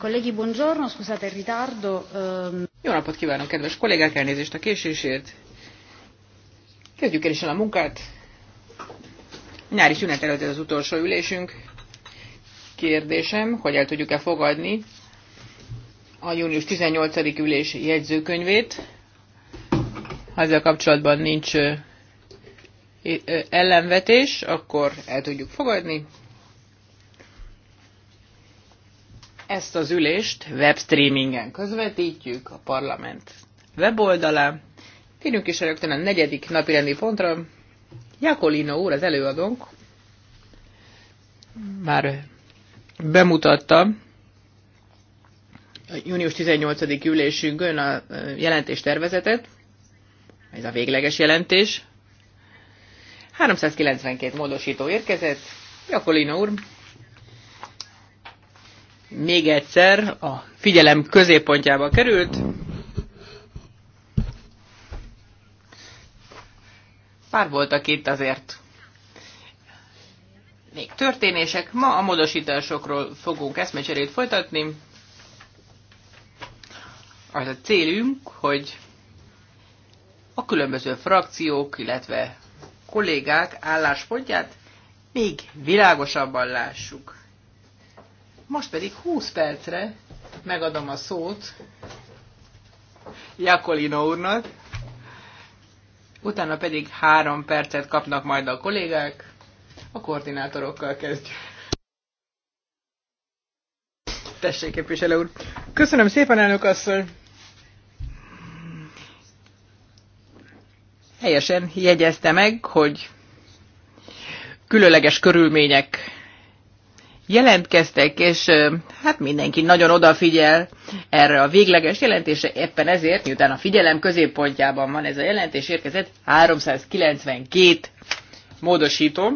Kollégi, buongiorno, scusate il ritardo. Ehm. Jó napot kívánok, kedves kollégák, elnézést a késésért. Kezdjük el is el a munkát. Nyári szünet előtt ez az utolsó ülésünk. Kérdésem, hogy el tudjuk-e fogadni a június 18. ülés jegyzőkönyvét. Ha ezzel kapcsolatban nincs ellenvetés, akkor el tudjuk fogadni. Ezt az ülést webstreamingen közvetítjük a parlament weboldalán. Térjünk is rögtön a negyedik napirendi pontra. Jakolino úr, az előadónk, már bemutatta a június 18. ülésünkön a jelentéstervezetet, ez a végleges jelentés. 392 módosító érkezett. Jakolino úr, még egyszer a figyelem középpontjába került. Pár voltak itt azért még történések. Ma a módosításokról fogunk eszmecserét folytatni. Az a célünk, hogy a különböző frakciók, illetve kollégák álláspontját még világosabban lássuk. Most pedig 20 percre megadom a szót Jakolino úrnak, utána pedig három percet kapnak majd a kollégák, a koordinátorokkal kezdjük. Tessék, képviselő úr. Köszönöm szépen, elnök asszony. Helyesen jegyezte meg, hogy különleges körülmények jelentkeztek, és hát mindenki nagyon odafigyel erre a végleges jelentése, éppen ezért, miután a figyelem középpontjában van ez a jelentés, érkezett 392 módosító,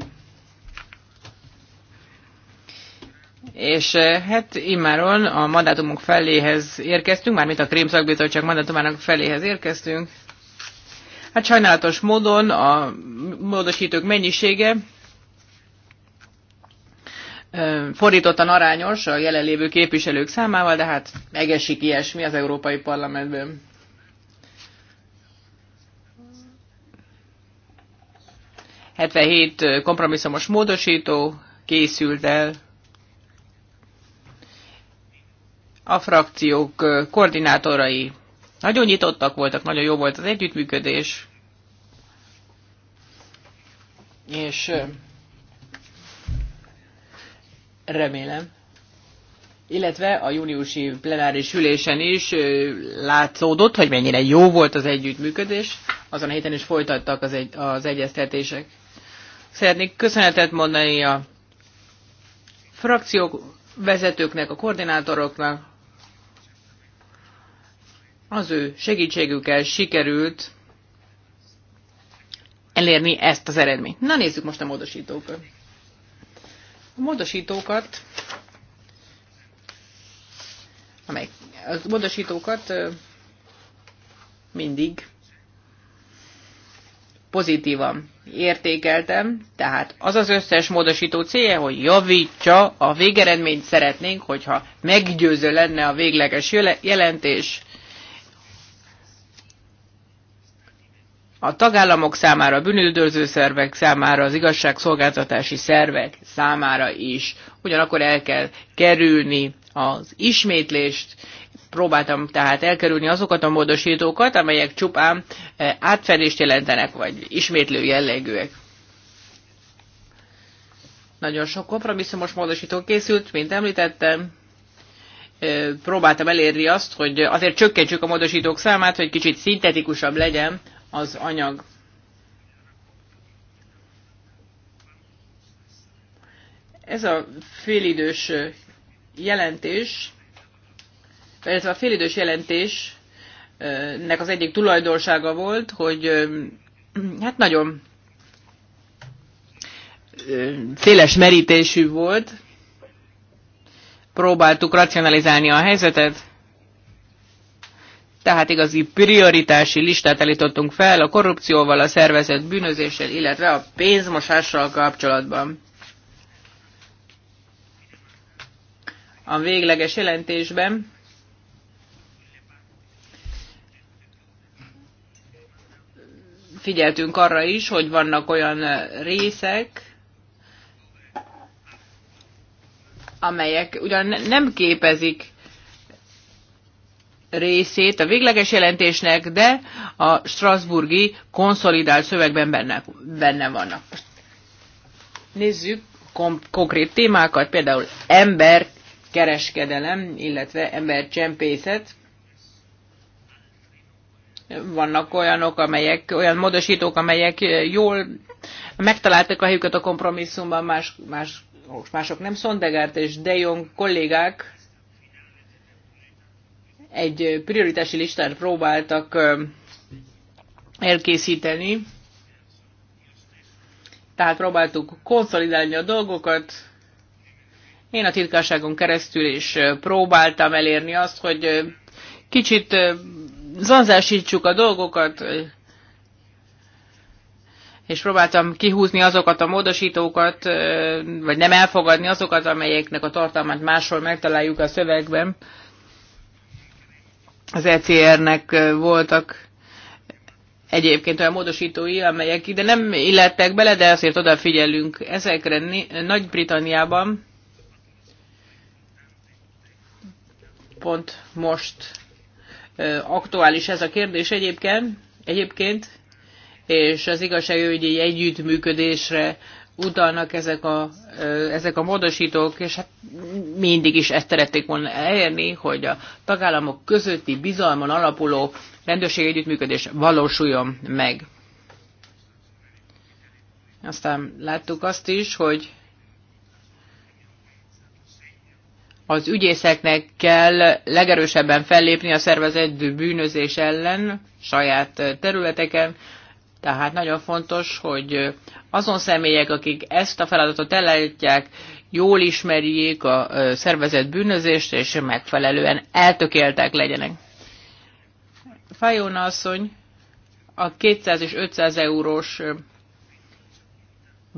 és hát immáron a mandátumunk feléhez érkeztünk, mármint a Krém szakbizottság mandátumának feléhez érkeztünk. Hát sajnálatos módon a módosítók mennyisége fordítottan arányos a jelenlévő képviselők számával, de hát megesik ilyesmi az Európai Parlamentben. hét kompromisszumos módosító készült el. A frakciók koordinátorai nagyon nyitottak voltak, nagyon jó volt az együttműködés. És remélem. Illetve a júniusi plenáris ülésen is látszódott, hogy mennyire jó volt az együttműködés. Azon a héten is folytattak az, egy, az egyeztetések. Szeretnék köszönetet mondani a frakciók vezetőknek, a koordinátoroknak. Az ő segítségükkel sikerült elérni ezt az eredményt. Na nézzük most a módosítókat. A módosítókat, amely, az módosítókat mindig pozitívan értékeltem, tehát az az összes módosító célja, hogy javítsa a végeredményt szeretnénk, hogyha meggyőző lenne a végleges jelentés, a tagállamok számára, a bűnüldöző szervek számára, az igazságszolgáltatási szervek számára is. Ugyanakkor el kell kerülni az ismétlést, próbáltam tehát elkerülni azokat a módosítókat, amelyek csupán eh, átfedést jelentenek, vagy ismétlő jellegűek. Nagyon sok kompromisszumos módosító készült, mint említettem. Eh, próbáltam elérni azt, hogy azért csökkentsük a módosítók számát, hogy kicsit szintetikusabb legyen az anyag. Ez a félidős jelentés, illetve a félidős jelentés nek az egyik tulajdonsága volt, hogy hát nagyon széles merítésű volt, próbáltuk racionalizálni a helyzetet, tehát igazi prioritási listát elítottunk fel a korrupcióval, a szervezett bűnözéssel, illetve a pénzmosással kapcsolatban. A végleges jelentésben figyeltünk arra is, hogy vannak olyan részek, amelyek ugyan nem képezik részét a végleges jelentésnek, de a Strasburgi konszolidált szövegben benne, benne vannak. nézzük kom- konkrét témákat, például emberkereskedelem, illetve embercsempészet. Vannak olyanok, amelyek, olyan módosítók, amelyek jól megtaláltak a helyüket a kompromisszumban, más, más, mások nem. Szondegárt és De Jong kollégák egy prioritási listát próbáltak elkészíteni, tehát próbáltuk konszolidálni a dolgokat. Én a titkárságon keresztül is próbáltam elérni azt, hogy kicsit zanzásítsuk a dolgokat, és próbáltam kihúzni azokat a módosítókat, vagy nem elfogadni azokat, amelyeknek a tartalmát máshol megtaláljuk a szövegben. Az ECR-nek voltak egyébként olyan módosítói, amelyek ide nem illettek bele, de azért odafigyelünk ezekre. Nagy-Britanniában pont most aktuális ez a kérdés egyébként, egyébként és az igazságügyi együttműködésre utalnak ezek a, ezek a módosítók, és hát mindig is ezt szerették volna elérni, hogy a tagállamok közötti bizalmon alapuló rendőrség együttműködés valósuljon meg. Aztán láttuk azt is, hogy az ügyészeknek kell legerősebben fellépni a szervezett bűnözés ellen saját területeken, tehát nagyon fontos, hogy azon személyek, akik ezt a feladatot ellátják, jól ismerjék a szervezet bűnözést, és megfelelően eltökéltek legyenek. Fajóna asszony a 200 és 500 eurós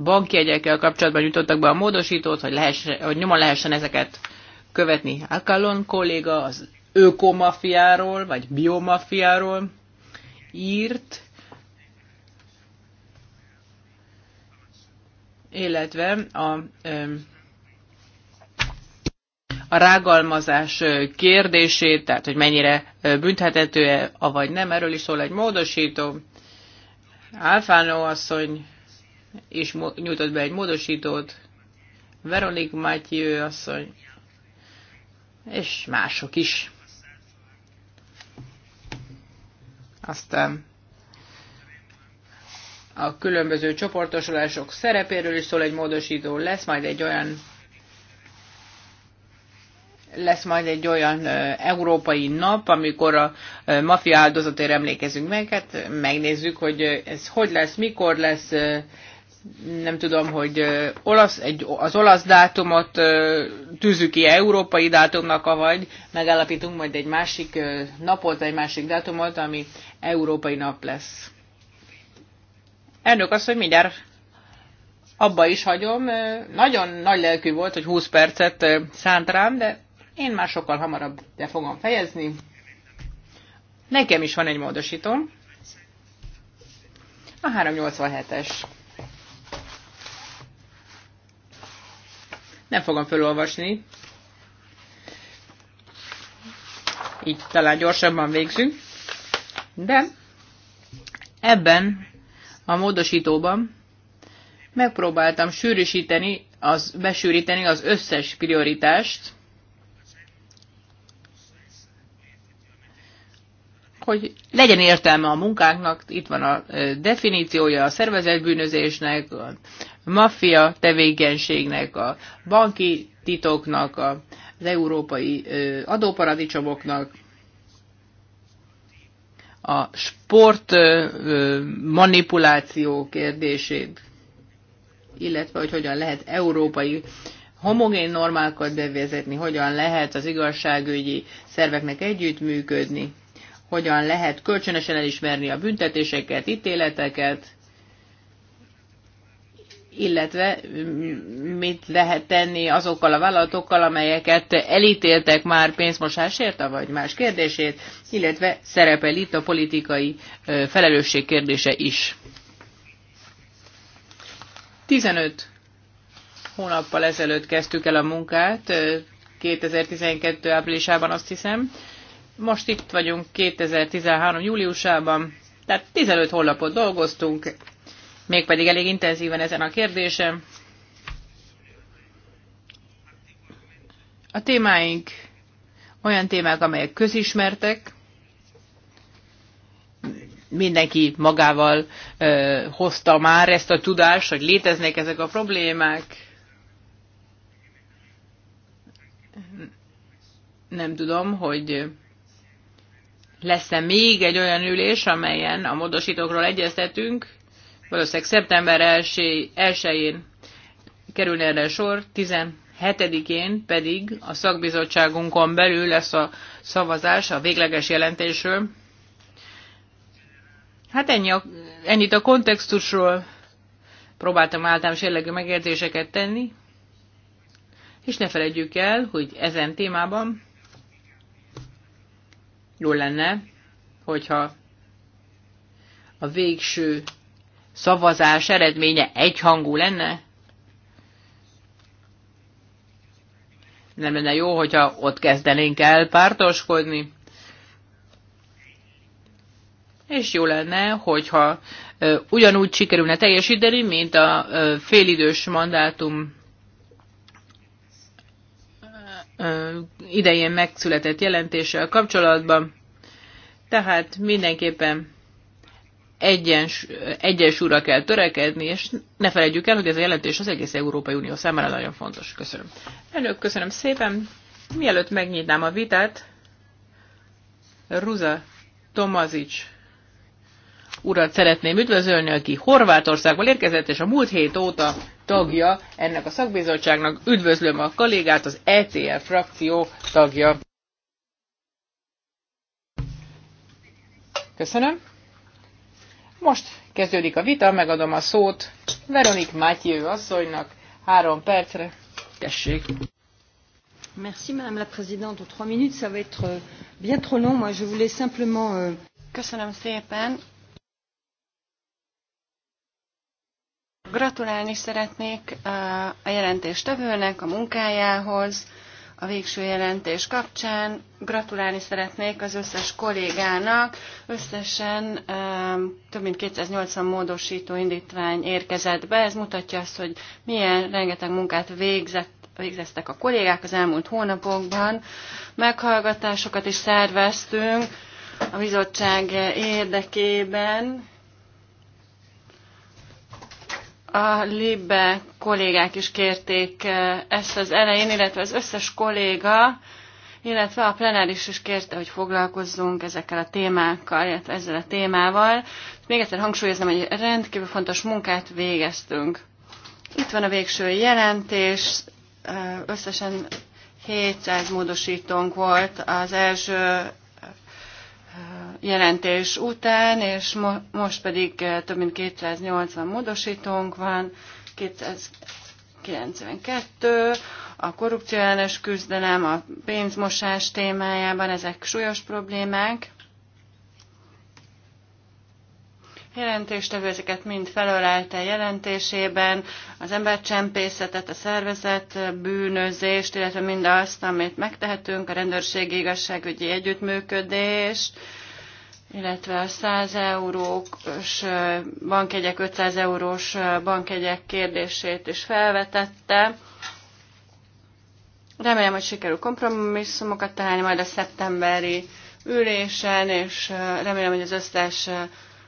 bankjegyekkel kapcsolatban jutottak be a módosítót, hogy, lehessen, hogy nyomon lehessen ezeket követni. Akalon kolléga az ökomafiáról, vagy biomafiáról írt, illetve a, a rágalmazás kérdését, tehát hogy mennyire büntethető-e, vagy nem, erről is szól egy módosító. Álfánó asszony is nyújtott be egy módosítót, Veronik Mátyő asszony, és mások is. Aztán a különböző csoportosulások szerepéről is szól egy módosító, lesz majd egy olyan lesz majd egy olyan európai nap, amikor a mafia áldozatért emlékezünk meg, hát megnézzük, hogy ez hogy lesz, mikor lesz, nem tudom, hogy olasz, egy, az olasz dátumot tűzzük ki európai dátumnak, vagy megállapítunk majd egy másik napot, egy másik dátumot, ami európai nap lesz. Elnök azt, hogy mindjárt abba is hagyom. Nagyon nagy lelkű volt, hogy 20 percet szánt rám, de én már sokkal hamarabb le fogom fejezni. Nekem is van egy módosítom. A 387-es. Nem fogom felolvasni. Így talán gyorsabban végzünk. De ebben a módosítóban megpróbáltam sűrűsíteni, az, besűríteni az összes prioritást, hogy legyen értelme a munkáknak, itt van a definíciója a szervezetbűnözésnek, a maffia tevékenységnek, a banki titoknak, az európai adóparadicsomoknak, a sport manipuláció kérdését, illetve hogy hogyan lehet európai homogén normákat bevezetni, hogyan lehet az igazságügyi szerveknek együttműködni, hogyan lehet kölcsönösen elismerni a büntetéseket, ítéleteket, illetve mm, mit lehet tenni azokkal a vállalatokkal, amelyeket elítéltek már pénzmosásért, vagy más kérdését, illetve szerepel itt a politikai felelősség kérdése is. 15 hónappal ezelőtt kezdtük el a munkát, 2012. áprilisában azt hiszem. Most itt vagyunk 2013. júliusában, tehát 15 hónapot dolgoztunk, mégpedig elég intenzíven ezen a kérdésen. A témáink olyan témák, amelyek közismertek, mindenki magával ö, hozta már ezt a tudást, hogy léteznek ezek a problémák. Nem tudom, hogy lesz-e még egy olyan ülés, amelyen a módosítókról egyeztetünk, valószínűleg szeptember 1-én kerülne erre sor, 17-én pedig a szakbizottságunkon belül lesz a szavazás a végleges jelentésről. Hát ennyi a, ennyit a kontextusról próbáltam általános jellegű megérzéseket tenni, és ne felejtjük el, hogy ezen témában jó lenne, hogyha a végső szavazás eredménye egyhangú lenne? Nem lenne jó, hogyha ott kezdenénk el pártoskodni? És jó lenne, hogyha ö, ugyanúgy sikerülne teljesíteni, mint a ö, félidős mandátum ö, idején megszületett jelentéssel kapcsolatban. Tehát mindenképpen egyens, egyensúra kell törekedni, és ne felejtjük el, hogy ez a jelentés az egész Európai Unió számára nagyon fontos. Köszönöm. Elnök, köszönöm szépen. Mielőtt megnyitnám a vitát, Ruza Tomazics urat szeretném üdvözölni, aki Horvátországból érkezett, és a múlt hét óta tagja ennek a szakbizottságnak. Üdvözlöm a kollégát, az ECR frakció tagja. Köszönöm. Most kezdődik a vita, megadom a szót Veronik Mátyő asszonynak három percre. Tessék! Merci Madame la Présidente. Trois minutes, ça va être euh, bien trop long. Moi, je voulais simplement. Euh, Köszönöm szépen. Gratulálni szeretnék euh, a jelentéstevőnek a munkájához a végső jelentés kapcsán. Gratulálni szeretnék az összes kollégának. Összesen um, több mint 280 módosító indítvány érkezett be. Ez mutatja azt, hogy milyen rengeteg munkát végzett végeztek a kollégák az elmúlt hónapokban. Meghallgatásokat is szerveztünk a bizottság érdekében, a Libe kollégák is kérték eh, ezt az elején, illetve az összes kolléga, illetve a plenáris is kérte, hogy foglalkozzunk ezekkel a témákkal, illetve ezzel a témával. Még egyszer hangsúlyozom, hogy rendkívül fontos munkát végeztünk. Itt van a végső jelentés, eh, összesen 700 módosítónk volt az első jelentés után, és mo- most pedig eh, több mint 280 módosítónk van, 292, a korrupció ellenes küzdelem, a pénzmosás témájában, ezek súlyos problémák. Jelentéstevő ezeket mind felölelte jelentésében, az embercsempészetet, a szervezet bűnözést, illetve mindazt, amit megtehetünk, a rendőrségi igazságügyi együttműködést, illetve a 100 eurós bankjegyek, 500 eurós bankjegyek kérdését is felvetette. Remélem, hogy sikerül kompromisszumokat találni majd a szeptemberi ülésen, és remélem, hogy az összes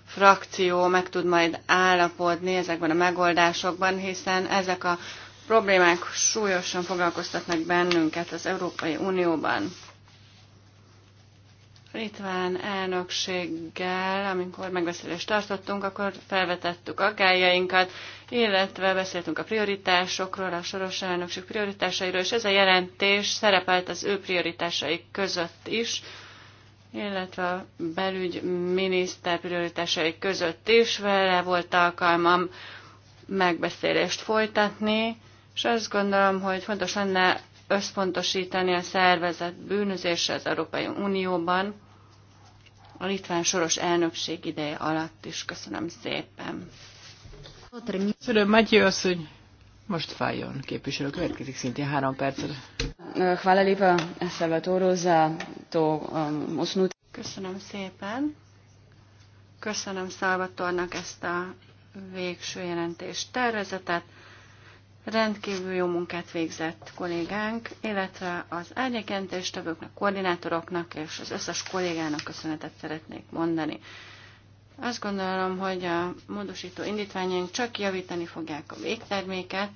frakció meg tud majd állapodni ezekben a megoldásokban, hiszen ezek a problémák súlyosan foglalkoztatnak bennünket az Európai Unióban litván elnökséggel, amikor megbeszélést tartottunk, akkor felvetettük aggájainkat, illetve beszéltünk a prioritásokról, a soros elnökség prioritásairól, és ez a jelentés szerepelt az ő prioritásaik között is, illetve a belügyminiszter prioritásai között is. Vele volt alkalmam megbeszélést folytatni, és azt gondolom, hogy fontos lenne összpontosítani a szervezet bűnözése az Európai Unióban a litván soros elnökség ideje alatt is. Köszönöm szépen. Köszönöm, Matyi asszony. Most fájjon képviselő, következik szintén három percre. Hvala lépa, Salvatore, za to um, osnut. Köszönöm szépen. Köszönöm Szalvatornak ezt a végső jelentést tervezetet rendkívül jó munkát végzett kollégánk, illetve az árnyékentéstevőknek, koordinátoroknak és az összes kollégának köszönetet szeretnék mondani. Azt gondolom, hogy a módosító indítványaink csak javítani fogják a végterméket,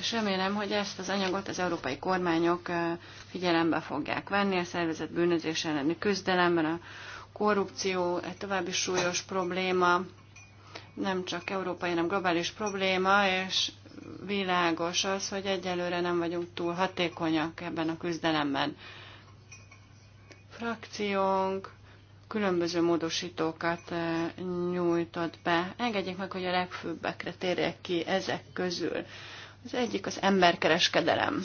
és remélem, hogy ezt az anyagot az európai kormányok figyelembe fogják venni a szervezet bűnözés elleni küzdelemben, a korrupció egy további súlyos probléma, nem csak európai, hanem globális probléma, és világos az, hogy egyelőre nem vagyunk túl hatékonyak ebben a küzdelemben. Frakciónk különböző módosítókat eh, nyújtott be. Engedjék meg, hogy a legfőbbekre térjek ki ezek közül. Az egyik az emberkereskedelem.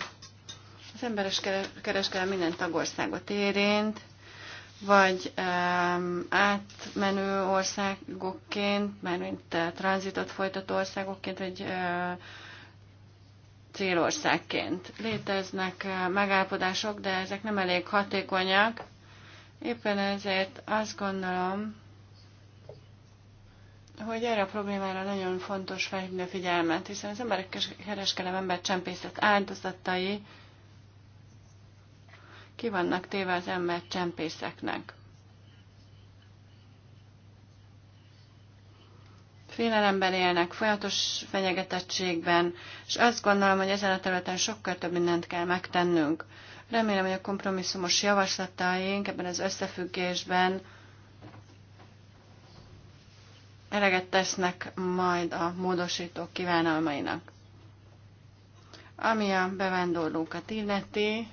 Az emberes kereskedelem minden tagországot érint, vagy um, átmenő országokként, mármint uh, eh, tranzitot folytató országokként, vagy uh, célországként. Léteznek uh, megállapodások, de ezek nem elég hatékonyak. Éppen ezért azt gondolom, hogy erre a problémára nagyon fontos felhívni a figyelmet, hiszen az emberek kereskedelem csempészet áldozatai, ki vannak téve az ember csempészeknek. Félelemben élnek, folyamatos fenyegetettségben, és azt gondolom, hogy ezen a területen sokkal több mindent kell megtennünk. Remélem, hogy a kompromisszumos javaslataink ebben az összefüggésben eleget tesznek majd a módosítók kívánalmainak. Ami a bevándorlókat illeti,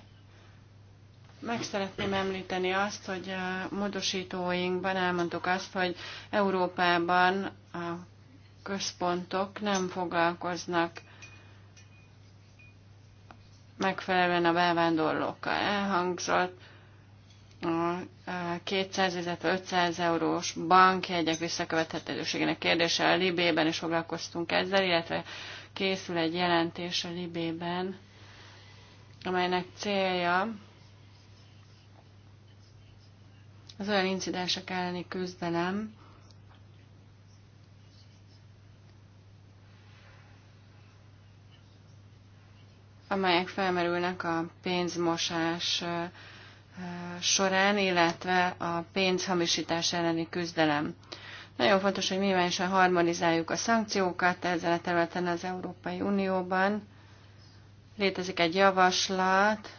meg szeretném említeni azt, hogy a módosítóinkban elmondtuk azt, hogy Európában a központok nem foglalkoznak megfelelően a bevándorlókkal. Elhangzott a 200, 500 eurós bankjegyek visszakövethetőségének kérdése a Libében is foglalkoztunk ezzel, illetve készül egy jelentés a Libében, amelynek célja az olyan incidensek elleni küzdelem, amelyek felmerülnek a pénzmosás során, illetve a pénzhamisítás elleni küzdelem. Nagyon fontos, hogy minimálisan harmonizáljuk a szankciókat ezen a területen az Európai Unióban. Létezik egy javaslat,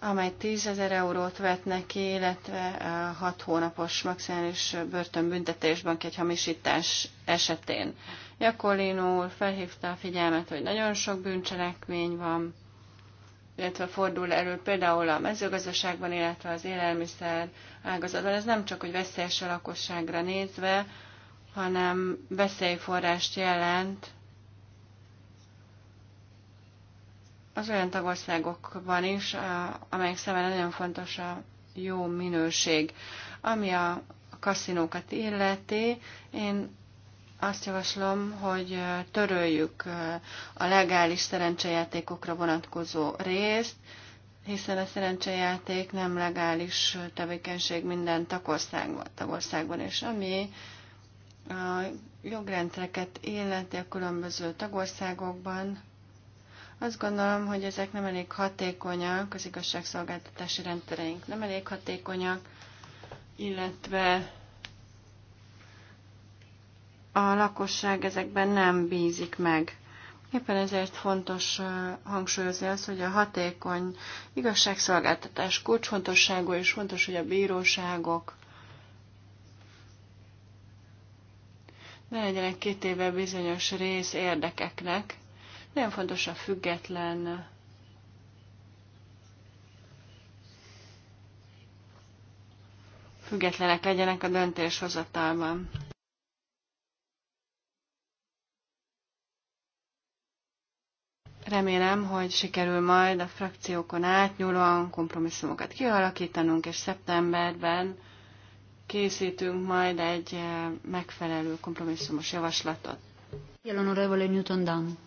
amely 10 ezer eurót vet neki, illetve 6 hónapos maximális börtönbüntetésben egy hamisítás esetén. Jakolin úr felhívta a figyelmet, hogy nagyon sok bűncselekmény van, illetve fordul elő például a mezőgazdaságban, illetve az élelmiszer ágazatban. Ez nem csak, hogy veszélyes a lakosságra nézve, hanem veszélyforrást jelent az olyan tagországokban is, amelyek szemben nagyon fontos a jó minőség. Ami a kaszinókat illeti, én azt javaslom, hogy töröljük a legális szerencsejátékokra vonatkozó részt, hiszen a szerencsejáték nem legális tevékenység minden tagországban, tagországban és ami a jogrendszereket illeti a különböző tagországokban, azt gondolom, hogy ezek nem elég hatékonyak, az igazságszolgáltatási rendszereink nem elég hatékonyak, illetve a lakosság ezekben nem bízik meg. Éppen ezért fontos hangsúlyozni azt, hogy a hatékony igazságszolgáltatás kulcsfontosságú, és fontos, hogy a bíróságok ne legyenek kitéve bizonyos rész érdekeknek, nagyon fontos a független függetlenek legyenek a döntéshozatalban. Remélem, hogy sikerül majd a frakciókon átnyúlóan kompromisszumokat kialakítanunk, és szeptemberben készítünk majd egy eh, megfelelő kompromisszumos javaslatot. Jelen Newton Dan.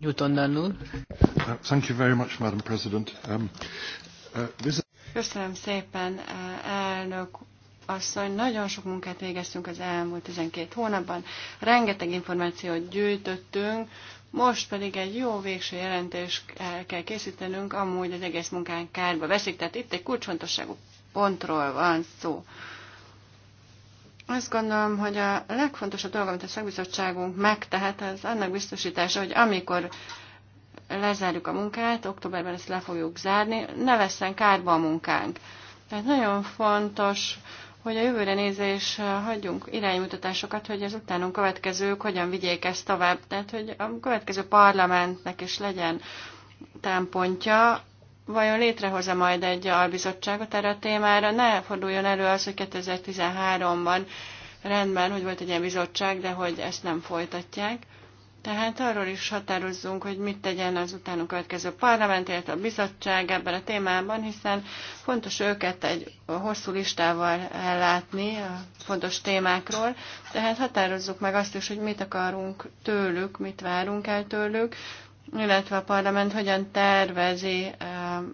Um, uh, Köszönöm szépen, uh, elnök asszony, nagyon sok munkát végeztünk az elmúlt 12 hónapban, rengeteg információt gyűjtöttünk, most pedig egy jó végső jelentést kell készítenünk, amúgy az egész munkánk kárba veszik, tehát itt egy kulcsfontosságú pontról van szó. Azt gondolom, hogy a legfontosabb dolog, amit a szakbizottságunk megtehet, az annak biztosítása, hogy amikor lezárjuk a munkát, októberben ezt le fogjuk zárni, ne vesszen kárba a munkánk. Tehát nagyon fontos, hogy a jövőre nézés eh, hagyjunk iránymutatásokat, hogy az utánunk következők hogyan vigyék ezt tovább. Tehát, hogy a következő parlamentnek is legyen támpontja vajon létrehozza majd egy albizottságot erre a témára? Ne forduljon elő az, hogy 2013-ban rendben, hogy volt egy ilyen bizottság, de hogy ezt nem folytatják. Tehát arról is határozzunk, hogy mit tegyen az utána következő parlament, illetve a bizottság ebben a témában, hiszen fontos őket egy hosszú listával ellátni a fontos témákról. Tehát határozzuk meg azt is, hogy mit akarunk tőlük, mit várunk el tőlük, illetve a parlament hogyan tervezi eh,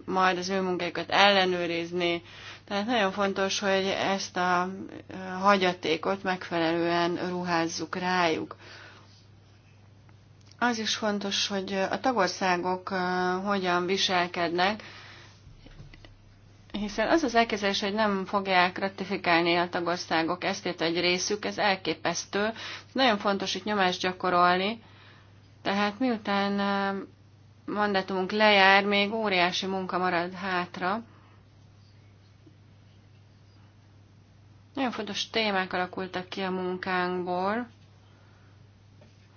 majd az ő munkáikat ellenőrizni. Tehát nagyon fontos, hogy ezt a eh, hagyatékot megfelelően ruházzuk rájuk. Az is fontos, hogy a tagországok eh, hogyan viselkednek, hiszen az az elképzelés, hogy nem fogják ratifikálni a tagországok ezt egy részük, ez elképesztő. Nagyon fontos itt nyomást gyakorolni, tehát miután mandátumunk lejár, még óriási munka marad hátra. Nagyon fontos témák alakultak ki a munkánkból,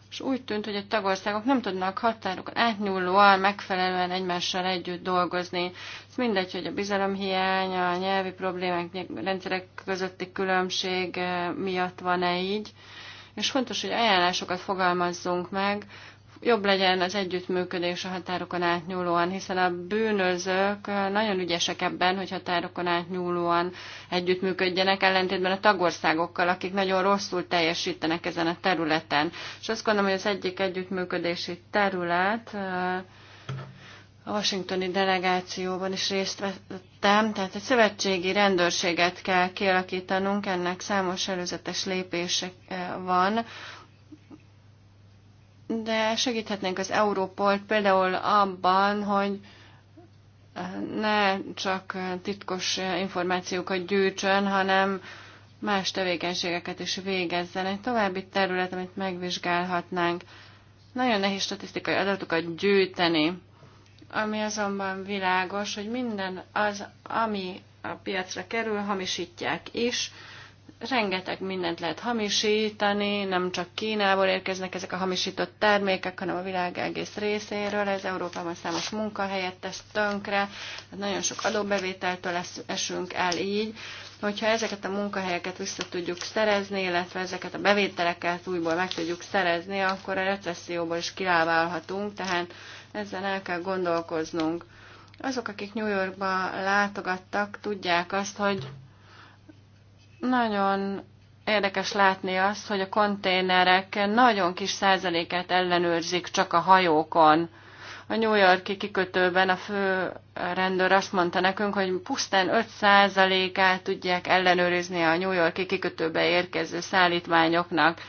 és úgy tűnt, hogy a tagországok nem tudnak határokon átnyúlóan, megfelelően egymással együtt dolgozni. Ez mindegy, hogy a bizalomhiány, a nyelvi problémák, rendszerek közötti különbség miatt van-e így. És fontos, hogy ajánlásokat fogalmazzunk meg, jobb legyen az együttműködés a határokon átnyúlóan, hiszen a bűnözők nagyon ügyesek ebben, hogy határokon átnyúlóan együttműködjenek, ellentétben a tagországokkal, akik nagyon rosszul teljesítenek ezen a területen. És azt gondolom, hogy az egyik együttműködési terület a washingtoni delegációban is részt vettem, tehát egy szövetségi rendőrséget kell kialakítanunk, ennek számos előzetes lépése van, de segíthetnénk az Európolt például abban, hogy ne csak titkos információkat gyűjtsön, hanem más tevékenységeket is végezzen. Egy további terület, amit megvizsgálhatnánk. Nagyon nehéz statisztikai adatokat gyűjteni, ami azonban világos, hogy minden az, ami a piacra kerül, hamisítják is, rengeteg mindent lehet hamisítani, nem csak Kínából érkeznek ezek a hamisított termékek, hanem a világ egész részéről. Ez Európában számos munkahelyet tesz tönkre, hát nagyon sok adóbevételtől esünk el így. Hogyha ezeket a munkahelyeket vissza tudjuk szerezni, illetve ezeket a bevételeket újból meg tudjuk szerezni, akkor a recesszióból is kilábálhatunk, tehát ezen el kell gondolkoznunk. Azok, akik New Yorkba látogattak, tudják azt, hogy nagyon érdekes látni azt, hogy a konténerek nagyon kis százaléket ellenőrzik csak a hajókon. A New Yorki kikötőben a fő rendőr azt mondta nekünk, hogy pusztán 5 százalékát tudják ellenőrizni a New Yorki kikötőbe érkező szállítmányoknak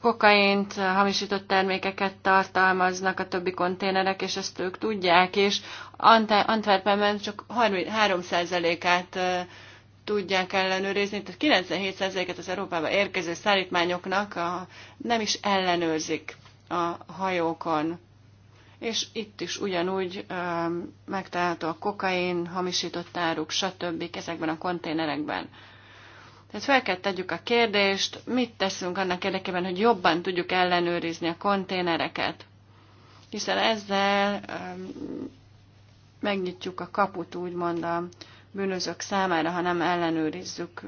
kokaint, hamisított termékeket tartalmaznak a többi konténerek, és ezt ők tudják, és Antwerpenben csak 3%-át tudják ellenőrizni, tehát 97%-et az Európába érkező szállítmányoknak a, nem is ellenőrzik a hajókon. És itt is ugyanúgy ö, megtalálható a kokain, hamisított áruk, stb. ezekben a konténerekben. Tehát fel kell tegyük a kérdést, mit teszünk annak érdekében, hogy jobban tudjuk ellenőrizni a konténereket. Hiszen ezzel megnyitjuk a kaput, úgymond a bűnözők számára, ha nem ellenőrizzük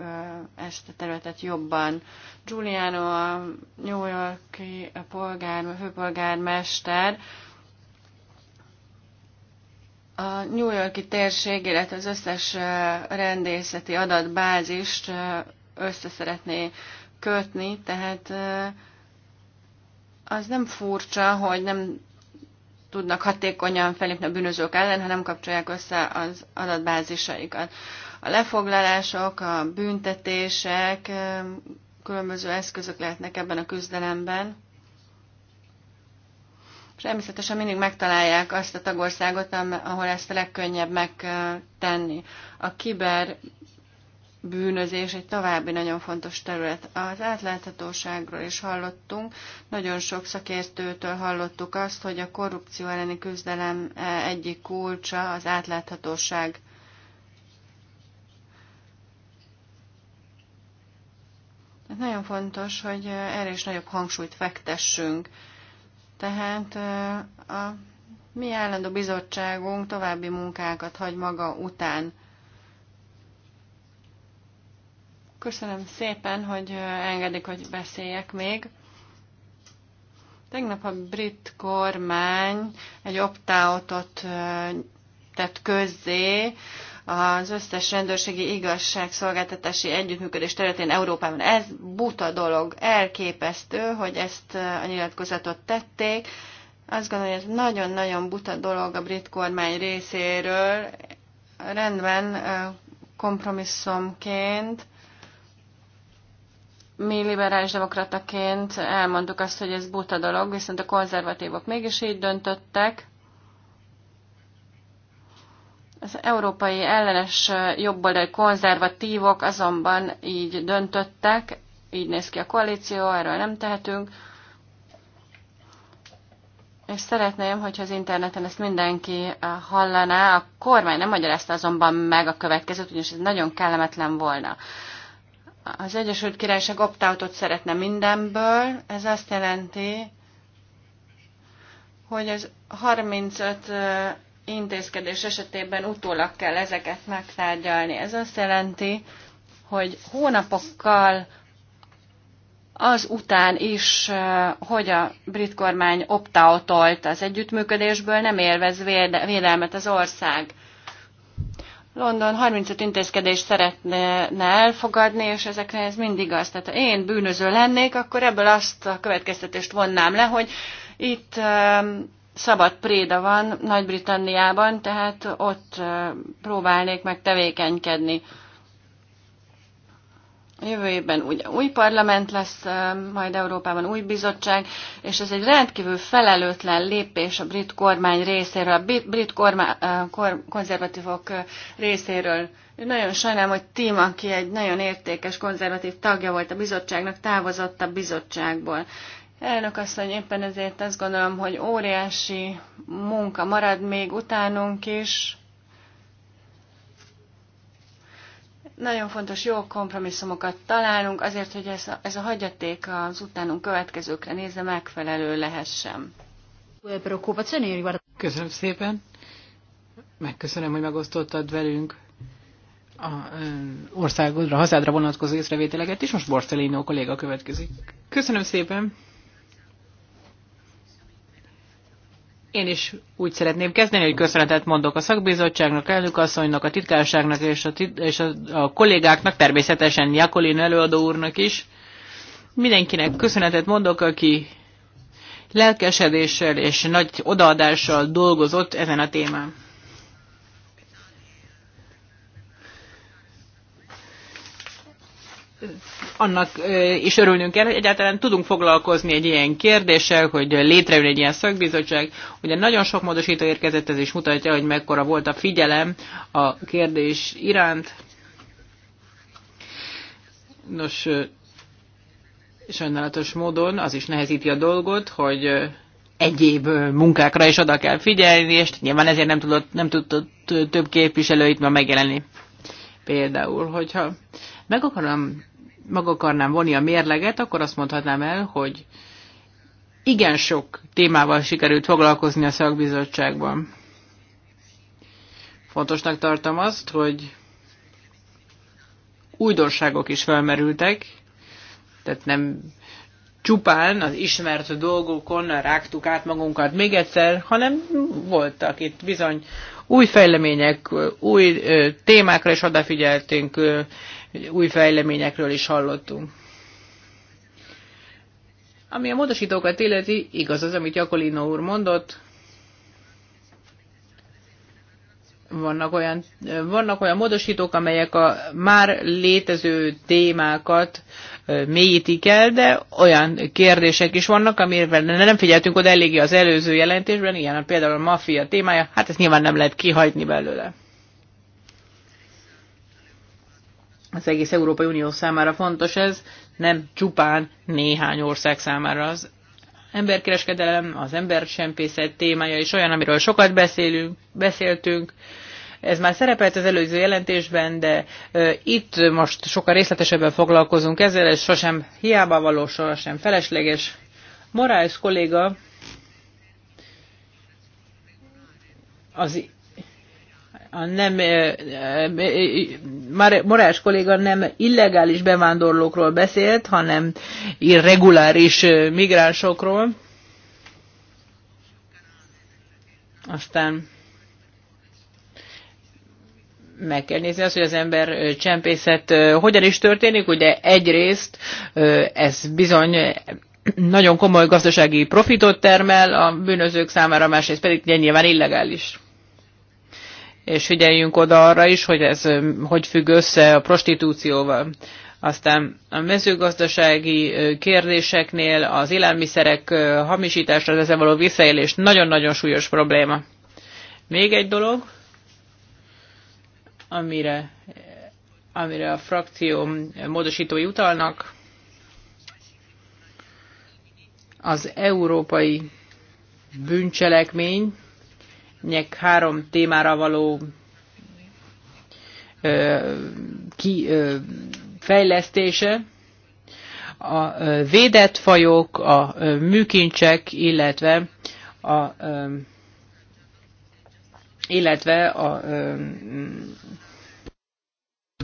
ezt a területet jobban. Giuliano, a New Yorki polgár, a főpolgármester a New Yorki térség, illetve az összes rendészeti adatbázist össze szeretné kötni, tehát az nem furcsa, hogy nem tudnak hatékonyan felépni a bűnözők ellen, ha nem kapcsolják össze az adatbázisaikat. A lefoglalások, a büntetések, különböző eszközök lehetnek ebben a küzdelemben. Természetesen mindig megtalálják azt a tagországot, ahol ezt a legkönnyebb megtenni. A kiber bűnözés egy további nagyon fontos terület. Az átláthatóságról is hallottunk, nagyon sok szakértőtől hallottuk azt, hogy a korrupció elleni küzdelem e, egyik kulcsa az átláthatóság. Nagyon fontos, hogy erre is nagyobb hangsúlyt fektessünk. Tehát a mi állandó bizottságunk további munkákat hagy maga után. Köszönöm szépen, hogy engedik, hogy beszéljek még. Tegnap a brit kormány egy opt tett közzé az összes rendőrségi igazságszolgáltatási együttműködés területén Európában. Ez buta dolog, elképesztő, hogy ezt a nyilatkozatot tették. Azt gondolom, hogy ez nagyon-nagyon buta dolog a brit kormány részéről. Rendben, kompromisszumként, mi liberális demokrataként elmondtuk azt, hogy ez buta dolog, viszont a konzervatívok mégis így döntöttek, az európai ellenes jobboldali konzervatívok azonban így döntöttek, így néz ki a koalíció, erről nem tehetünk. És szeretném, hogyha az interneten ezt mindenki hallaná, a kormány nem magyarázta azonban meg a következőt, ugyanis ez nagyon kellemetlen volna. Az Egyesült Királyság opt-outot szeretne mindenből, ez azt jelenti, hogy az 35 intézkedés esetében utólag kell ezeket megtárgyalni. Ez azt jelenti, hogy hónapokkal az után is, hogy a brit kormány optautolt az együttműködésből, nem élvez védelmet az ország. London 35 intézkedést szeretne elfogadni, és ezekre ez mindig az. Tehát ha én bűnöző lennék, akkor ebből azt a következtetést vonnám le, hogy itt um, szabad préda van Nagy-Britanniában, tehát ott próbálnék meg tevékenykedni. Jövő évben ugye új parlament lesz, majd Európában új bizottság, és ez egy rendkívül felelőtlen lépés a brit kormány részéről, a brit kormány, konzervatívok részéről. Nagyon sajnálom, hogy Tim, aki egy nagyon értékes konzervatív tagja volt a bizottságnak, távozott a bizottságból. Elnök asszony, éppen ezért azt gondolom, hogy óriási munka marad még utánunk is. Nagyon fontos jó kompromisszumokat találunk, azért, hogy ez a, ez a hagyaték az utánunk következőkre nézve megfelelő lehessen. Köszönöm szépen. Megköszönöm, hogy megosztottad velünk a országodra, hazádra vonatkozó észrevételeket, és most Borcelino kolléga következik. Köszönöm szépen! Én is úgy szeretném kezdeni, hogy köszönetet mondok a szakbizottságnak, elnökasszonynak, a titkárságnak és a, tit- és a, a kollégáknak, természetesen Jakolin előadó úrnak is. Mindenkinek köszönetet mondok, aki lelkesedéssel és nagy odaadással dolgozott ezen a témán annak is örülnünk kell, hogy egyáltalán tudunk foglalkozni egy ilyen kérdéssel, hogy létrejön egy ilyen szakbizottság. Ugye nagyon sok módosító érkezett, ez is mutatja, hogy mekkora volt a figyelem a kérdés iránt. Nos, sajnálatos módon az is nehezíti a dolgot, hogy egyéb munkákra is oda kell figyelni, és nyilván ezért nem tudott, nem tudott több képviselőit ma megjelenni. Például, hogyha meg akarom meg akarnám vonni a mérleget, akkor azt mondhatnám el, hogy igen sok témával sikerült foglalkozni a szakbizottságban. Fontosnak tartom azt, hogy újdonságok is felmerültek, tehát nem csupán az ismert dolgokon rágtuk át magunkat még egyszer, hanem voltak itt bizony új fejlemények, új témákra is odafigyeltünk, új fejleményekről is hallottunk. Ami a módosítókat illeti, igaz az, amit Jakolino úr mondott, vannak olyan, vannak olyan módosítók, amelyek a már létező témákat mélyítik el, de olyan kérdések is vannak, amivel nem figyeltünk oda eléggé az előző jelentésben, ilyen például a maffia témája, hát ezt nyilván nem lehet kihagyni belőle. az egész Európai Unió számára fontos ez, nem csupán néhány ország számára. Az emberkereskedelem, az embercsempészet témája is olyan, amiről sokat beszélünk, beszéltünk. Ez már szerepelt az előző jelentésben, de e, itt most sokkal részletesebben foglalkozunk ezzel, ez sosem hiába való, sosem felesleges. Morales kolléga az a nem, Morás kolléga nem illegális bevándorlókról beszélt, hanem irreguláris migránsokról. Aztán meg kell nézni azt, hogy az ember csempészet hogyan is történik. Ugye egyrészt ez bizony nagyon komoly gazdasági profitot termel a bűnözők számára, másrészt pedig nyilván illegális és figyeljünk oda arra is, hogy ez hogy függ össze a prostitúcióval. Aztán a mezőgazdasági kérdéseknél az élelmiszerek hamisításra, az ezzel való visszaélés nagyon-nagyon súlyos probléma. Még egy dolog, amire, amire a frakció módosítói utalnak, az európai bűncselekmény, nek három témára való ö, ki, ö, fejlesztése, a védett fajok, a műkincsek, illetve a, ö, illetve a, ö,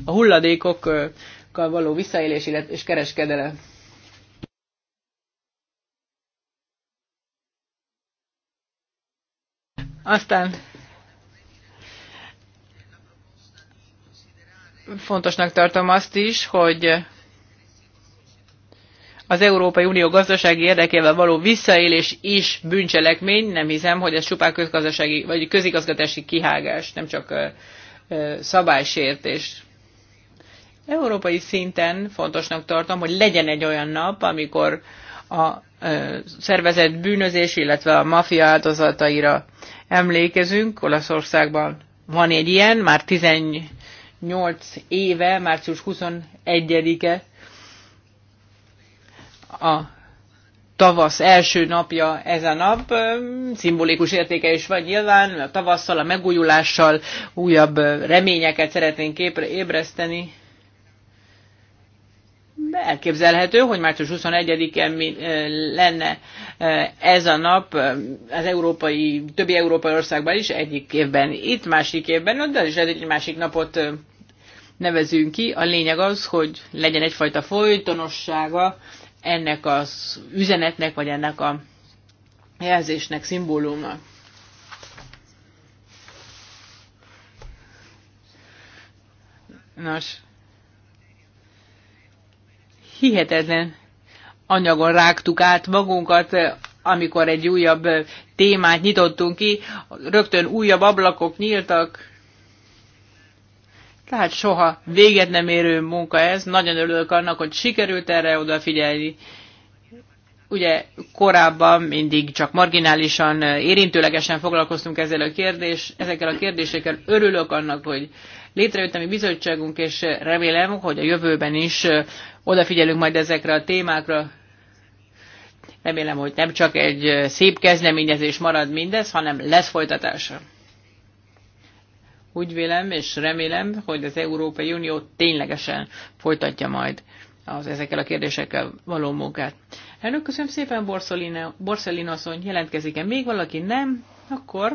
a hulladékokkal való visszaélés és kereskedelem. Aztán fontosnak tartom azt is, hogy az Európai Unió gazdasági érdekével való visszaélés is bűncselekmény. Nem hiszem, hogy ez csupán közgazdasági vagy közigazgatási kihágás, nem csak szabálysértés. Európai szinten fontosnak tartom, hogy legyen egy olyan nap, amikor a szervezett bűnözés, illetve a mafia áldozataira emlékezünk, Olaszországban van egy ilyen, már 18 éve, március 21-e a tavasz első napja ez a nap, szimbolikus értéke is van nyilván, a tavasszal, a megújulással újabb reményeket szeretnénk ébreszteni, elképzelhető, hogy március 21-en lenne ez a nap az európai, többi európai országban is, egyik évben itt, másik évben, de is egy másik napot nevezünk ki. A lényeg az, hogy legyen egyfajta folytonossága ennek az üzenetnek, vagy ennek a jelzésnek, szimbóluma. Nos, hihetetlen anyagon rágtuk át magunkat, amikor egy újabb témát nyitottunk ki, rögtön újabb ablakok nyíltak, tehát soha véget nem érő munka ez, nagyon örülök annak, hogy sikerült erre odafigyelni. Ugye korábban mindig csak marginálisan, érintőlegesen foglalkoztunk ezzel a kérdés, ezekkel a kérdésekkel. Örülök annak, hogy létrejött a mi bizottságunk, és remélem, hogy a jövőben is odafigyelünk majd ezekre a témákra. Remélem, hogy nem csak egy szép kezdeményezés marad mindez, hanem lesz folytatása. Úgy vélem és remélem, hogy az Európai Unió ténylegesen folytatja majd az ezekkel a kérdésekkel való munkát. Elnök, köszönöm szépen, Borszolina, asszony, jelentkezik-e még valaki? Nem? Akkor...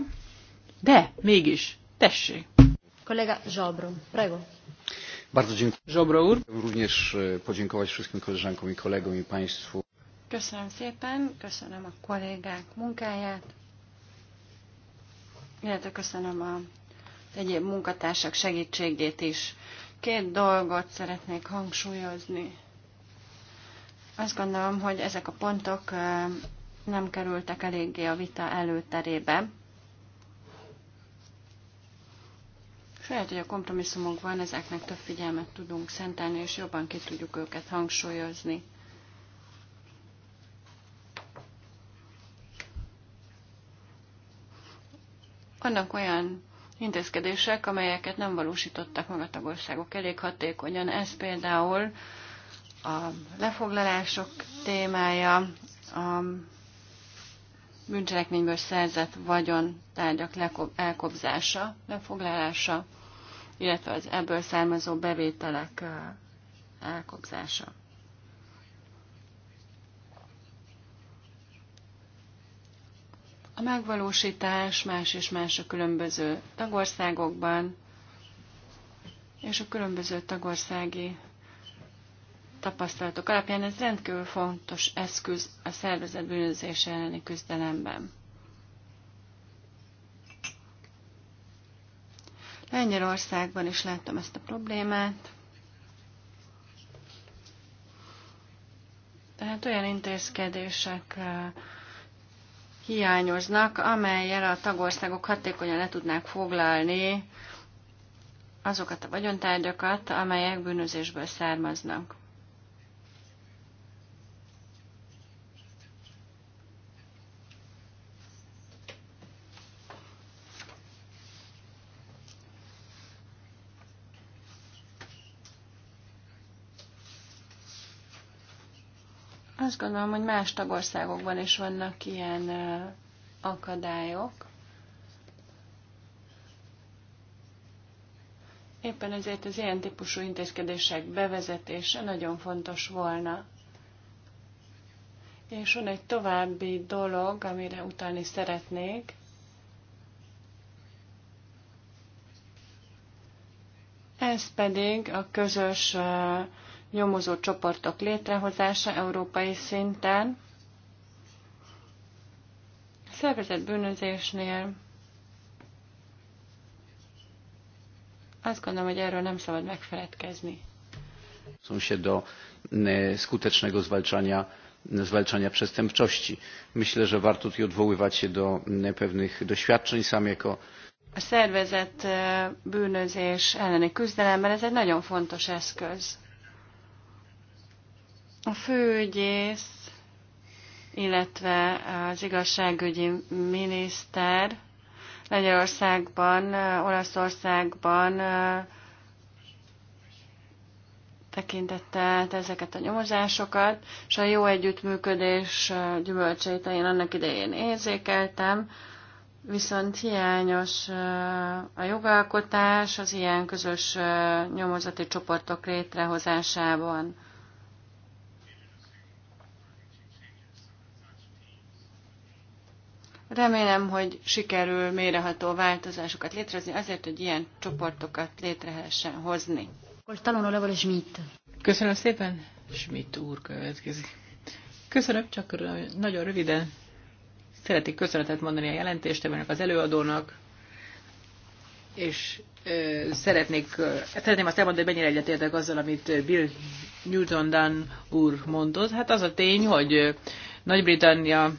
De, mégis, tessék. Kolega úr. Również e, podziękować wszystkim koleżankom i i państwu. Köszönöm szépen, köszönöm a kollégák munkáját, illetve köszönöm a egyéb munkatársak segítségét is. Két dolgot szeretnék hangsúlyozni. Azt gondolom, hogy ezek a pontok e, nem kerültek eléggé a vita előterébe. lehet, hogy a kompromisszumokban ezeknek több figyelmet tudunk szentelni, és jobban ki tudjuk őket hangsúlyozni. Vannak olyan intézkedések, amelyeket nem valósítottak meg a tagországok elég hatékonyan. Ez például a lefoglalások témája, a bűncselekményből szerzett vagyon tárgyak elkobzása, lefoglalása illetve az ebből származó bevételek elkobzása. A megvalósítás más és más a különböző tagországokban, és a különböző tagországi tapasztalatok alapján ez rendkívül fontos eszköz a szervezet bűnözés elleni küzdelemben. Lengyelországban is láttam ezt a problémát. Tehát olyan intézkedések eh, hiányoznak, amelyel a tagországok hatékonyan le tudnák foglalni azokat a vagyontárgyakat, amelyek bűnözésből származnak. azt gondolom, hogy más tagországokban is vannak ilyen akadályok. Éppen ezért az ilyen típusú intézkedések bevezetése nagyon fontos volna. És van egy további dolog, amire utalni szeretnék. Ez pedig a közös uh, nyomozó csoportok létrehozása európai szinten, szervezett bűnözésnél azt gondolom, hogy erről nem szabad megfeledkezni. Są e, skutecznego zwalczania, zwalczania przestępczości. Myślę, że warto tutaj odwoływać się do e, pewnych doświadczeń sam jako a szervezett e, bűnözés elleni küzdelemben ez egy nagyon fontos eszköz. A főügyész, illetve az igazságügyi miniszter Lengyelországban, Olaszországban tekintette át ezeket a nyomozásokat, és a jó együttműködés gyümölcseit én annak idején érzékeltem, viszont hiányos a jogalkotás az ilyen közös nyomozati csoportok létrehozásában. Remélem, hogy sikerül méreható változásokat létrehozni azért, hogy ilyen csoportokat létrehessen hozni. Köszönöm szépen, Schmidt úr következik. Köszönöm, csak nagyon röviden szeretik köszönetet mondani a jelentéstevőnek, az előadónak, és ö, szeretnék, ö, szeretném azt elmondani, hogy mennyire egyetértek azzal, amit Bill Newton Dunn úr mondott. Hát az a tény, hogy Nagy-Britannia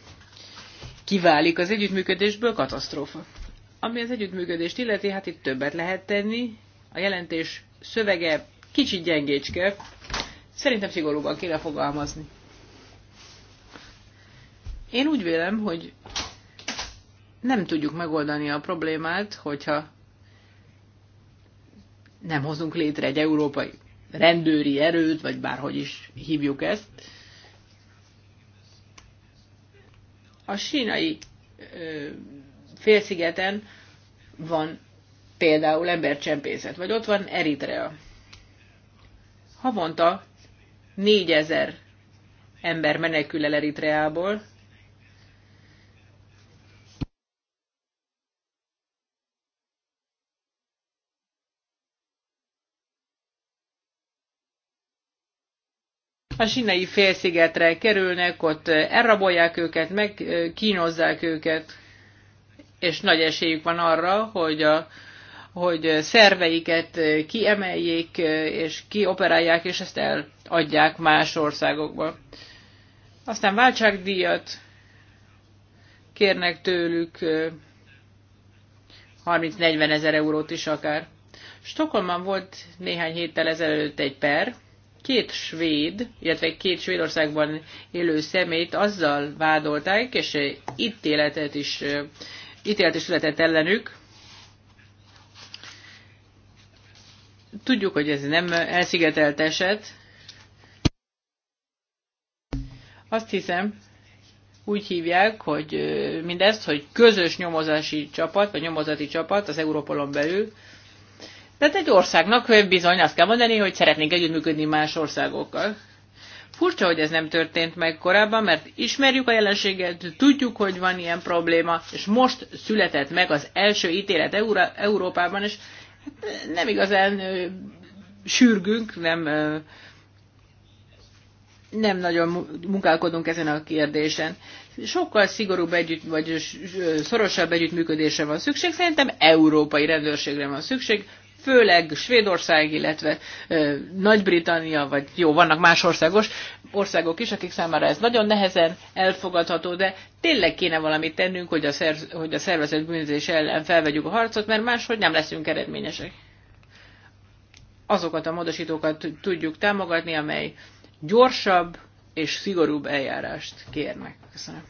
kiválik az együttműködésből katasztrófa. Ami az együttműködést illeti, hát itt többet lehet tenni. A jelentés szövege kicsit gyengécske. Szerintem szigorúban kéne fogalmazni. Én úgy vélem, hogy nem tudjuk megoldani a problémát, hogyha nem hozunk létre egy európai rendőri erőt, vagy bárhogy is hívjuk ezt. A sínai félszigeten van például embercsempészet, vagy ott van Eritrea. Havonta négyezer ember menekül el Eritreából, a sinai félszigetre kerülnek, ott elrabolják őket, megkínozzák őket, és nagy esélyük van arra, hogy a hogy szerveiket kiemeljék és kioperálják, és ezt eladják más országokba. Aztán váltságdíjat kérnek tőlük 30-40 ezer eurót is akár. Stockholmban volt néhány héttel ezelőtt egy per, két svéd, illetve két Svédországban élő szemét azzal vádolták, és ítéletet eh, is, eh, ítélet is született ellenük. Tudjuk, hogy ez nem elszigetelt eset. Azt hiszem, úgy hívják, hogy eh, mindezt, hogy közös nyomozási csapat, vagy nyomozati csapat az Európolon belül, tehát egy országnak bizony azt kell mondani, hogy szeretnénk együttműködni más országokkal. Furcsa, hogy ez nem történt meg korábban, mert ismerjük a jelenséget, tudjuk, hogy van ilyen probléma, és most született meg az első ítélet Euró- Európában, és hát, nem igazán ö, sürgünk, nem, ö, nem nagyon munkálkodunk ezen a kérdésen. Sokkal szigorúbb együtt, vagy szorosabb együttműködésre van szükség, szerintem európai rendőrségre van szükség, főleg Svédország, illetve Nagy-Britannia, vagy jó, vannak más országos országok is, akik számára ez nagyon nehezen elfogadható, de tényleg kéne valamit tennünk, hogy a, szerz, hogy a szervezet bűnözés ellen felvegyük a harcot, mert máshogy nem leszünk eredményesek. Azokat a módosítókat tudjuk támogatni, amely gyorsabb és szigorúbb eljárást kérnek. Köszönöm.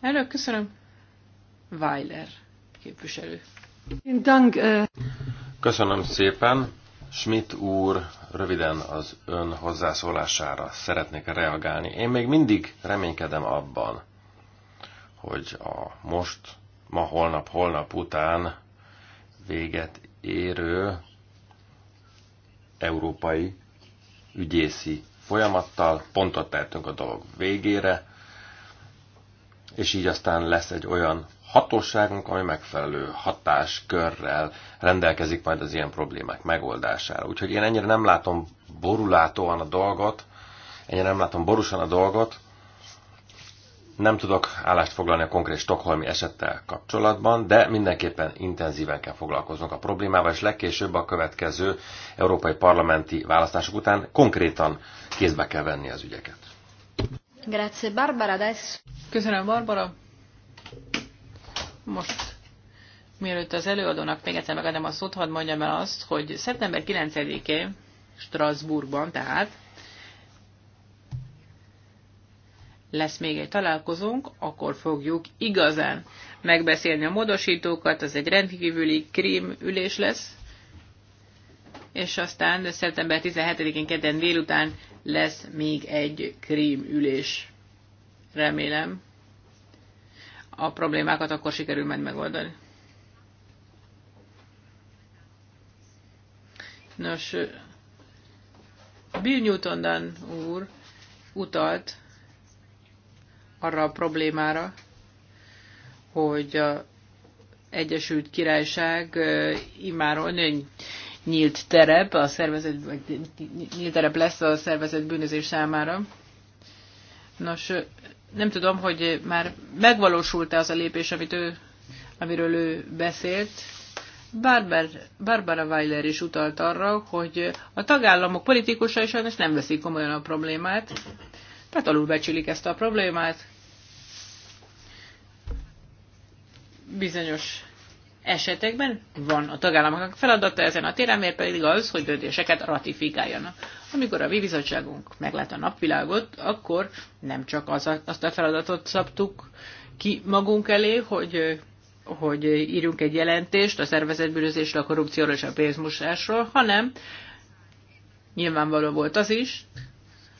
Elnök, köszönöm. Weiler képviselő. Dank, Köszönöm szépen. Schmidt úr röviden az ön hozzászólására szeretnék reagálni. Én még mindig reménykedem abban, hogy a most, ma, holnap, holnap után véget érő európai ügyészi folyamattal pontot tettünk a dolog végére, és így aztán lesz egy olyan hatóságunk, ami megfelelő hatáskörrel rendelkezik majd az ilyen problémák megoldására. Úgyhogy én ennyire nem látom borulátóan a dolgot, ennyire nem látom borúsan a dolgot, nem tudok állást foglalni a konkrét stokholmi esettel kapcsolatban, de mindenképpen intenzíven kell foglalkoznunk a problémával, és legkésőbb a következő európai parlamenti választások után konkrétan kézbe kell venni az ügyeket. Grazie Barbara, adesso. Köszönöm Barbara, most, mielőtt az előadónak még egyszer megadom a szót, hadd mondjam el azt, hogy szeptember 9-én Strasbourgban, tehát lesz még egy találkozónk, akkor fogjuk igazán megbeszélni a módosítókat, az egy rendkívüli krím ülés lesz, és aztán szeptember 17-én kedden délután lesz még egy krím ülés. Remélem, a problémákat akkor sikerül majd megoldani. Nos, Bill Newton úr utalt arra a problémára, hogy a Egyesült Királyság imáron egy nyílt terep, a szervezet, nyílt terep lesz a szervezet bűnözés számára. Nos, nem tudom, hogy már megvalósult-e az a lépés, amit ő, amiről ő beszélt. Barber, Barbara Weiler is utalt arra, hogy a tagállamok politikusai sajnos nem veszik komolyan a problémát, tehát alulbecsülik ezt a problémát. Bizonyos esetekben van a tagállamoknak feladata ezen a téren, mert pedig az, hogy döntéseket ratifikáljanak. Amikor a mi bizottságunk meglát a napvilágot, akkor nem csak az, azt a feladatot szabtuk ki magunk elé, hogy hogy írjunk egy jelentést a szervezetbűnözésről, a korrupcióról és a pénzmosásról, hanem nyilvánvaló volt az is,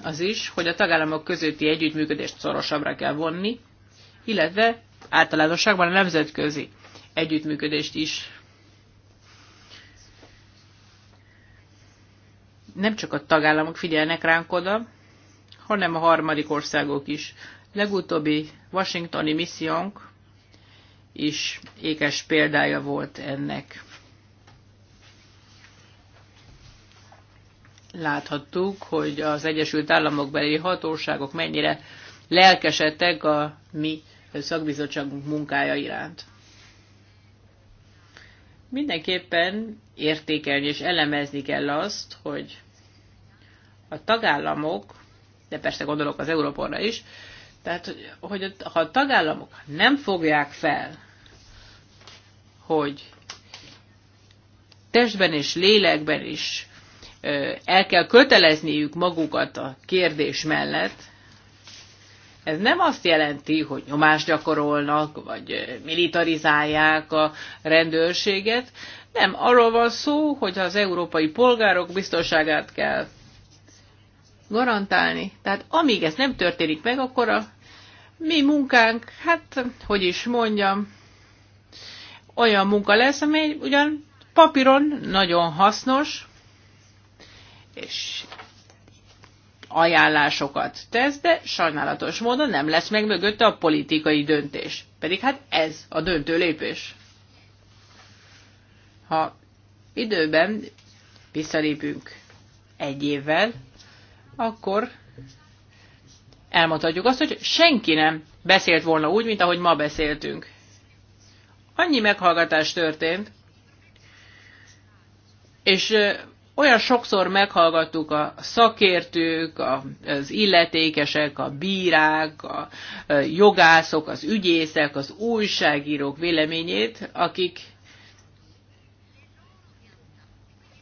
az is, hogy a tagállamok közötti együttműködést szorosabbra kell vonni, illetve általánosságban a nemzetközi együttműködést is. Nem csak a tagállamok figyelnek ránk oda, hanem a harmadik országok is. Legutóbbi washingtoni missziónk is ékes példája volt ennek. Láthattuk, hogy az Egyesült Államok beli hatóságok mennyire lelkesedtek a mi szakbizottságunk munkája iránt. Mindenképpen értékelni és elemezni kell azt, hogy a tagállamok, de persze gondolok az Európorra is, tehát, hogy ha a tagállamok nem fogják fel, hogy testben és lélekben is el kell kötelezniük magukat a kérdés mellett, ez nem azt jelenti, hogy nyomást gyakorolnak, vagy eh, militarizálják a rendőrséget. Nem, arról van szó, hogy az európai polgárok biztonságát kell garantálni. Tehát amíg ez nem történik meg, akkor a mi munkánk, hát, hogy is mondjam, olyan munka lesz, amely ugyan papíron nagyon hasznos, és ajánlásokat tesz, de sajnálatos módon nem lesz meg mögötte a politikai döntés. Pedig hát ez a döntő lépés. Ha időben visszalépünk egy évvel, akkor elmondhatjuk azt, hogy senki nem beszélt volna úgy, mint ahogy ma beszéltünk. Annyi meghallgatás történt, és olyan sokszor meghallgattuk a szakértők, az illetékesek, a bírák, a jogászok, az ügyészek, az újságírók véleményét, akik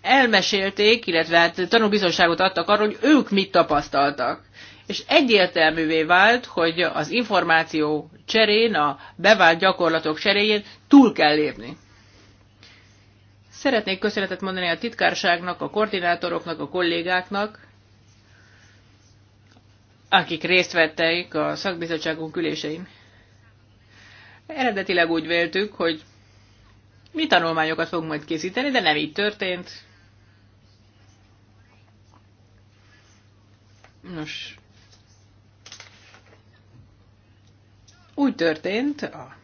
elmesélték, illetve hát tanúbizonságot adtak arról, hogy ők mit tapasztaltak. És egyértelművé vált, hogy az információ cserén, a bevált gyakorlatok cseréjén túl kell lépni. Szeretnék köszönetet mondani a titkárságnak, a koordinátoroknak, a kollégáknak, akik részt vettek a szakbizottságunk ülésein. Eredetileg úgy véltük, hogy mi tanulmányokat fogunk majd készíteni, de nem így történt. Nos, úgy történt a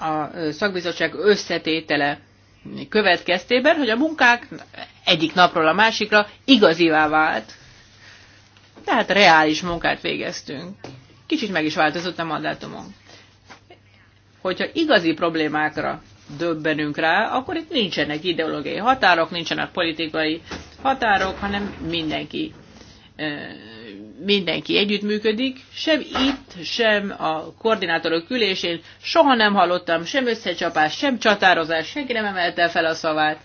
a szakbizottság összetétele következtében, hogy a munkák egyik napról a másikra igazivá vált. Tehát reális munkát végeztünk. Kicsit meg is változott a mandátumon. Hogyha igazi problémákra döbbenünk rá, akkor itt nincsenek ideológiai határok, nincsenek politikai határok, hanem mindenki mindenki együttműködik, sem itt, sem a koordinátorok ülésén soha nem hallottam sem összecsapás, sem csatározás, senki nem emelte fel a szavát.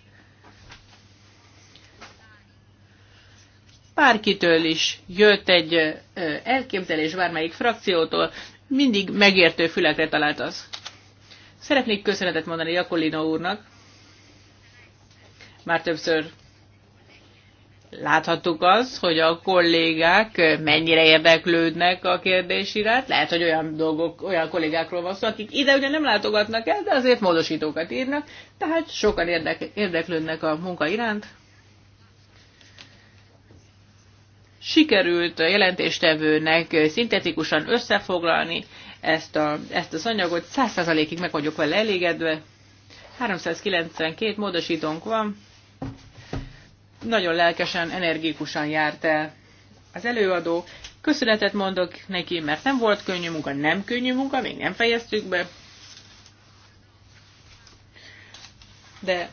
Bárkitől is jött egy elképzelés bármelyik frakciótól, mindig megértő fülekre talált az. Szeretnék köszönetet mondani Jakolino úrnak. Már többször láthattuk az, hogy a kollégák mennyire érdeklődnek a kérdés iránt. Lehet, hogy olyan dolgok, olyan kollégákról van szó, akik ide ugye nem látogatnak el, de azért módosítókat írnak, tehát sokan érdek, érdeklődnek a munka iránt. Sikerült a jelentéstevőnek szintetikusan összefoglalni ezt, a, ezt az anyagot. 100%-ig meg vagyok vele elégedve. 392 módosítónk van nagyon lelkesen, energikusan járt el az előadó. Köszönetet mondok neki, mert nem volt könnyű munka, nem könnyű munka, még nem fejeztük be. De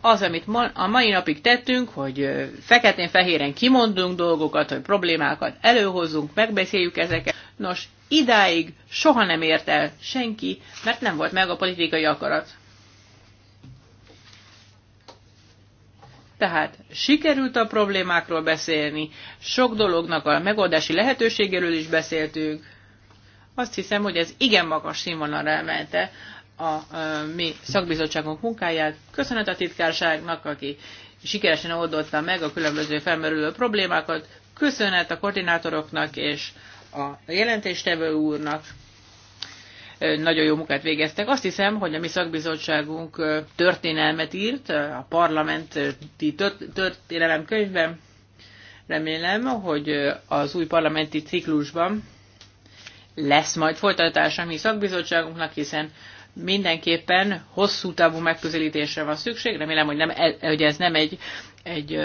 az, amit ma, a mai napig tettünk, hogy feketén-fehéren kimondunk dolgokat, hogy problémákat előhozzunk, megbeszéljük ezeket. Nos, idáig soha nem ért el senki, mert nem volt meg a politikai akarat. Tehát sikerült a problémákról beszélni, sok dolognak a megoldási lehetőségéről is beszéltünk. Azt hiszem, hogy ez igen magas színvonalra emelte a, a mi szakbizottságunk munkáját. Köszönet a titkárságnak, aki sikeresen oldotta meg a különböző felmerülő problémákat. Köszönet a koordinátoroknak és a jelentéstevő úrnak nagyon jó munkát végeztek. Azt hiszem, hogy a mi szakbizottságunk történelmet írt a parlamenti történelem könyvben. Remélem, hogy az új parlamenti ciklusban lesz majd folytatás a mi szakbizottságunknak, hiszen mindenképpen hosszú távú megközelítésre van szükség. Remélem, hogy, nem, e, hogy ez nem egy, egy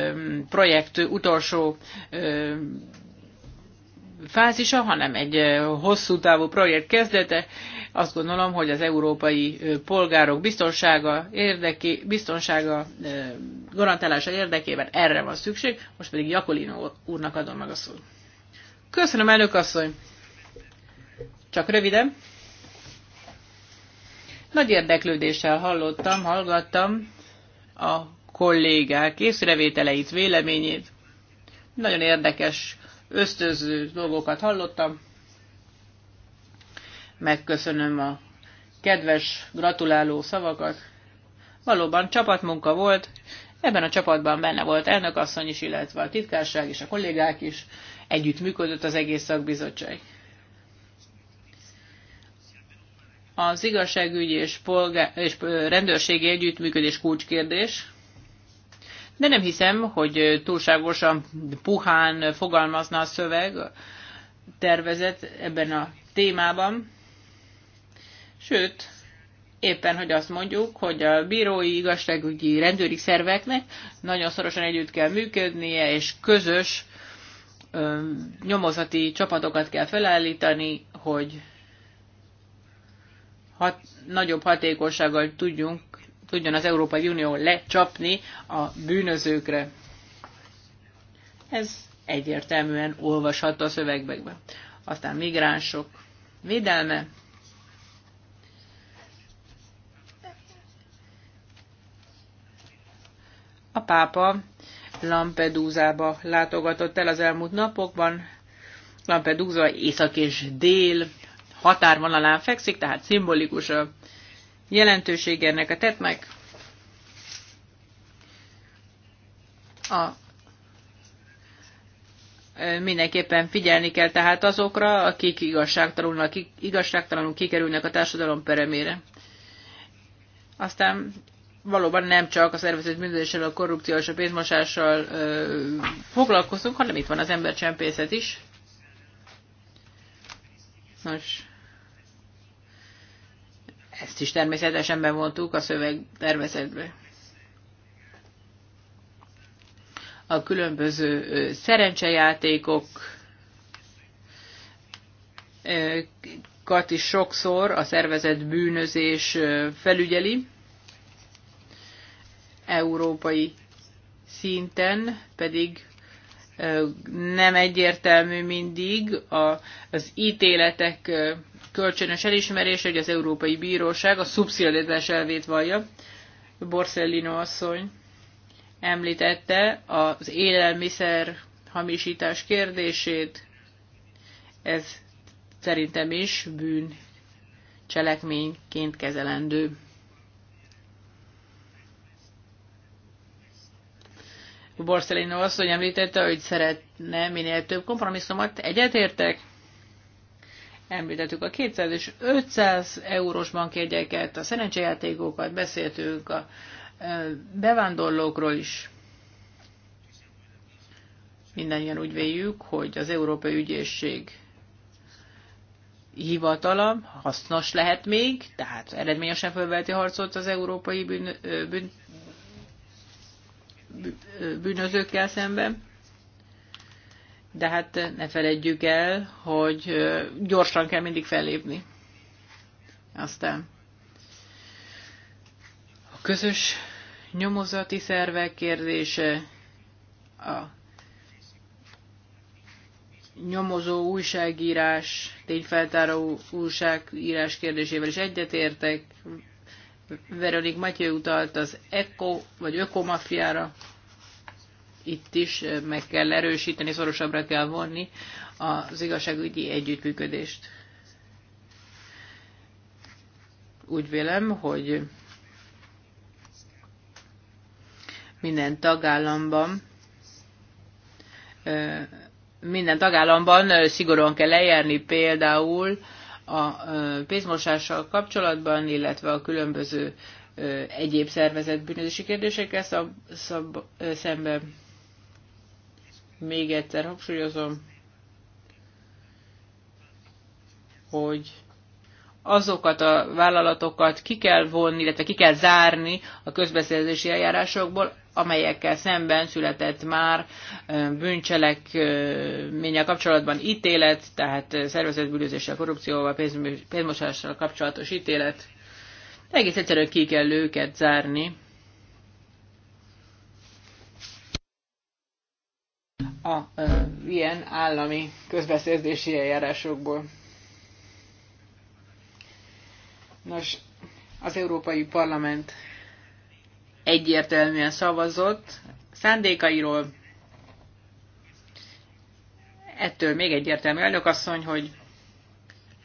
projekt utolsó fázisa, hanem egy hosszú távú projekt kezdete. Azt gondolom, hogy az európai polgárok biztonsága, érdeké, biztonsága garantálása érdekében erre van szükség. Most pedig Jakolino úrnak adom meg a szót. Köszönöm, elnök asszony! Csak röviden. Nagy érdeklődéssel hallottam, hallgattam a kollégák észrevételeit, véleményét. Nagyon érdekes ösztöző dolgokat hallottam. Megköszönöm a kedves, gratuláló szavakat. Valóban csapatmunka volt, ebben a csapatban benne volt elnökasszony is, illetve a titkárság és a kollégák is, együtt működött az egész szakbizottság. Az igazságügyi és, polgá- és rendőrségi együttműködés kulcskérdés, de nem hiszem, hogy túlságosan puhán fogalmazna a szöveg, tervezet ebben a témában. Sőt, éppen, hogy azt mondjuk, hogy a bírói, igazságügyi, rendőri szerveknek nagyon szorosan együtt kell működnie, és közös ö, nyomozati csapatokat kell felállítani, hogy hat, nagyobb hatékonysággal tudjunk tudjon az Európai Unió lecsapni a bűnözőkre. Ez egyértelműen olvasható a szövegekben. Aztán migránsok védelme. A pápa Lampedúzába látogatott el az elmúlt napokban. Lampedúza észak és dél határvonalán fekszik, tehát szimbolikus a jelentőség ennek a meg. A mindenképpen figyelni kell tehát azokra, akik igazságtalanul, akik igazságtalanul kikerülnek a társadalom peremére. Aztán valóban nem csak a szervezet bűnözéssel, a korrupció és a pénzmosással ö, foglalkozunk, hanem itt van az embercsempészet is. Nos, ezt is természetesen bevontuk a szöveg tervezetbe. A különböző szerencsejátékok kat is sokszor a szervezet bűnözés felügyeli. Európai szinten pedig nem egyértelmű mindig az ítéletek kölcsönös elismerés hogy az Európai Bíróság a szubszidiaritás elvét vallja. Borsellino asszony említette az élelmiszer hamisítás kérdését. Ez szerintem is bűn cselekményként kezelendő. Borsellino asszony említette, hogy szeretne minél több kompromisszumot. Egyetértek? Említettük a 200 és 500 eurós bankjegyeket, a szerencsejátékokat, beszéltünk a bevándorlókról is. Mindannyian úgy véljük, hogy az Európai Ügyészség hivatala hasznos lehet még, tehát eredményesen felveheti harcot az európai bűn, bűn, bűnözőkkel szemben de hát ne feledjük el, hogy gyorsan kell mindig fellépni. Aztán a közös nyomozati szervek kérdése, a nyomozó újságírás, tényfeltáró újságírás kérdésével is egyetértek. Veronik Matyai utalt az eko vagy ökomafiára, itt is meg kell erősíteni, szorosabbra kell vonni az igazságügyi együttműködést. Úgy vélem, hogy minden tagállamban minden tagállamban szigorúan kell eljárni például a pénzmosással kapcsolatban, illetve a különböző egyéb szervezetbűnözési kérdésekkel szab, szab, szemben. Még egyszer hangsúlyozom, hogy azokat a vállalatokat ki kell vonni, illetve ki kell zárni a közbeszerzési eljárásokból, amelyekkel szemben született már bűncselekménnyel kapcsolatban ítélet, tehát szervezetbűnözéssel, korrupcióval, pénzmosással kapcsolatos ítélet. Egész egyszerűen ki kell őket zárni a ö, ilyen állami közbeszerzési eljárásokból. Nos, az Európai Parlament egyértelműen szavazott szándékairól. Ettől még egyértelmű asszony, hogy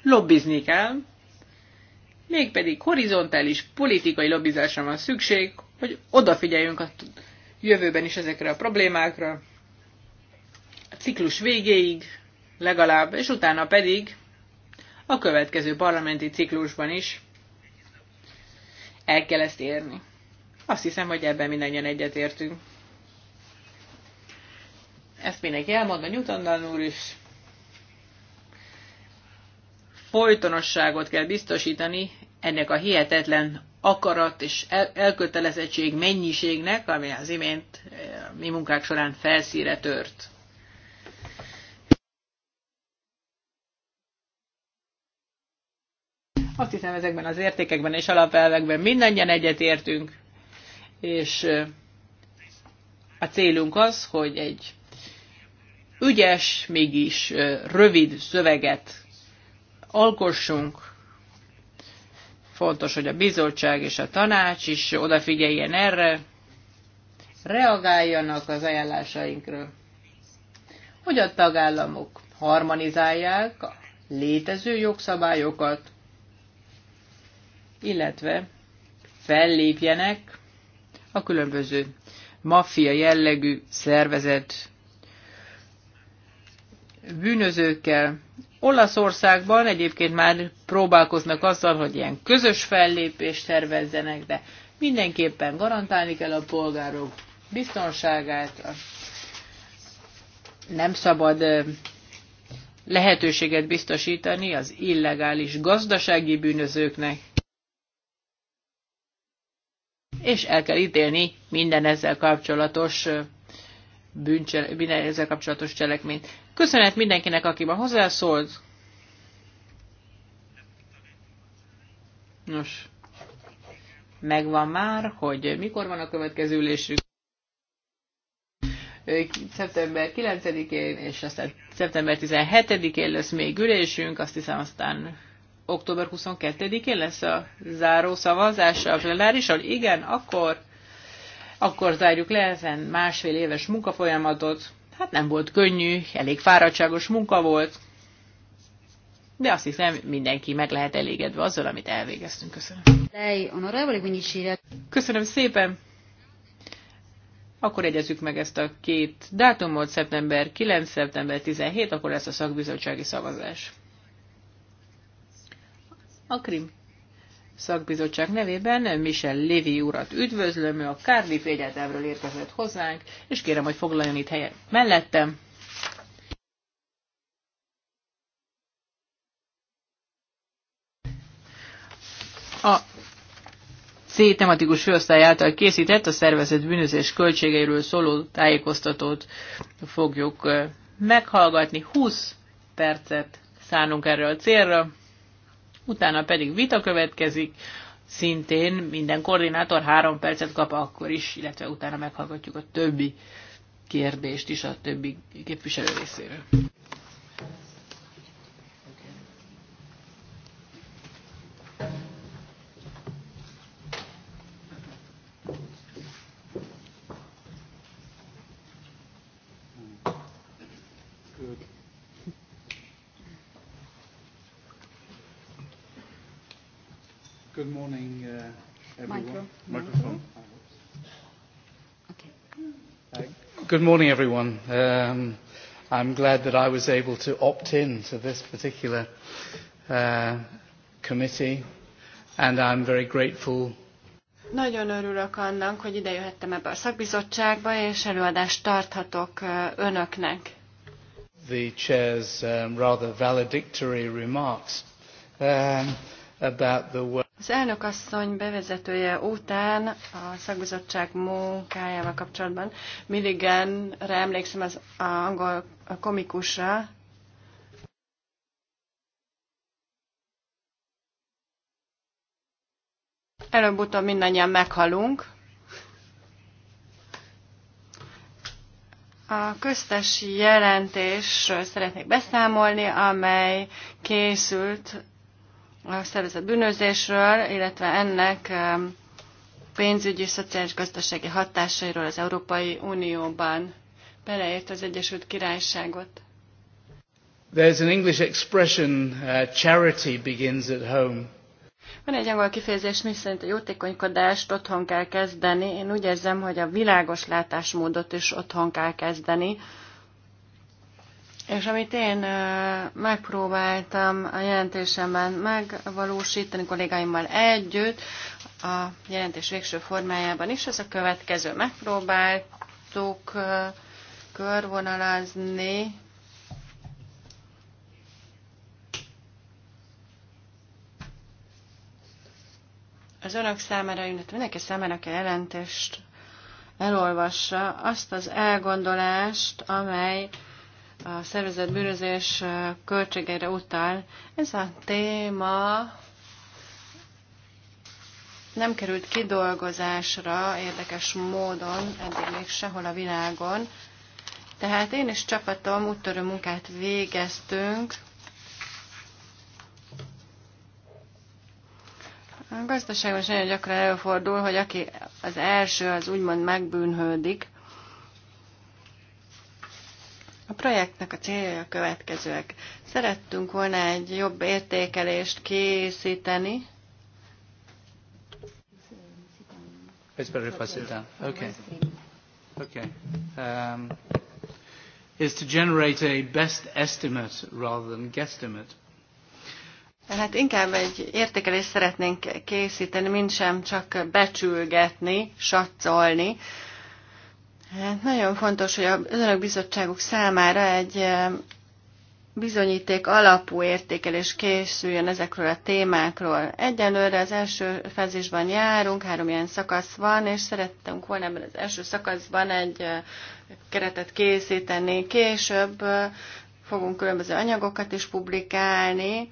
lobbizni kell, mégpedig horizontális politikai lobbizásra van szükség, hogy odafigyeljünk a jövőben is ezekre a problémákra, ciklus végéig legalább, és utána pedig a következő parlamenti ciklusban is el kell ezt érni. Azt hiszem, hogy ebben mindannyian egyetértünk. Ezt mindenki elmondta Newton úr is. Folytonosságot kell biztosítani ennek a hihetetlen akarat és el- elkötelezettség mennyiségnek, ami az imént eh, mi munkák során felszíre tört. Azt hiszem ezekben az értékekben és alapelvekben mindannyian egyetértünk, és a célunk az, hogy egy ügyes, mégis rövid szöveget alkossunk. Fontos, hogy a bizottság és a tanács is odafigyeljen erre, reagáljanak az ajánlásainkra, hogy a tagállamok harmonizálják a létező jogszabályokat, illetve fellépjenek a különböző maffia jellegű szervezet bűnözőkkel. Olaszországban egyébként már próbálkoznak azzal, hogy ilyen közös fellépést tervezzenek, de mindenképpen garantálni kell a polgárok biztonságát, nem szabad lehetőséget biztosítani az illegális gazdasági bűnözőknek, és el kell ítélni minden ezzel kapcsolatos bűncsele, minden ezzel kapcsolatos cselekményt. Köszönet mindenkinek, aki ma hozzászólt. Nos, megvan már, hogy mikor van a következő ülésük. Szeptember 9-én, és aztán szeptember 17-én lesz még ülésünk, azt hiszem aztán október 22-én lesz a záró szavazás a plenárison? Igen, akkor, akkor zárjuk le ezen másfél éves munkafolyamatot. Hát nem volt könnyű, elég fáradtságos munka volt, de azt hiszem mindenki meg lehet elégedve azzal, amit elvégeztünk. Köszönöm. Köszönöm szépen! Akkor egyezzük meg ezt a két dátumot, szeptember 9, szeptember 17, akkor lesz a szakbizottsági szavazás. A Krim szakbizottság nevében Michel Lévi urat üdvözlöm, ő a Cardiff Egyetemről érkezett hozzánk, és kérem, hogy foglaljon itt helyet mellettem. A C tematikus főosztály által készített a szervezet bűnözés költségeiről szóló tájékoztatót fogjuk meghallgatni. 20 percet szánunk erre a célra utána pedig vita következik, szintén minden koordinátor három percet kap akkor is, illetve utána meghallgatjuk a többi kérdést is a többi képviselő részéről. Good morning, everyone. Um, I'm glad that I was able to opt in to this particular uh, committee, and I'm very grateful. Nagyon örülök annak, hogy ide jöhettem ebbe a szakbizottságba, és előadást tarthatok uh, önöknek. The chair's um, rather valedictory remarks um, about the work. Az elnökasszony bevezetője után a szakbizottság munkájával kapcsolatban Milligenre emlékszem az angol komikusra, Előbb-utóbb mindannyian meghalunk. A köztes jelentésről szeretnék beszámolni, amely készült a szervezett bűnözésről, illetve ennek um, pénzügyi, szociális, gazdasági hatásairól az Európai Unióban, beleért az Egyesült Királyságot. There's an English expression, uh, charity begins at home. Van egy angol kifejezés, mi szerint a jótékonykodást otthon kell kezdeni. Én úgy érzem, hogy a világos látásmódot is otthon kell kezdeni. És amit én megpróbáltam a jelentésemben megvalósítani kollégáimmal együtt, a jelentés végső formájában is, ez a következő. Megpróbáltuk körvonalazni az önök számára, illetve mindenki számára, aki jelentést elolvassa, azt az elgondolást, amely a szervezett bűnözés költségeire utal. Ez a téma nem került kidolgozásra érdekes módon eddig még sehol a világon. Tehát én és csapatom úttörő munkát végeztünk. A gazdaságban is nagyon gyakran előfordul, hogy aki az első, az úgymond megbűnhődik, a projektnek a célja a következőek. Szerettünk volna egy jobb értékelést készíteni. It's better if I sit down. Okay. Okay. Um, is to generate a best estimate rather than guesstimate. Hát inkább egy értékelést szeretnénk készíteni, mint sem csak becsülgetni, satszolni Hát nagyon fontos, hogy az önök bizottságuk számára egy bizonyíték alapú értékelés készüljön ezekről a témákról. Egyelőre az első fázisban járunk, három ilyen szakasz van, és szerettünk volna ebben az első szakaszban egy keretet készíteni. Később fogunk különböző anyagokat is publikálni,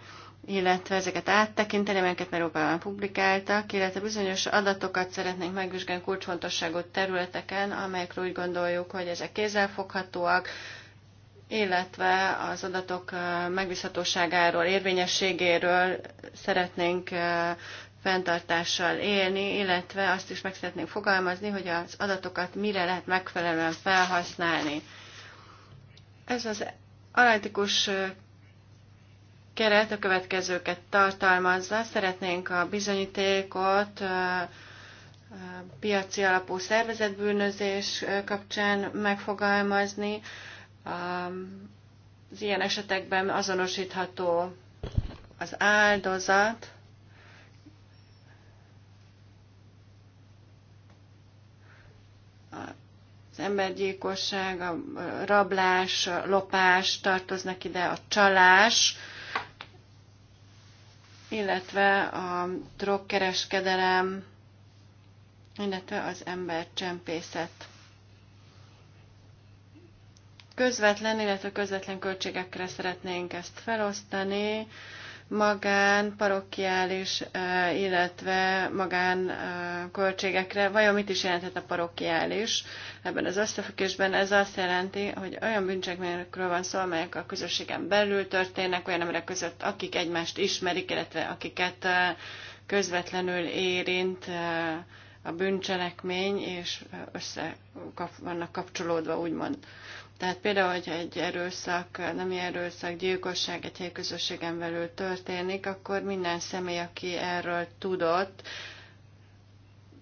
illetve ezeket áttekinteni, amelyeket már Európában publikáltak, illetve bizonyos adatokat szeretnénk megvizsgálni kulcsfontosságot területeken, amelyekről úgy gondoljuk, hogy ezek kézzelfoghatóak, illetve az adatok megbízhatóságáról, érvényességéről szeretnénk fenntartással élni, illetve azt is meg szeretnénk fogalmazni, hogy az adatokat mire lehet megfelelően felhasználni. Ez az analitikus keret a következőket tartalmazza. Szeretnénk a bizonyítékot piaci alapú szervezetbűnözés kapcsán megfogalmazni. Az ilyen esetekben azonosítható az áldozat, az embergyilkosság, a rablás, a lopás tartoznak ide, a csalás, illetve a drogkereskedelem, illetve az embercsempészet. Közvetlen, illetve közvetlen költségekre szeretnénk ezt felosztani magán, parokkiális, illetve magán költségekre. Vajon mit is jelenthet a parokkiális? Ebben az összefüggésben ez azt jelenti, hogy olyan bűncselekményekről van szó, amelyek a közösségen belül történnek, olyan emberek között, akik egymást ismerik, illetve akiket közvetlenül érint a bűncselekmény, és össze vannak kapcsolódva, úgymond. Tehát például, hogy egy erőszak, nem erőszak, gyilkosság egy helyközösségen belül történik, akkor minden személy, aki erről tudott,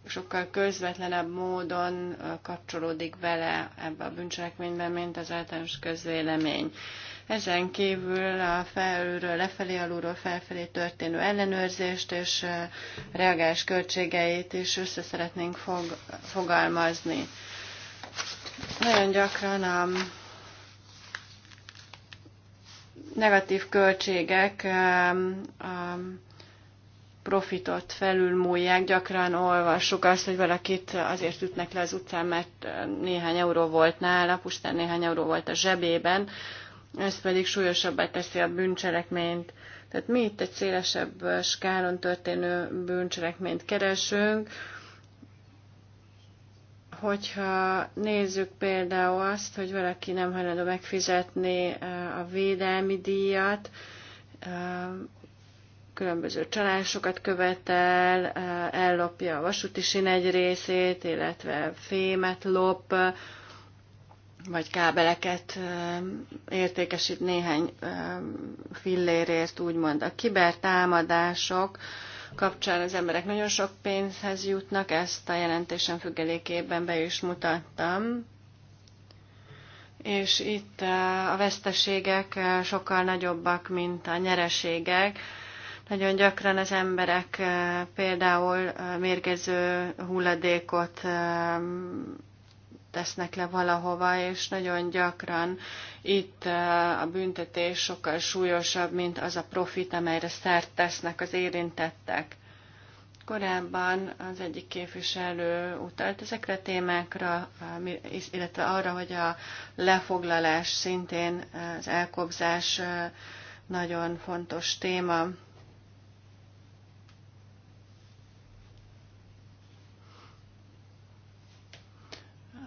sokkal közvetlenebb módon kapcsolódik bele ebbe a bűncselekménybe, mint az általános közvélemény. Ezen kívül a felülről, lefelé, alulról, felfelé történő ellenőrzést és reagás költségeit is össze szeretnénk fog, fogalmazni. Nagyon gyakran a negatív költségek a profitot felülmúlják. Gyakran olvassuk azt, hogy valakit azért ütnek le az utcán, mert néhány euró volt nála, pusztán néhány euró volt a zsebében, ez pedig súlyosabbá teszi a bűncselekményt. Tehát mi itt egy szélesebb skálon történő bűncselekményt keresünk, Hogyha nézzük például azt, hogy valaki nem hajlandó megfizetni a védelmi díjat, különböző csalásokat követel, ellopja a vasúti sin egy részét, illetve fémet lop, vagy kábeleket értékesít néhány fillérért, úgymond. A kibertámadások kapcsán az emberek nagyon sok pénzhez jutnak, ezt a jelentésem függelékében be is mutattam. És itt eh, a veszteségek eh, sokkal nagyobbak, mint a nyereségek. Nagyon gyakran az emberek eh, például mérgező hulladékot tesznek le valahova, és nagyon gyakran itt eh, a büntetés sokkal súlyosabb, mint az a profit, amelyre szert tesznek az érintettek. Korábban az egyik képviselő utalt ezekre a témákra, eh, illetve arra, hogy a lefoglalás szintén eh, az elkobzás nagyon fontos téma.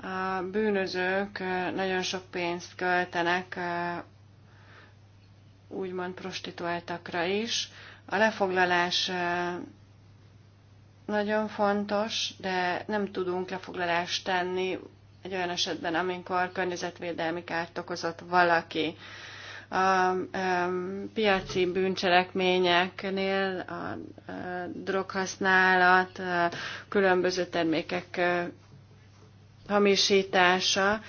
A bűnözők nagyon sok pénzt költenek úgymond prostituáltakra is. A lefoglalás nagyon fontos, de nem tudunk lefoglalást tenni egy olyan esetben, amikor környezetvédelmi kárt okozott valaki. A piaci bűncselekményeknél a, a droghasználat, a különböző termékek hamisítása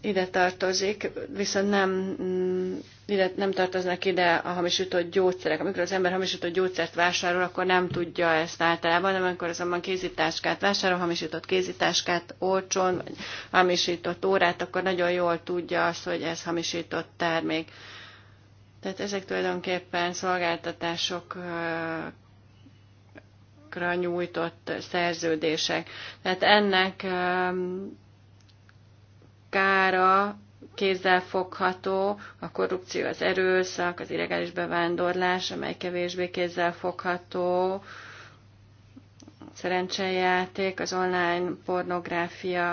ide tartozik, viszont nem, mm, ide, nem tartoznak ide a hamisított gyógyszerek. Amikor az ember hamisított gyógyszert vásárol, akkor nem tudja ezt általában, de amikor azonban kézitáskát vásárol, hamisított kézitáskát olcsón, vagy hamisított órát, akkor nagyon jól tudja azt, hogy ez hamisított termék. Tehát ezek tulajdonképpen szolgáltatások tagállamokra nyújtott szerződések. Tehát ennek kára fogható a korrupció, az erőszak, az illegális bevándorlás, amely kevésbé fogható, szerencsejáték, az online pornográfia,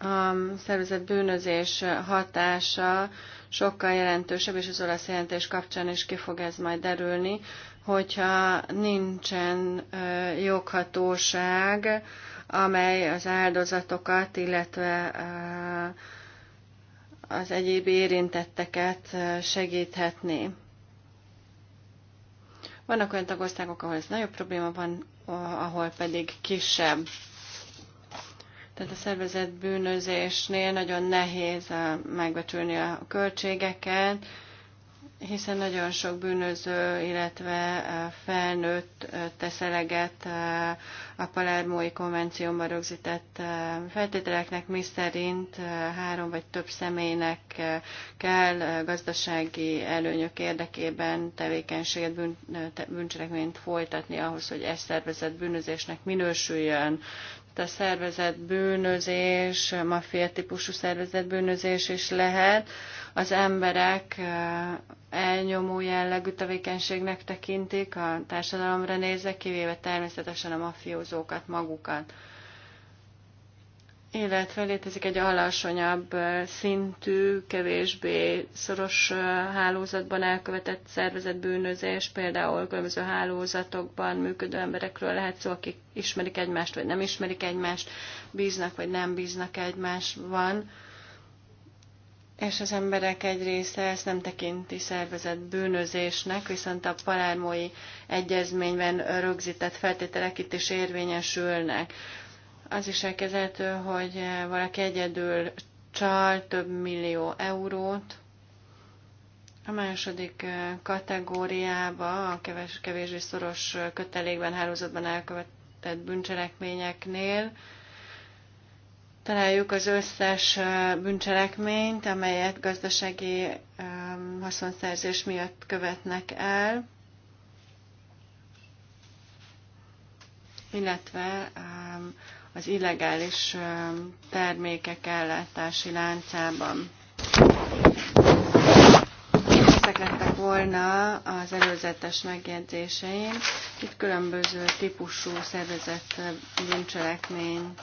a szervezet bűnözés hatása sokkal jelentősebb, és az olasz jelentés kapcsán is ki fog ez majd derülni, hogyha nincsen joghatóság, amely az áldozatokat, illetve az egyéb érintetteket segíthetné. Vannak olyan tagországok, ahol ez nagyobb probléma van, ahol pedig kisebb. Tehát a szervezet bűnözésnél nagyon nehéz eh, megbecsülni a költségeket, hiszen nagyon sok bűnöző, illetve eh, felnőtt eh, tesz eleget a Palermói konvencióban rögzített feltételeknek, mi szerint három vagy több személynek kell gazdasági előnyök érdekében tevékenységet, bűn, bűncselekményt folytatni ahhoz, hogy ez szervezett bűnözésnek minősüljön a szervezet bűnözés, maffia típusú szervezet bűnözés is lehet, az emberek eh, elnyomó jellegű tevékenységnek tekintik a társadalomra nézve, kivéve természetesen a mafiózókat magukat illetve létezik egy alacsonyabb szintű, kevésbé szoros hálózatban elkövetett bűnözés, például különböző hálózatokban működő emberekről lehet szó, akik ismerik egymást, vagy nem ismerik egymást, bíznak, vagy nem bíznak egymásban. És az emberek egy része ezt nem tekinti szervezett bűnözésnek, viszont a palármói egyezményben rögzített feltételek itt is érvényesülnek. Az is elkezdhető, hogy valaki egyedül csal több millió eurót. A második eh, kategóriába, a kevés, kevésbé szoros eh, kötelékben, hálózatban elkövetett bűncselekményeknél találjuk az összes eh, bűncselekményt, amelyet gazdasági haszonszerzés miatt követnek el, illetve az illegális termékek ellátási láncában. Ezek lettek volna az előzetes megjegyzéseim. Itt különböző típusú szervezett bűncselekmény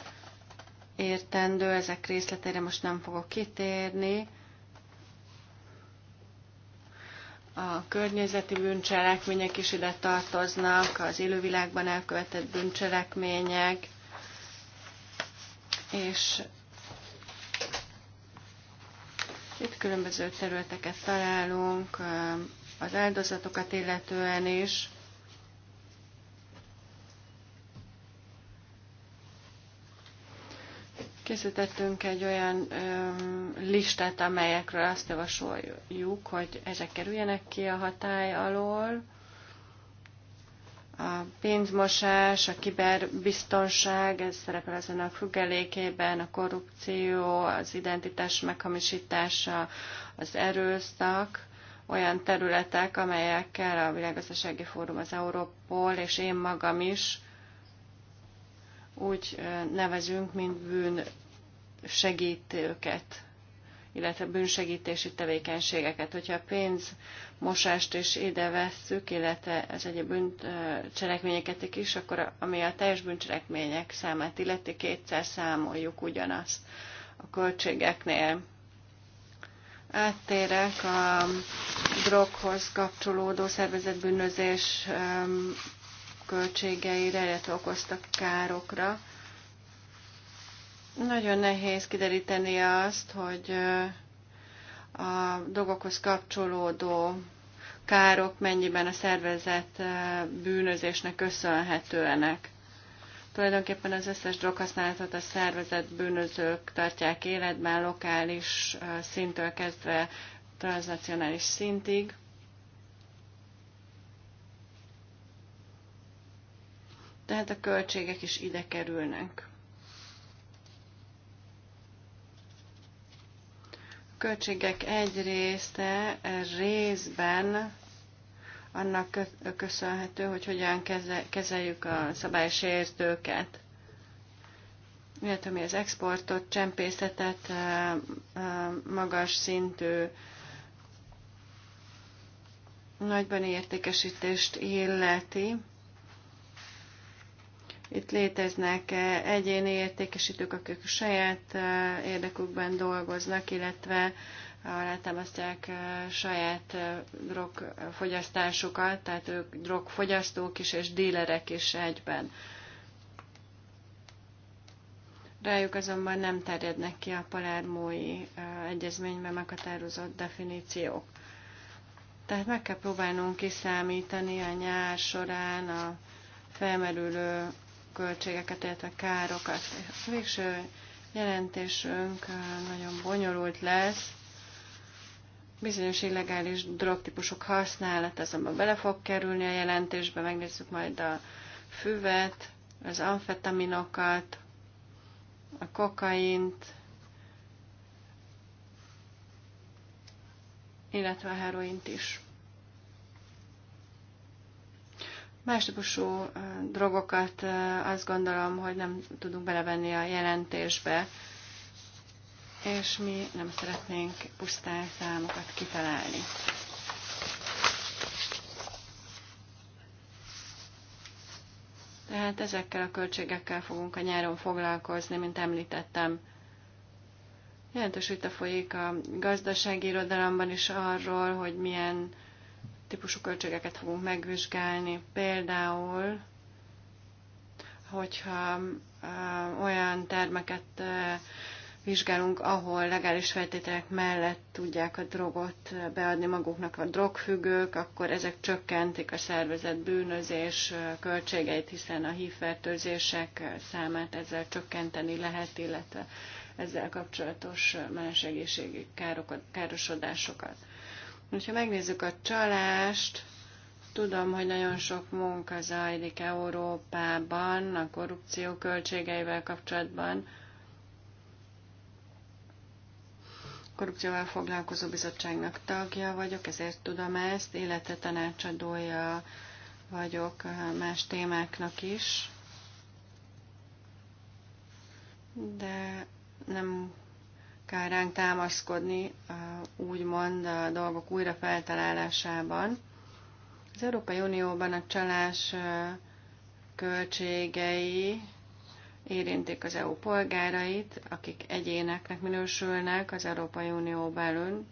értendő, ezek részletére most nem fogok kitérni. A környezeti bűncselekmények is ide tartoznak, az élővilágban elkövetett bűncselekmények, és itt különböző területeket találunk, az áldozatokat illetően is. Készítettünk egy olyan listát, amelyekről azt javasoljuk, hogy ezek kerüljenek ki a hatály alól. A pénzmosás, a kiberbiztonság, ez szerepel ezen a függelékében, a korrupció, az identitás meghamisítása, az erőszak, olyan területek, amelyekkel a Világgazdasági Fórum, az Európol és én magam is úgy nevezünk, mint bűn segítőket illetve bűnsegítési tevékenységeket. Hogyha a pénzmosást is ide vesszük, illetve ez egy bűncselekményeket is, akkor ami a teljes bűncselekmények számát illeti, kétszer számoljuk ugyanazt a költségeknél. Áttérek a droghoz kapcsolódó szervezetbűnözés költségeire, illetve okoztak károkra. Nagyon nehéz kideríteni azt, hogy a dolgokhoz kapcsolódó károk mennyiben a szervezet bűnözésnek köszönhetőenek. Tulajdonképpen az összes droghasználatot a szervezet bűnözők tartják életben lokális szintől kezdve transnacionális szintig. Tehát a költségek is ide kerülnek. költségek egy része részben annak köszönhető, hogy hogyan kezeljük a szabálysértőket, illetve mi az exportot, csempészetet, magas szintű nagyban értékesítést illeti. Itt léteznek eh, egyéni értékesítők, akik a saját eh, érdekükben dolgoznak, illetve eh, alátámasztják saját drogfogyasztásukat, tehát ők drogfogyasztók is és dílerek is egyben. Rájuk azonban nem terjednek ki a palármói egyezményben meghatározott definíciók. Tehát meg kell próbálnunk kiszámítani a nyár során a felmerülő költségeket, illetve károkat. A végső jelentésünk eh, nagyon bonyolult lesz. Bizonyos illegális drogtípusok használata azonban bele fog kerülni a jelentésbe, megnézzük majd a füvet, az amfetaminokat, a kokaint, illetve a heroint is. Más típusú drogokat azt gondolom, hogy nem tudunk belevenni a jelentésbe, és mi nem szeretnénk pusztán számokat kitalálni. Tehát ezekkel a költségekkel fogunk a nyáron foglalkozni, mint említettem. Jelentős vita folyik a gazdasági irodalomban is arról, hogy milyen típusú költségeket fogunk megvizsgálni. Például, hogyha olyan termeket vizsgálunk, ahol legális feltételek mellett tudják a drogot beadni maguknak a drogfüggők, akkor ezek csökkentik a szervezet bűnözés költségeit, hiszen a hívfertőzések számát ezzel csökkenteni lehet, illetve ezzel kapcsolatos más egészségi károsodásokat. Most, ha megnézzük a csalást, tudom, hogy nagyon sok munka zajlik Európában a korrupció költségeivel kapcsolatban. Korrupcióval foglalkozó bizottságnak tagja vagyok, ezért tudom ezt, illetve tanácsadója vagyok más témáknak is. De nem kell ránk támaszkodni, úgymond a dolgok újra feltalálásában. Az Európai Unióban a csalás költségei érintik az EU polgárait, akik egyéneknek minősülnek az Európai Unió belül.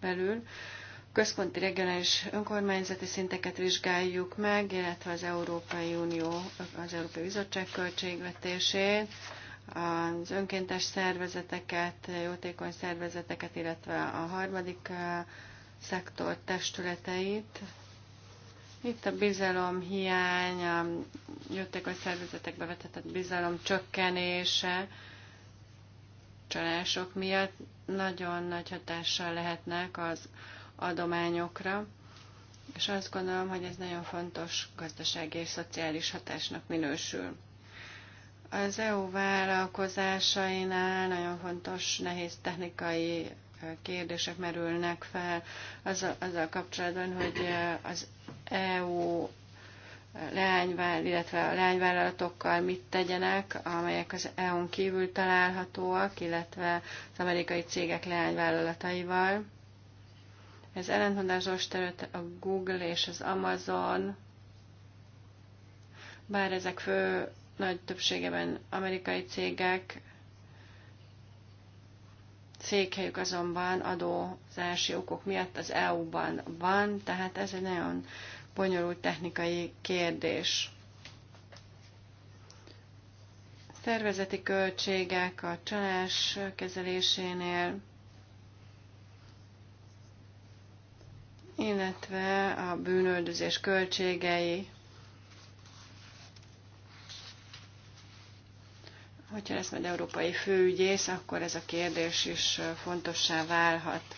belül. Központi regionális önkormányzati szinteket vizsgáljuk meg, illetve az Európai Unió, az Európai Bizottság költségvetését az önkéntes szervezeteket, jótékony szervezeteket, illetve a harmadik szektor testületeit. Itt a bizalom hiány, a jótékony szervezetekbe vetett bizalom csökkenése csalások miatt nagyon nagy hatással lehetnek az adományokra, és azt gondolom, hogy ez nagyon fontos gazdasági és szociális hatásnak minősül. Az EU vállalkozásainál nagyon fontos, nehéz technikai kérdések merülnek fel azzal, azzal kapcsolatban, hogy az EU leányvállalatokkal, illetve a leányvállalatokkal mit tegyenek, amelyek az EU-n kívül találhatóak, illetve az amerikai cégek leányvállalataival. Ez ellentmondásos terület a Google és az Amazon, bár ezek fő nagy többségeben amerikai cégek székhelyük azonban adózási okok miatt az EU-ban van, tehát ez egy nagyon bonyolult technikai kérdés. Szervezeti költségek a csalás kezelésénél, illetve a bűnöldözés költségei hogyha lesz majd európai főügyész, akkor ez a kérdés is fontossá válhat.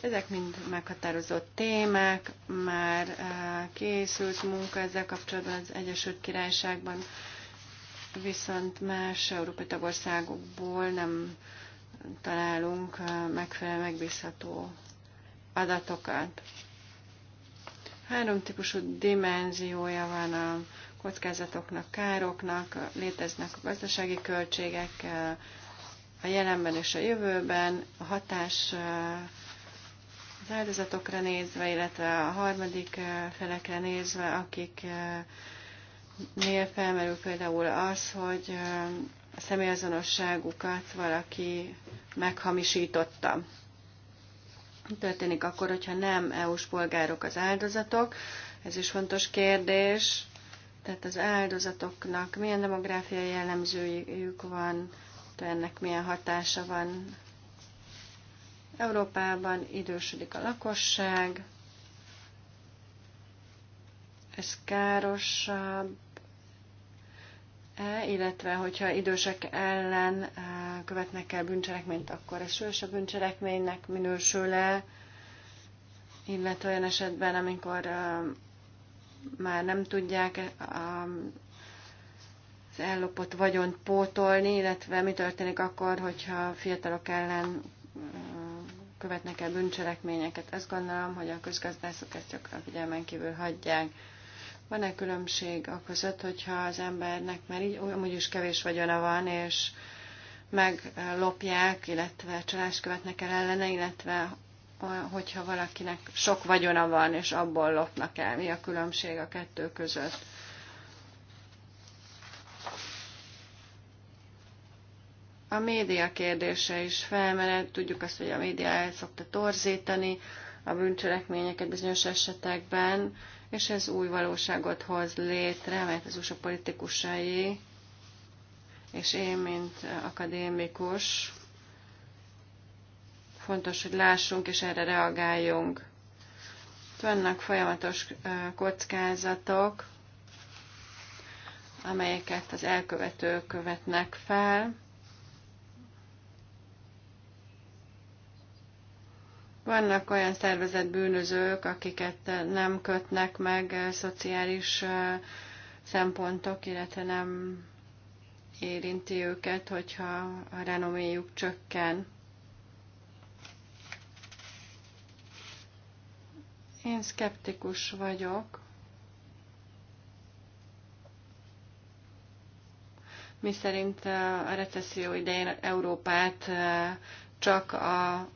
Ezek mind meghatározott témák, már készült munka ezzel kapcsolatban az Egyesült Királyságban, viszont más európai tagországokból nem találunk megfelelő megbízható adatokat. Három típusú dimenziója van a kockázatoknak, károknak, léteznek a gazdasági költségek eh, a jelenben és a jövőben, a hatás eh, az áldozatokra nézve, illetve a harmadik eh, felekre nézve, akiknél felmerül például az, hogy a személyazonosságukat valaki meghamisította. Mi történik akkor, hogyha nem EU-s polgárok az áldozatok? Ez is fontos kérdés. Tehát az áldozatoknak milyen demográfiai jellemzőjük van, ennek milyen hatása van. Európában idősödik a lakosság, ez károsabb, -e, illetve hogyha idősek ellen eh, követnek el bűncselekményt, akkor ez a bűncselekménynek minősül-e, illetve olyan esetben, amikor eh, már nem tudják eh, az ellopott vagyont pótolni, illetve mi történik akkor, hogyha fiatalok ellen eh, követnek el bűncselekményeket. Ezt gondolom, hogy a közgazdászok ezt gyakran figyelmen kívül hagyják. Van-e különbség a között, hogyha az embernek már így amúgy is kevés vagyona van, és meglopják, illetve csalást követnek el ellene, illetve hogyha valakinek sok vagyona van, és abból lopnak el. Mi a különbség a kettő között? A média kérdése is felmerült. Tudjuk azt, hogy a média el szokta torzítani a bűncselekményeket bizonyos esetekben, és ez új valóságot hoz létre, mert az USA politikusai, és én, mint akadémikus, Fontos, hogy lássunk és erre reagáljunk. Vannak folyamatos kockázatok, amelyeket az elkövetők követnek fel. Vannak olyan szervezett bűnözők, akiket nem kötnek meg szociális szempontok, illetve nem érinti őket, hogyha a renoméjuk csökken. Én szkeptikus vagyok. Mi szerint a recesszió idején Európát csak a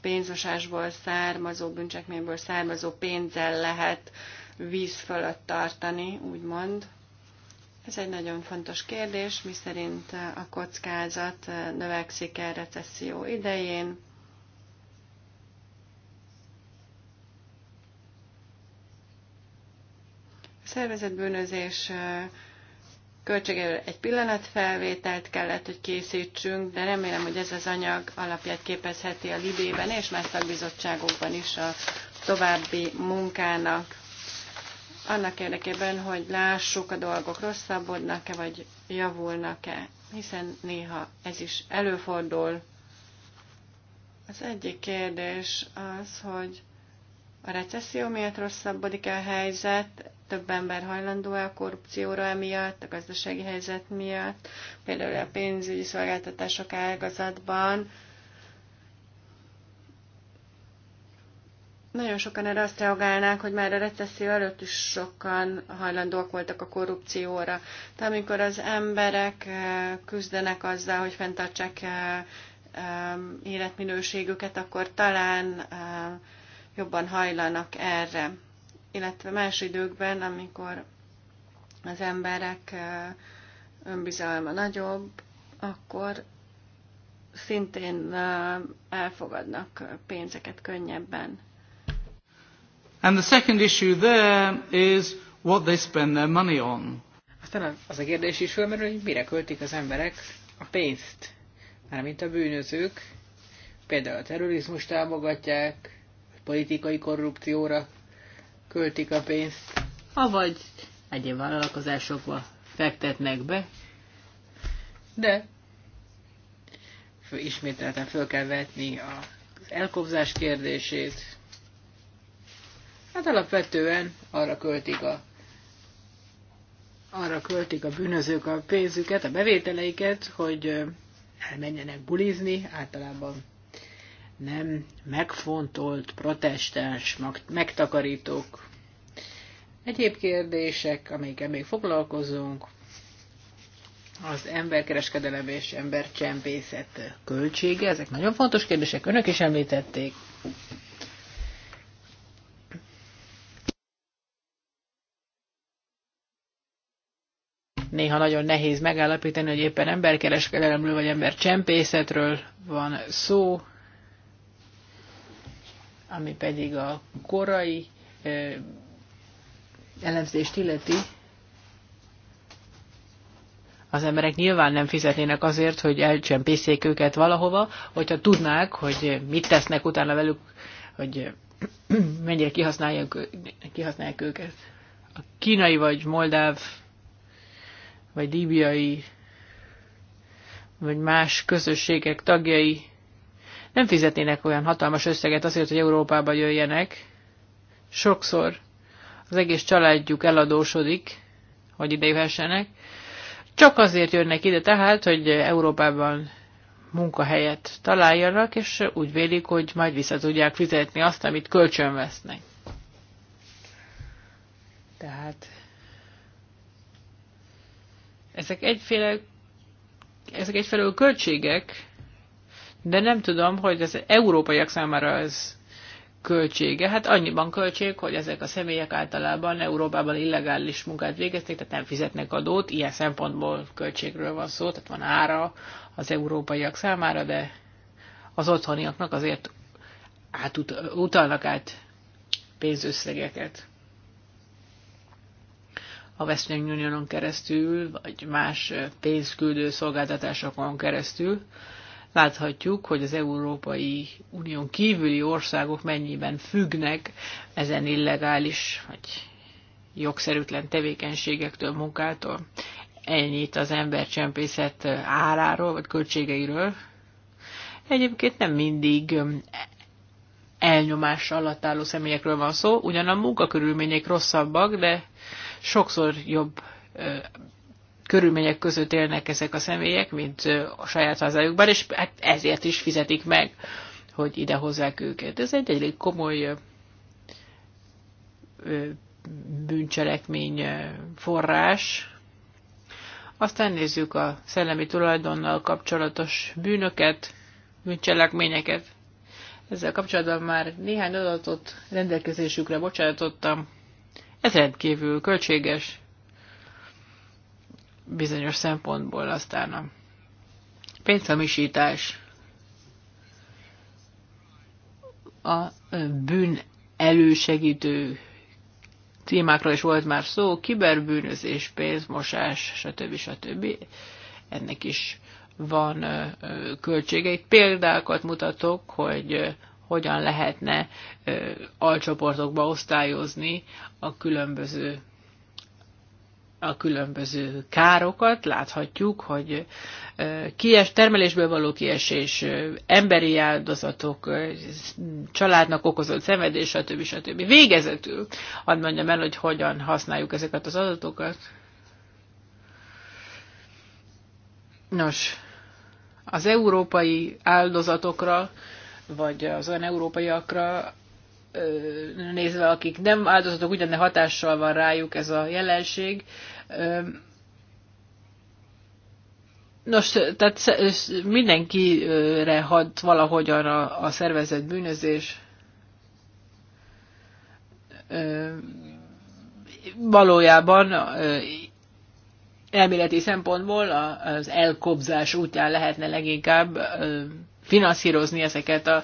pénzosásból származó, bűncsekményből származó pénzzel lehet víz fölött tartani, úgymond. Ez egy nagyon fontos kérdés, mi szerint a kockázat növekszik el recesszió idején. szervezetbűnözés költségéről egy pillanatfelvételt kellett, hogy készítsünk, de remélem, hogy ez az anyag alapját képezheti a Libében és más szakbizottságokban is a további munkának. Annak érdekében, hogy lássuk, a dolgok rosszabbodnak-e, vagy javulnak-e, hiszen néha ez is előfordul. Az egyik kérdés az, hogy a recesszió miatt rosszabbodik -e a helyzet, több ember hajlandó a korrupcióra emiatt, a gazdasági helyzet miatt, például a pénzügyi szolgáltatások ágazatban. Nagyon sokan erre azt reagálnák, hogy már a recesszió előtt is sokan hajlandóak voltak a korrupcióra. De amikor az emberek eh, küzdenek azzal, hogy fenntartsák eh, életminőségüket, akkor talán eh, jobban hajlanak erre illetve más időkben, amikor az emberek önbizalma nagyobb, akkor szintén elfogadnak pénzeket könnyebben. And the second issue there is what they spend their money on. Aztán az a kérdés is fölmerül, hogy mire költik az emberek a pénzt. mint a bűnözők, például a terrorizmus támogatják, politikai korrupcióra költik a pénzt, avagy egyéb vállalkozásokba fektetnek be, de ismételten föl kell vetni az elkobzás kérdését. Hát alapvetően arra költik a arra költik a bűnözők a pénzüket, a bevételeiket, hogy elmenjenek bulizni, általában nem megfontolt, protestáns, megtakarítók. Egyéb kérdések, amelyekkel még foglalkozunk, az emberkereskedelem és embercsempészet költsége, ezek nagyon fontos kérdések, önök is említették. néha nagyon nehéz megállapítani, hogy éppen emberkereskedelemről vagy embercsempészetről van szó ami pedig a korai elemzést illeti, az emberek nyilván nem fizetnének azért, hogy elcsempészék őket valahova, hogyha tudnák, hogy mit tesznek utána velük, hogy mennyire kihasználják, kihasználják őket. A kínai vagy moldáv, vagy líbiai, vagy más közösségek tagjai nem fizetnének olyan hatalmas összeget azért, hogy Európába jöjjenek. Sokszor az egész családjuk eladósodik, hogy ide jöhessenek. Csak azért jönnek ide tehát, hogy Európában munkahelyet találjanak, és úgy vélik, hogy majd vissza tudják fizetni azt, amit kölcsönvesznek. Tehát ezek egyféle ezek egyfelől költségek, de nem tudom, hogy az európaiak számára ez költsége. Hát annyiban költség, hogy ezek a személyek általában Európában illegális munkát végezték, tehát nem fizetnek adót, ilyen szempontból költségről van szó, tehát van ára az európaiak számára, de az otthoniaknak azért utalnak át pénzösszegeket a Western Unionon keresztül, vagy más pénzküldő szolgáltatásokon keresztül. Láthatjuk, hogy az Európai Unión kívüli országok mennyiben függnek ezen illegális vagy jogszerűtlen tevékenységektől, munkától. Ennyit az embercsempészet áráról vagy költségeiről. Egyébként nem mindig elnyomás alatt álló személyekről van szó, ugyan a munkakörülmények rosszabbak, de sokszor jobb körülmények között élnek ezek a személyek, mint a saját hazájukban, és hát ezért is fizetik meg, hogy ide hozzák őket. Ez egy elég komoly bűncselekmény forrás. Aztán nézzük a szellemi tulajdonnal kapcsolatos bűnöket, bűncselekményeket. Ezzel kapcsolatban már néhány adatot rendelkezésükre bocsátottam. Ez rendkívül költséges, bizonyos szempontból aztán a pénzhamisítás, a bűn elősegítő témákról is volt már szó, kiberbűnözés, pénzmosás, stb. stb. Ennek is van költségeit. Példákat mutatok, hogy hogyan lehetne alcsoportokba osztályozni a különböző a különböző károkat, láthatjuk, hogy kies, termelésből való kiesés, emberi áldozatok, családnak okozott szenvedés, stb. stb. Végezetül, hadd mondjam el, hogy hogyan használjuk ezeket az adatokat. Nos, az európai áldozatokra, vagy az olyan európaiakra, nézve, akik nem áldozatok, ugyanne hatással van rájuk ez a jelenség. Nos, tehát mindenkire hat valahogyan a, a szervezett bűnözés. Valójában elméleti szempontból az elkobzás útján lehetne leginkább finanszírozni ezeket a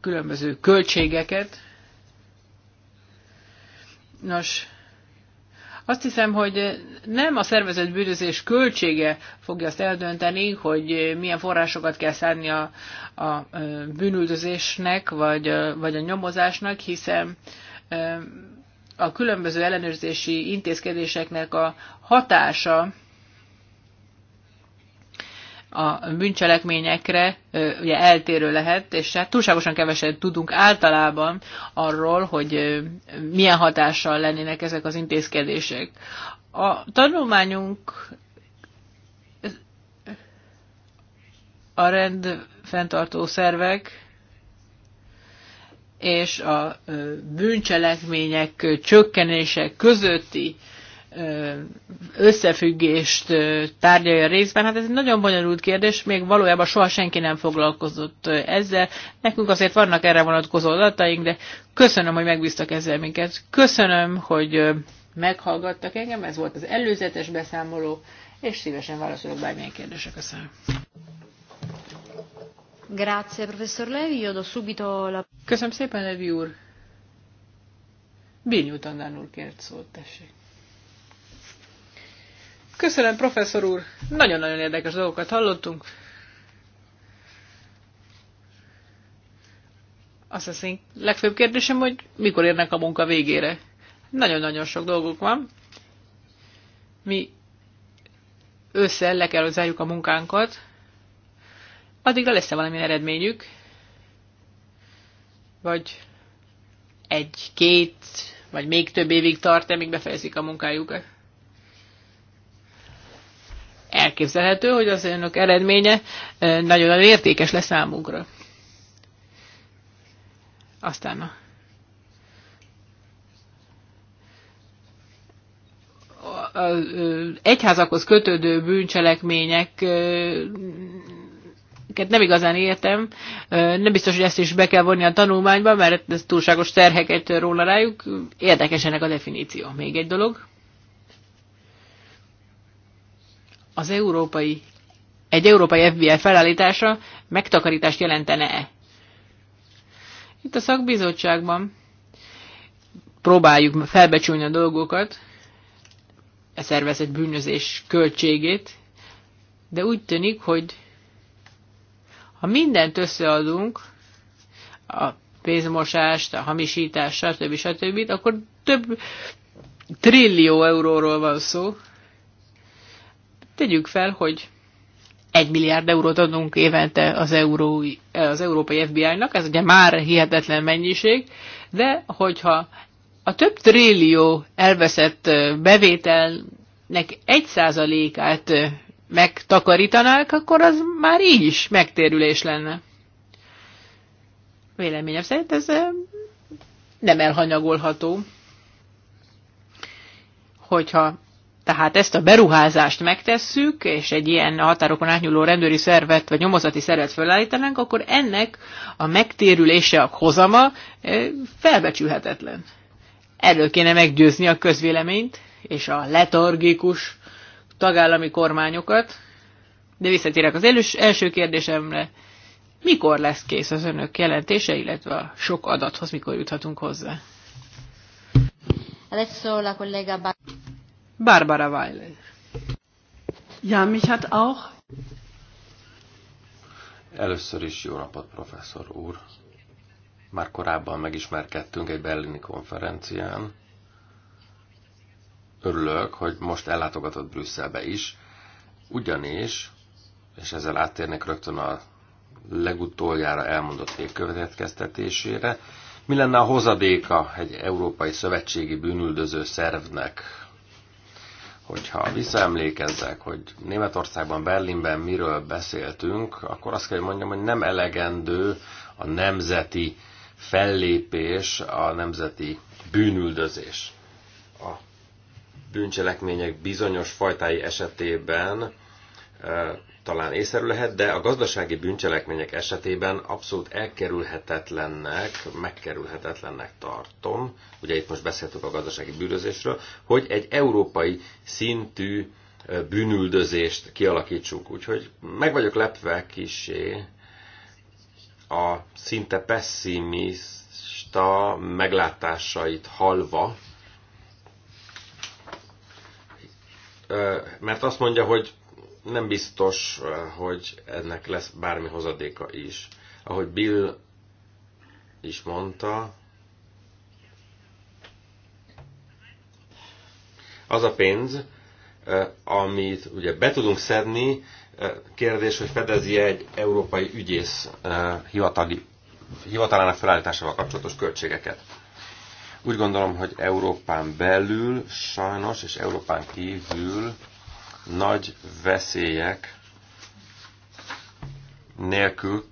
különböző költségeket. Nos, azt hiszem, hogy nem a szervezett bűnözés költsége fogja azt eldönteni, hogy milyen forrásokat kell szállni a, a bűnüldözésnek, vagy, vagy a nyomozásnak, hiszen a különböző ellenőrzési intézkedéseknek a hatása a bűncselekményekre ugye eltérő lehet, és hát túlságosan keveset tudunk általában arról, hogy milyen hatással lennének ezek az intézkedések. A tanulmányunk a rend fenntartó szervek és a bűncselekmények csökkenése közötti összefüggést tárgyalja részben. Hát ez egy nagyon bonyolult kérdés, még valójában soha senki nem foglalkozott ezzel. Nekünk azért vannak erre vonatkozó adataink, de köszönöm, hogy megbíztak ezzel minket. Köszönöm, hogy meghallgattak engem, ez volt az előzetes beszámoló, és szívesen válaszolok bármilyen kérdésre. Köszönöm. Grazie, professor Levi. Io do subito la... Köszönöm szépen, Levi úr. Bill Newton úr kért szót, tessék. Köszönöm, professzor úr. Nagyon-nagyon érdekes dolgokat hallottunk. Azt hiszem, legfőbb kérdésem, hogy mikor érnek a munka végére. Nagyon-nagyon sok dolgok van. Mi ősszel le kell, hogy zárjuk a munkánkat. Addigra lesz-e valamilyen eredményük? Vagy egy, két, vagy még több évig tart-e, míg befejezik a munkájukat? elképzelhető, hogy az önök eredménye nagyon értékes lesz számunkra. Aztán az egyházakhoz kötődő bűncselekményeket nem igazán értem. Nem biztos, hogy ezt is be kell vonni a tanulmányba, mert ez túlságos terheket róla rájuk. Érdekes ennek a definíció. Még egy dolog. az európai, egy európai FBI felállítása megtakarítást jelentene-e? Itt a szakbizottságban próbáljuk felbecsülni a dolgokat, e szervezett bűnözés költségét, de úgy tűnik, hogy ha mindent összeadunk, a pénzmosást, a hamisítást, stb. stb., stb. akkor több trillió euróról van szó. Tegyük fel, hogy egy milliárd eurót adunk évente az, eurói, az európai FBI-nak, ez ugye már hihetetlen mennyiség, de hogyha a több trillió elveszett bevételnek egy százalékát megtakarítanák, akkor az már így is megtérülés lenne. Véleményem szerint ez nem elhanyagolható, hogyha tehát ezt a beruházást megtesszük, és egy ilyen határokon átnyúló rendőri szervet vagy nyomozati szervet felállítanánk, akkor ennek a megtérülése, a hozama eh, felbecsülhetetlen. Erről kéne meggyőzni a közvéleményt és a letargikus tagállami kormányokat. De visszatérek az elős, első kérdésemre. Mikor lesz kész az önök jelentése, illetve a sok adathoz mikor juthatunk hozzá? Barbara Weiler. Ja, mich hat auch. Először is jó napot, professzor úr. Már korábban megismerkedtünk egy berlini konferencián. Örülök, hogy most ellátogatott Brüsszelbe is, ugyanis, és ezzel áttérnek rögtön a legutoljára elmondott végkövetkeztetésére, mi lenne a hozadéka egy európai szövetségi bűnüldöző szervnek, hogyha visszaemlékezzek, hogy Németországban, Berlinben miről beszéltünk, akkor azt kell, hogy mondjam, hogy nem elegendő a nemzeti fellépés, a nemzeti bűnüldözés. A bűncselekmények bizonyos fajtái esetében talán észszerű lehet, de a gazdasági bűncselekmények esetében abszolút elkerülhetetlennek, megkerülhetetlennek tartom, ugye itt most beszéltük a gazdasági bűnözésről, hogy egy európai szintű bűnüldözést kialakítsunk. Úgyhogy meg vagyok lepve kisé a szinte pessimista meglátásait halva, mert azt mondja, hogy nem biztos, eh, hogy ennek lesz bármi hozadéka is. Ahogy Bill is mondta, az a pénz, eh, amit ugye be tudunk szedni, eh, kérdés, hogy fedezi -e egy európai ügyész hivatali, hivatalának felállításával kapcsolatos költségeket. Úgy gondolom, hogy Európán belül sajnos, és Európán kívül nagy veszélyek nélkül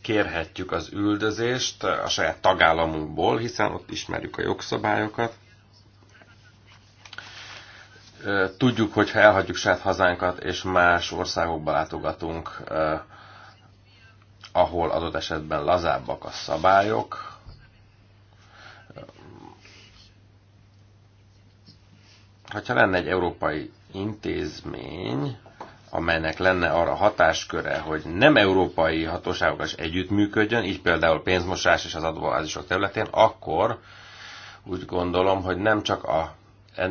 kérhetjük az üldözést a saját tagállamunkból, hiszen ott ismerjük a jogszabályokat. Tudjuk, hogy ha elhagyjuk saját hazánkat, és más országokba látogatunk, ahol adott esetben lazábbak a szabályok, hogyha lenne egy európai intézmény, amelynek lenne arra hatásköre, hogy nem európai hatóságokkal is együttműködjön, így például pénzmosás és az adóvázisok területén, akkor úgy gondolom, hogy nem csak a,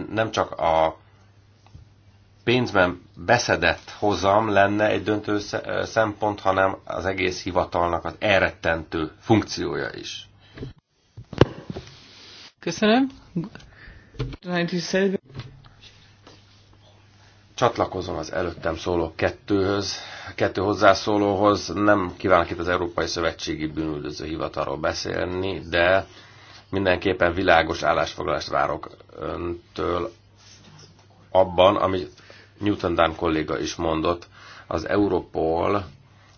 nem csak a pénzben beszedett hozam lenne egy döntő szempont, hanem az egész hivatalnak az elrettentő funkciója is. Köszönöm. Csatlakozom az előttem szóló kettőhöz, kettő hozzászólóhoz. Nem kívánok itt az Európai Szövetségi Bűnüldöző Hivatalról beszélni, de mindenképpen világos állásfoglalást várok öntől abban, amit Newton Dunn kolléga is mondott, az Europol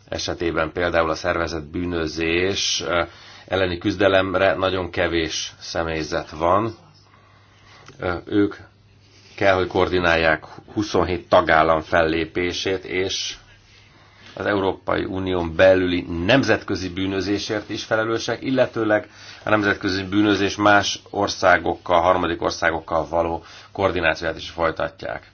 esetében például a szervezett bűnözés elleni küzdelemre nagyon kevés személyzet van. Ők kell, hogy koordinálják 27 tagállam fellépését, és az Európai Unión belüli nemzetközi bűnözésért is felelősek, illetőleg a nemzetközi bűnözés más országokkal, harmadik országokkal való koordinációját is folytatják.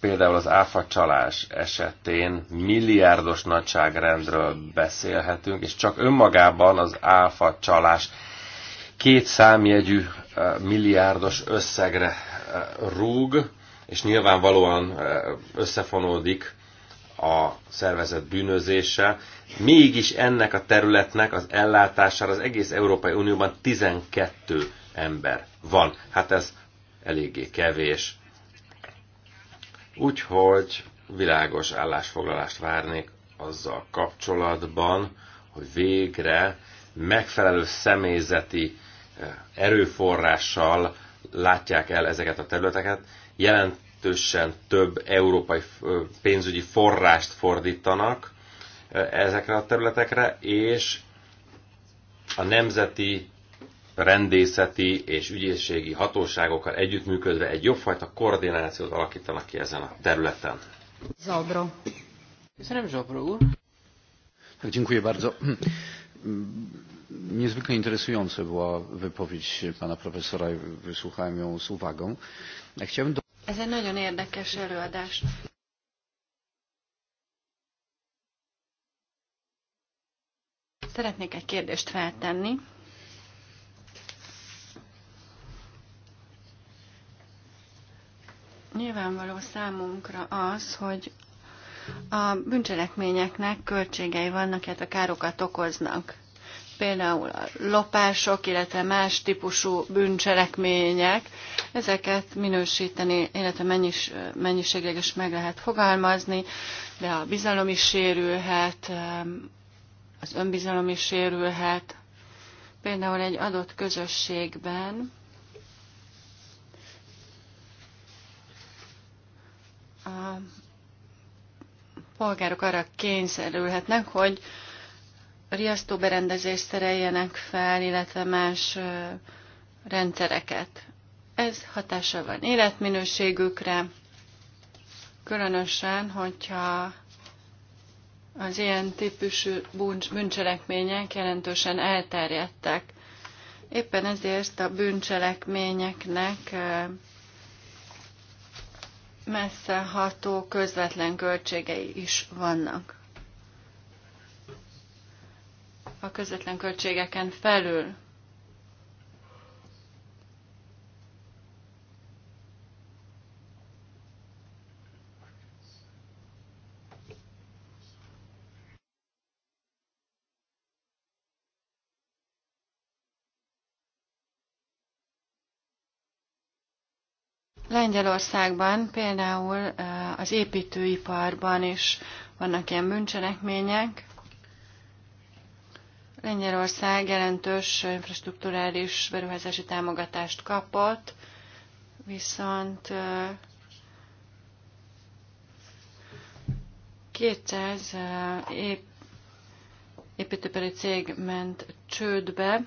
Például az áfa csalás esetén milliárdos nagyságrendről beszélhetünk, és csak önmagában az áfa csalás két számjegyű eh, milliárdos összegre rúg, és nyilvánvalóan összefonódik a szervezet bűnözése. Mégis ennek a területnek az ellátására az egész Európai Unióban 12 ember van. Hát ez eléggé kevés. Úgyhogy világos állásfoglalást várnék azzal kapcsolatban, hogy végre megfelelő személyzeti erőforrással látják el ezeket a területeket, jelentősen több európai pénzügyi forrást fordítanak ezekre a területekre, és a nemzeti rendészeti és ügyészségi hatóságokkal együttműködve egy jobbfajta koordinációt alakítanak ki ezen a területen. Zabro. Köszönöm, Zabro úr. Dziękuję bardzo. Niezwykle interesująca była wypowiedź pana profesora, wysłuchałem ją z uwagą. Chciałbym do... Ez egy nagyon érdekes előadás. Szeretnék egy kérdést feltenni. Nyilvánvaló számunkra az, hogy a bűncselekményeknek költségei vannak, illetve károkat okoznak például a lopások, illetve más típusú bűncselekmények, ezeket minősíteni, illetve mennyis, mennyiségleg is meg lehet fogalmazni, de a bizalom is sérülhet, az önbizalom is sérülhet. Például egy adott közösségben a polgárok arra kényszerülhetnek, hogy berendezést szereljenek fel, illetve más rendszereket. Ez hatása van életminőségükre, különösen, hogyha az ilyen típusú bűncselekmények jelentősen elterjedtek. Éppen ezért a bűncselekményeknek messze ható közvetlen költségei is vannak a közvetlen költségeken felül. Lengyelországban például az építőiparban is vannak ilyen bűncselekmények. Lengyelország jelentős infrastruktúrális beruházási támogatást kapott, viszont 200 ép, építőipari cég ment csődbe,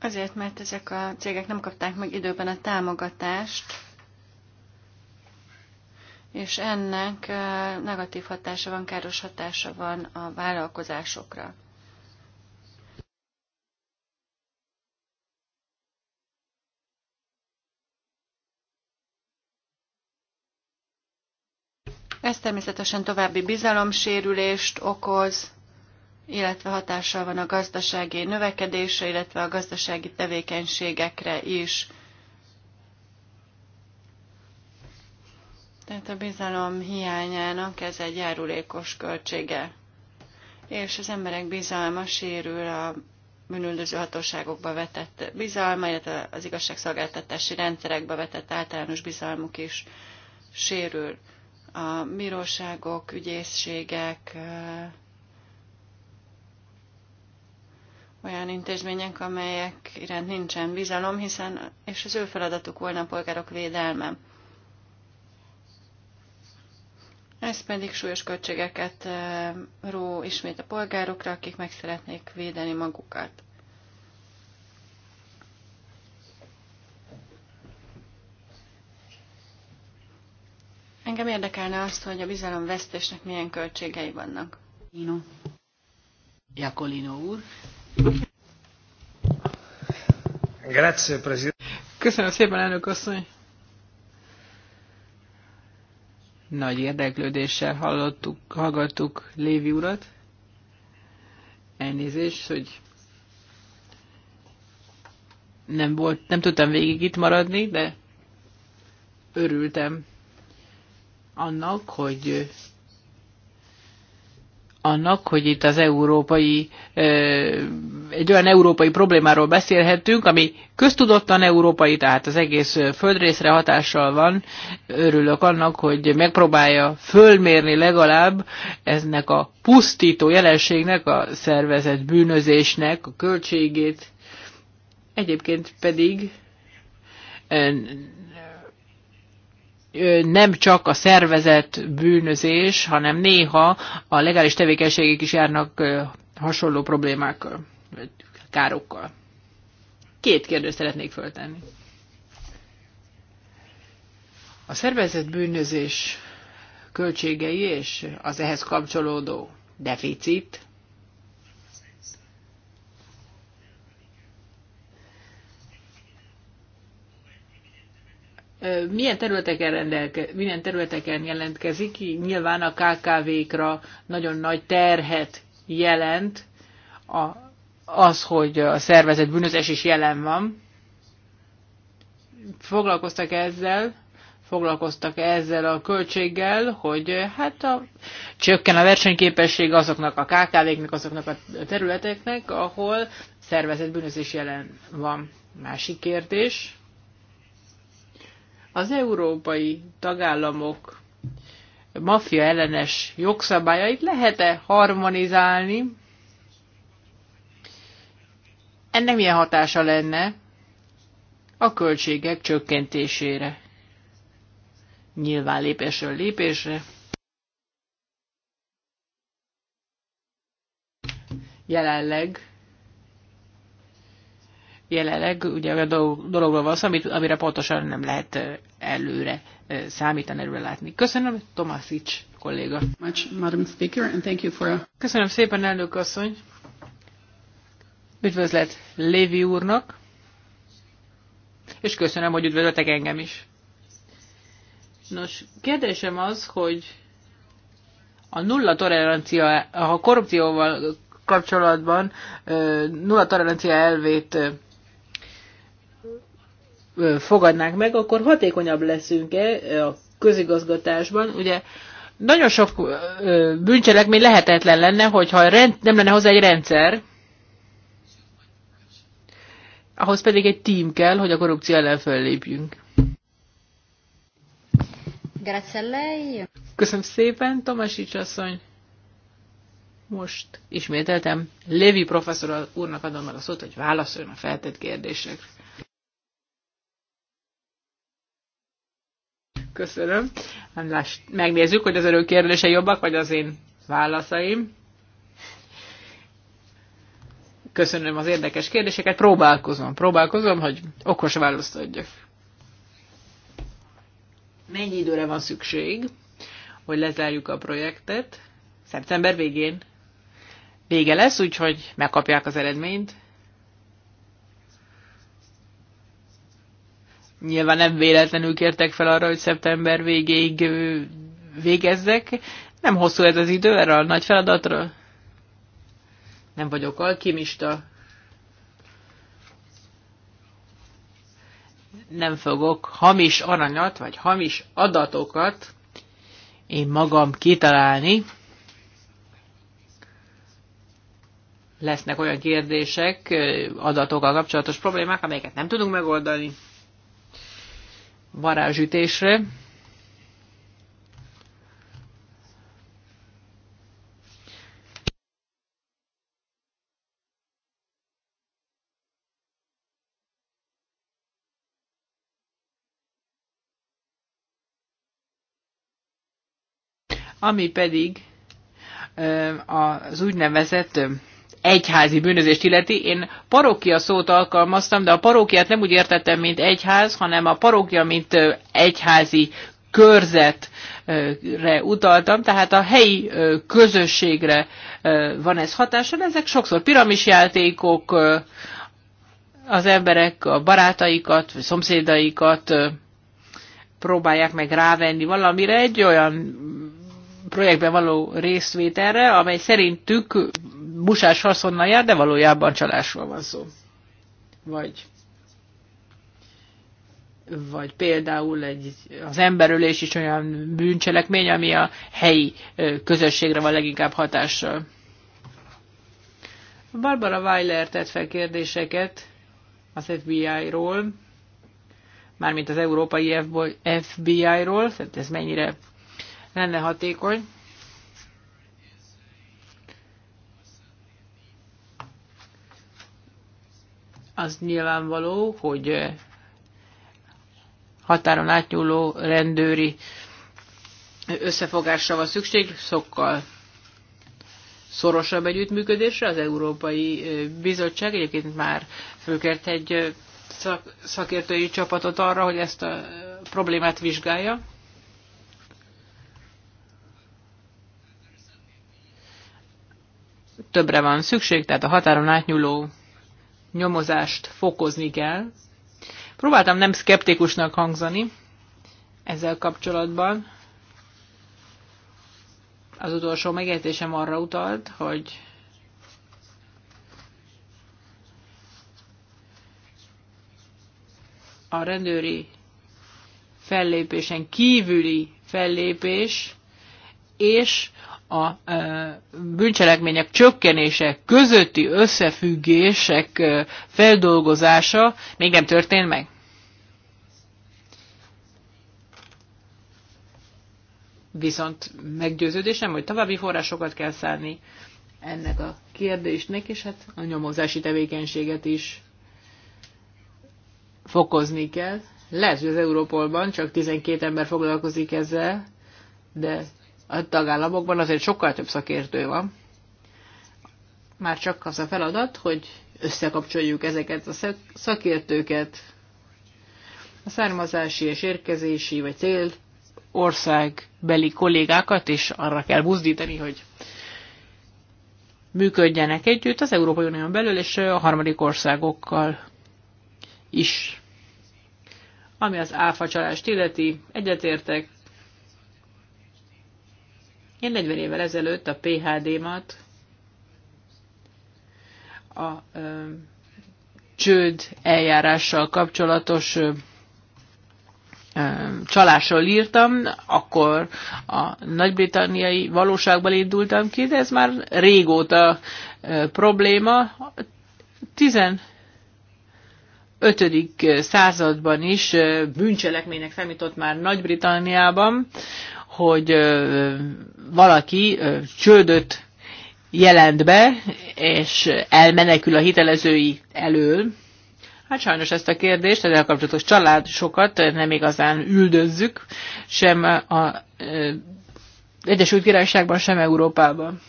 azért, mert ezek a cégek nem kapták meg időben a támogatást, és ennek negatív hatása van, káros hatása van a vállalkozásokra. Ez természetesen további bizalomsérülést okoz, illetve hatással van a gazdasági növekedésre, illetve a gazdasági tevékenységekre is. Tehát a bizalom hiányának ez egy járulékos költsége. És az emberek bizalma sérül a bűnüldöző hatóságokba vetett bizalma, illetve az igazságszolgáltatási rendszerekbe vetett általános bizalmuk is sérül. A bíróságok, ügyészségek, olyan intézmények, amelyek iránt nincsen bizalom, hiszen és az ő feladatuk volna a polgárok védelme. Ez pedig súlyos költségeket ró ismét a polgárokra, akik meg szeretnék védeni magukat. Engem érdekelne azt, hogy a bizalomvesztésnek milyen költségei vannak. Nino. Jakolino úr. Grazie, Presidente. Köszönöm szépen, elnök asszony. Nagy érdeklődéssel hallottuk, hallgattuk Lévi urat. Elnézést, hogy nem, volt, nem tudtam végig itt maradni, de örültem annak, hogy annak, hogy itt az európai, egy olyan európai problémáról beszélhetünk, ami köztudottan európai, tehát az egész földrészre hatással van. Örülök annak, hogy megpróbálja fölmérni legalább eznek a pusztító jelenségnek, a szervezet bűnözésnek a költségét. Egyébként pedig nem csak a szervezet bűnözés, hanem néha a legális tevékenységek is járnak hasonló problémákkal, vagy károkkal. Két kérdést szeretnék föltenni. A szervezet bűnözés költségei és az ehhez kapcsolódó deficit milyen területeken, rendelke, milyen területeken jelentkezik? Nyilván a KKV-kra nagyon nagy terhet jelent a, az, hogy a szervezet bűnözés is jelen van. Foglalkoztak ezzel, foglalkoztak ezzel a költséggel, hogy hát a, csökken a versenyképesség azoknak a KKV-knek, azoknak a területeknek, ahol szervezet bűnözés jelen van. Másik kérdés az európai tagállamok maffia ellenes jogszabályait lehet-e harmonizálni? Ennek milyen hatása lenne a költségek csökkentésére? Nyilván lépésről lépésre. Jelenleg jelenleg ugye olyan dologról van szó, amire pontosan nem lehet előre számítani, előre látni. Köszönöm, Tomasic kolléga. Much, Speaker, and thank you for a... Köszönöm szépen, elnök asszony. Üdvözlet Lévi úrnak, és köszönöm, hogy üdvözletek engem is. Nos, kérdésem az, hogy a nulla tolerancia, a korrupcióval kapcsolatban nulla tolerancia elvét fogadnánk meg, akkor hatékonyabb leszünk-e a közigazgatásban. Ugye nagyon sok bűncselekmény lehetetlen lenne, hogyha rend, nem lenne hozzá egy rendszer, ahhoz pedig egy tím kell, hogy a korrupció ellen föllépjünk. Köszönöm szépen, Tomasics asszony. Most ismételtem Levi professzor úrnak adom meg a szót, hogy válaszoljon a feltett kérdésekre. Köszönöm. András, megnézzük, hogy az örök kérdése jobbak, vagy az én válaszaim. Köszönöm az érdekes kérdéseket, próbálkozom, próbálkozom, hogy okos választ adjak. Mennyi időre van szükség, hogy lezárjuk a projektet? Szeptember végén vége lesz, úgyhogy megkapják az eredményt. Nyilván nem véletlenül kértek fel arra, hogy szeptember végéig végezzek. Nem hosszú ez az idő erre a nagy feladatra? Nem vagyok alkimista. Nem fogok hamis aranyat, vagy hamis adatokat én magam kitalálni. lesznek olyan kérdések, adatokkal kapcsolatos problémák, amelyeket nem tudunk megoldani varázsütésre. Ami pedig az úgynevezett egyházi bűnözést illeti. Én parókia szót alkalmaztam, de a parókiát nem úgy értettem, mint egyház, hanem a parókia, mint egyházi körzetre utaltam, tehát a helyi közösségre van ez hatással. Ezek sokszor piramisjátékok, az emberek a barátaikat, a szomszédaikat próbálják meg rávenni valamire, egy olyan projektben való részvételre, amely szerintük busás haszonnal jár, de valójában csalásról van szó. Vagy vagy például egy, az emberölés is olyan bűncselekmény, ami a helyi közösségre van leginkább hatással. Barbara Weiler tett fel kérdéseket az FBI-ról, mármint az európai FBI-ról, ez mennyire lenne hatékony. az nyilvánvaló, hogy határon átnyúló rendőri összefogásra van szükség, sokkal szorosabb együttműködésre. Az Európai Bizottság egyébként már fölkért egy szak, szakértői csapatot arra, hogy ezt a problémát vizsgálja. Többre van szükség, tehát a határon átnyúló nyomozást fokozni kell. Próbáltam nem szkeptikusnak hangzani ezzel kapcsolatban. Az utolsó megértésem arra utalt, hogy a rendőri fellépésen kívüli fellépés és a bűncselekmények csökkenése közötti összefüggések feldolgozása még nem történt meg. Viszont meggyőződésem, hogy további forrásokat kell szállni ennek a kérdésnek, és hát a nyomozási tevékenységet is fokozni kell. Lehet, hogy az Európolban csak 12 ember foglalkozik ezzel, de a tagállamokban azért sokkal több szakértő van. Már csak az a feladat, hogy összekapcsoljuk ezeket a szakértőket a származási és érkezési vagy cél országbeli kollégákat, és arra kell buzdítani, hogy működjenek együtt az Európai Unión belül és a harmadik országokkal is. Ami az áfa csalást illeti, egyetértek, én 40 évvel ezelőtt a PHD-mat a ö, csőd eljárással kapcsolatos ö, csalásról írtam, akkor a nagy-britanniai valóságban indultam ki, de ez már régóta probléma. 15. században is bűncselekménynek számított már Nagy-Britanniában hogy valaki csődöt jelent be, és elmenekül a hitelezői elől. Hát sajnos ezt a kérdést, ezzel kapcsolatos sokat, nem igazán üldözzük, sem a Egyesült Királyságban, sem Európában.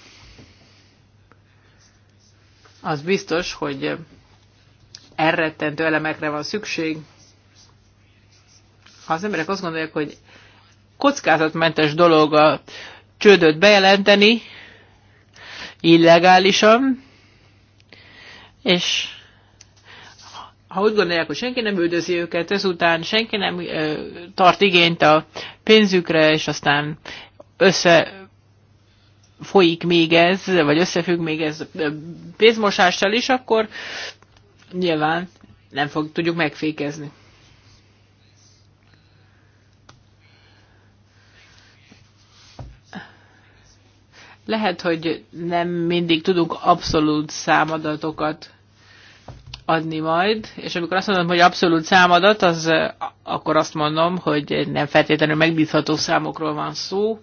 Az biztos, hogy elrettentő elemekre van szükség. Ha az emberek azt gondolják, hogy kockázatmentes dolog a csődöt bejelenteni illegálisan, és ha úgy gondolják, hogy senki nem üldözi őket, ezután senki nem ö, tart igényt a pénzükre, és aztán össze folyik még ez, vagy összefügg még ez pénzmosással is, akkor nyilván nem fog, tudjuk megfékezni. Lehet, hogy nem mindig tudunk abszolút számadatokat adni majd, és amikor azt mondom, hogy abszolút számadat, az eh, akkor azt mondom, hogy nem feltétlenül megbízható számokról van szó.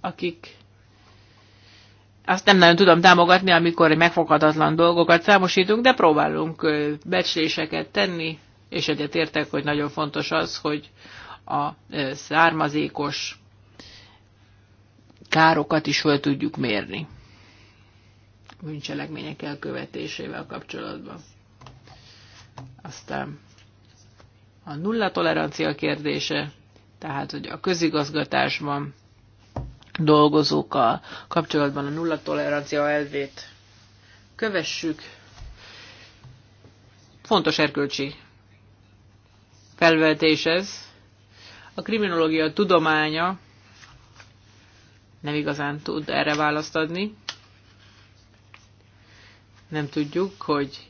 Akik azt nem nagyon tudom támogatni, amikor megfoghatatlan dolgokat számosítunk, de próbálunk eh, becsléseket tenni, és egyetértek, hogy nagyon fontos az, hogy a eh, származékos károkat is fel tudjuk mérni bűncselekmények elkövetésével kapcsolatban. Aztán a nulla tolerancia kérdése, tehát hogy a közigazgatásban dolgozókkal kapcsolatban a nulla tolerancia elvét kövessük. Fontos erkölcsi felvetés ez. A kriminológia tudománya nem igazán tud erre választ adni. Nem tudjuk, hogy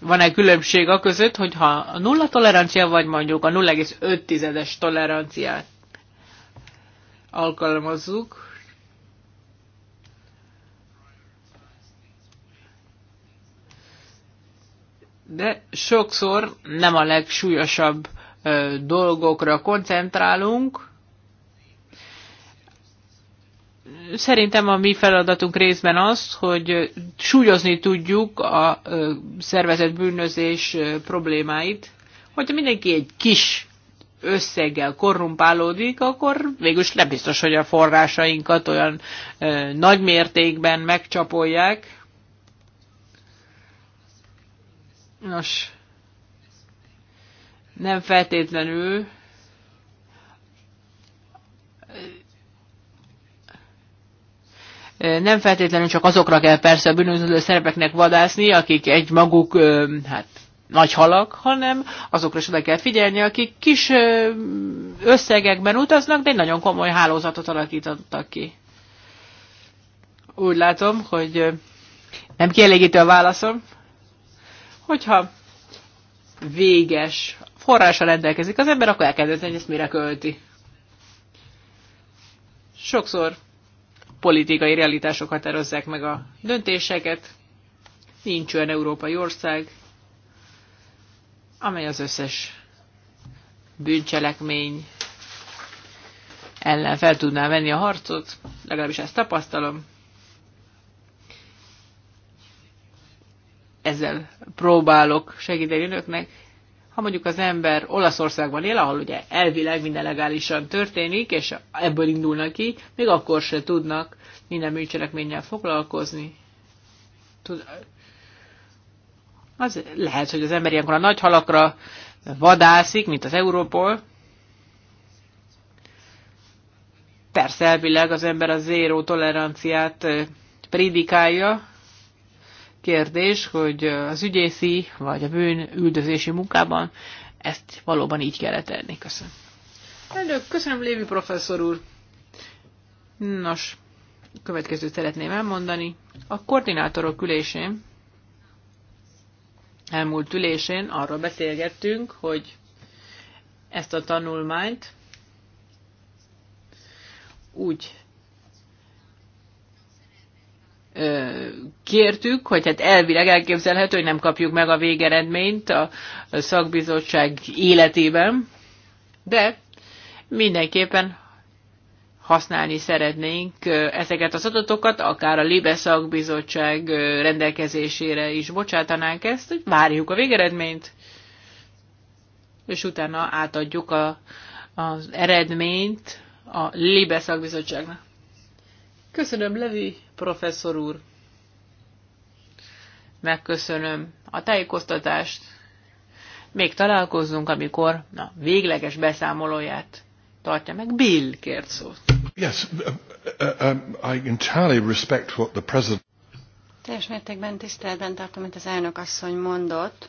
van-e különbség a között, hogyha a nulla tolerancia, vagy mondjuk a 0,5-es toleranciát alkalmazzuk, de sokszor nem a legsúlyosabb dolgokra koncentrálunk, szerintem a mi feladatunk részben az, hogy súlyozni tudjuk a szervezett bűnözés problémáit. Hogyha mindenki egy kis összeggel korrumpálódik, akkor végülis nem biztos, hogy a forrásainkat olyan nagy mértékben megcsapolják. Nos, nem feltétlenül nem feltétlenül csak azokra kell persze a bűnöző szerepeknek vadászni, akik egy maguk, hát nagy halak, hanem azokra is oda kell figyelni, akik kis összegekben utaznak, de egy nagyon komoly hálózatot alakítottak ki. Úgy látom, hogy nem kielégítő a válaszom, hogyha véges forrása rendelkezik az ember, akkor elkezdeni, hogy ezt mire költi. Sokszor politikai realitások határozzák meg a döntéseket. Nincs olyan európai ország, amely az összes bűncselekmény ellen fel tudná venni a harcot, legalábbis ezt tapasztalom. Ezzel próbálok segíteni önöknek. Ha mondjuk az ember Olaszországban él, ahol ugye elvileg minden legálisan történik, és ebből indulnak ki, még akkor se tudnak minden műcselekménnyel foglalkozni. Tud, az lehet, hogy az ember ilyenkor a nagy halakra vadászik, mint az Európol. Persze elvileg az ember a zéró toleranciát prédikálja. Kérdés, hogy az ügyészi vagy a bűn üldözési munkában ezt valóban így kell tenni. Köszönöm. Elnök, köszönöm Lévi professzor úr. Nos, következőt szeretném elmondani. A koordinátorok ülésén, elmúlt ülésén arról beszélgettünk, hogy ezt a tanulmányt úgy kértük, hogy hát elvileg elképzelhető, hogy nem kapjuk meg a végeredményt a szakbizottság életében, de mindenképpen használni szeretnénk ezeket az adatokat, akár a Libe szakbizottság rendelkezésére is bocsátanánk ezt, hogy várjuk a végeredményt, és utána átadjuk a, az eredményt a Libe szakbizottságnak. Köszönöm, Levi professzor úr! Megköszönöm a tájékoztatást. Még találkozzunk, amikor a végleges beszámolóját tartja meg. Bill kért szót. Yes, um, uh, um, I entirely respect what the president... Teljes mértékben tiszteletben tartom, amit az elnök asszony mondott.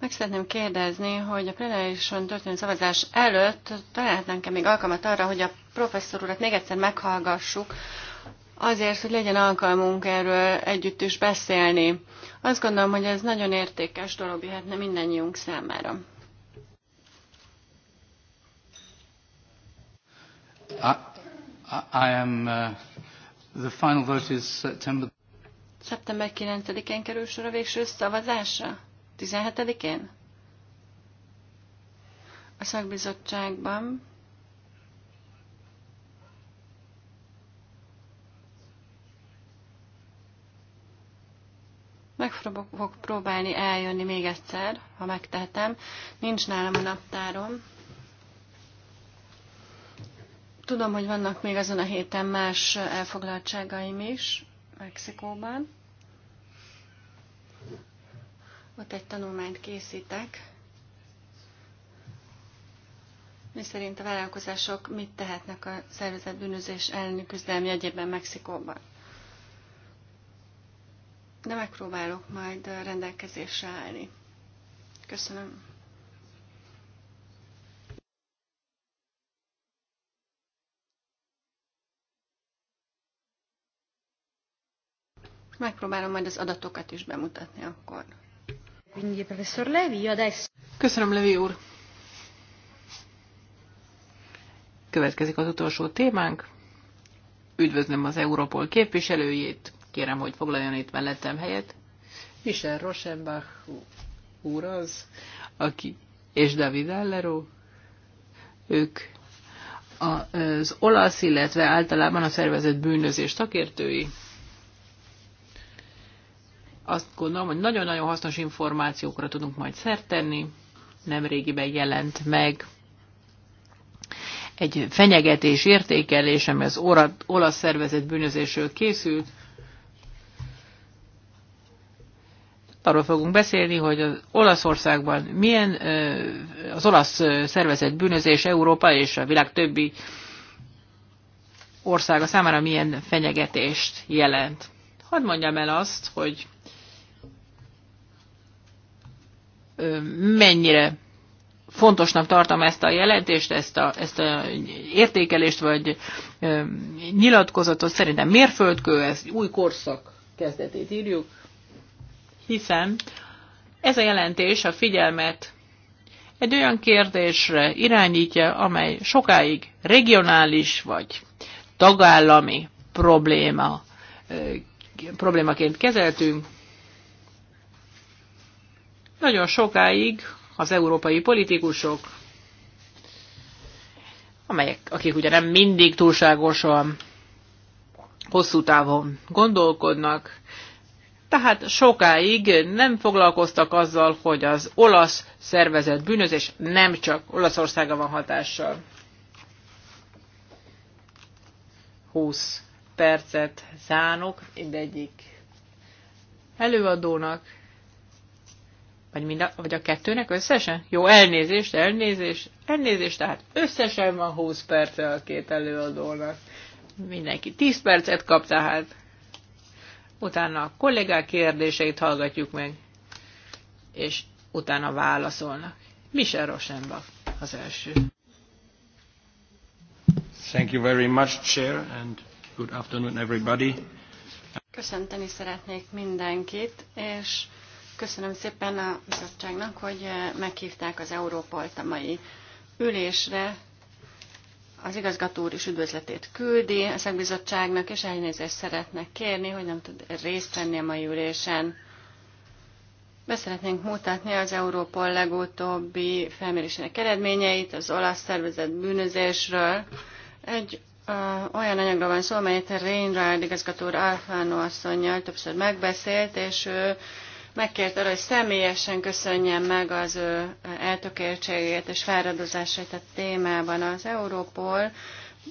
Meg szeretném kérdezni, hogy a plenárison történő szavazás előtt találhatnánk-e még alkalmat arra, hogy a professzor urat még egyszer meghallgassuk, azért, hogy legyen alkalmunk erről együtt is beszélni. Azt gondolom, hogy ez nagyon értékes dolog lehetne mindannyiunk számára. I am, uh, the final vote is September. Szeptember 9-én kerül sor a végső szavazásra? 17-én? A szakbizottságban meg fogok próbálni eljönni még egyszer, ha megtehetem. Nincs nálam a naptárom. Tudom, hogy vannak még azon a héten más elfoglaltságaim is Mexikóban. Ott egy tanulmányt készítek, mi szerint a vállalkozások mit tehetnek a szervezet bűnözés elleni küzdelmi egyébben Mexikóban. De megpróbálok majd rendelkezésre állni. Köszönöm. Megpróbálom majd az adatokat is bemutatni akkor. Köszönöm, Levi úr. Következik az utolsó témánk. Üdvözlöm az Európol képviselőjét. Kérem, hogy foglaljon itt mellettem helyet. Michel Rosenbach úr az, aki, és David Allero, ők az olasz, illetve általában a szervezet bűnözés takértői. Azt gondolom, hogy nagyon-nagyon hasznos információkra tudunk majd szert tenni. Nemrégiben jelent meg egy fenyegetés értékelés, ami az olasz szervezet bűnözésről készült. Arról fogunk beszélni, hogy az Olaszországban milyen az olasz szervezet bűnözés Európa és a világ többi országa számára milyen fenyegetést jelent. Hadd mondjam el azt, hogy mennyire fontosnak tartom ezt a jelentést, ezt a, ezt a értékelést, vagy nyilatkozatot. Szerintem mérföldkő, ez új korszak kezdetét írjuk, hiszen ez a jelentés a figyelmet egy olyan kérdésre irányítja, amely sokáig regionális vagy tagállami probléma, problémaként kezeltünk, nagyon sokáig az európai politikusok, amelyek, akik ugye nem mindig túlságosan hosszú távon gondolkodnak, tehát sokáig nem foglalkoztak azzal, hogy az olasz szervezet bűnözés nem csak Olaszországa van hatással. 20 percet zánok mindegyik előadónak. Vagy, mind a, vagy a kettőnek összesen? Jó, elnézést, elnézést, elnézést, tehát összesen van 20 perc a két előadónak. Mindenki 10 percet kap, tehát utána a kollégák kérdéseit hallgatjuk meg, és utána válaszolnak. Michel Rosenbach az első. Thank you very much, Chair, and good afternoon, everybody. Köszönteni szeretnék mindenkit, és Köszönöm szépen a bizottságnak, hogy eh, meghívták az Európolt a mai ülésre. Az igazgató úr is üdvözletét küldi a szakbizottságnak, és elnézést szeretnek kérni, hogy nem tud részt venni a mai ülésen. Beszeretnénk mutatni az Európol legutóbbi felmérésének eredményeit, az olasz szervezet bűnözésről. Egy a, eh, olyan anyagról van szó, amelyet Reinrad igazgató Alfano asszonynal többször megbeszélt, és ő megkért arra, hogy személyesen köszönjem meg az ő eltökéltségét és fáradozását a témában. Az Európol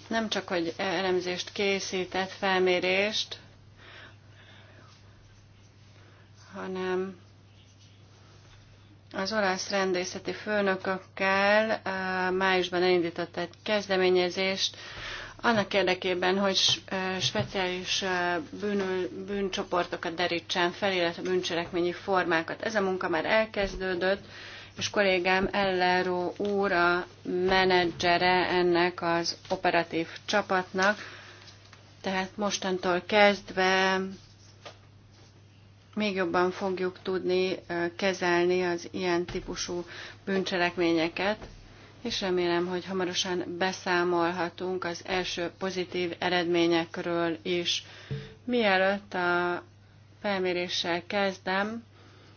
nem csak, hogy elemzést készített, felmérést, hanem az olasz rendészeti főnökökkel eh, májusban elindított egy kezdeményezést, annak érdekében, hogy speciális bűnül, bűncsoportokat derítsen fel, illetve bűncselekményi formákat. Ez a munka már elkezdődött, és kollégám Elleró úr a menedzsere ennek az operatív csapatnak, tehát mostantól kezdve még jobban fogjuk tudni kezelni az ilyen típusú bűncselekményeket és remélem, hogy hamarosan beszámolhatunk az első pozitív eredményekről is. Mielőtt a felméréssel kezdem,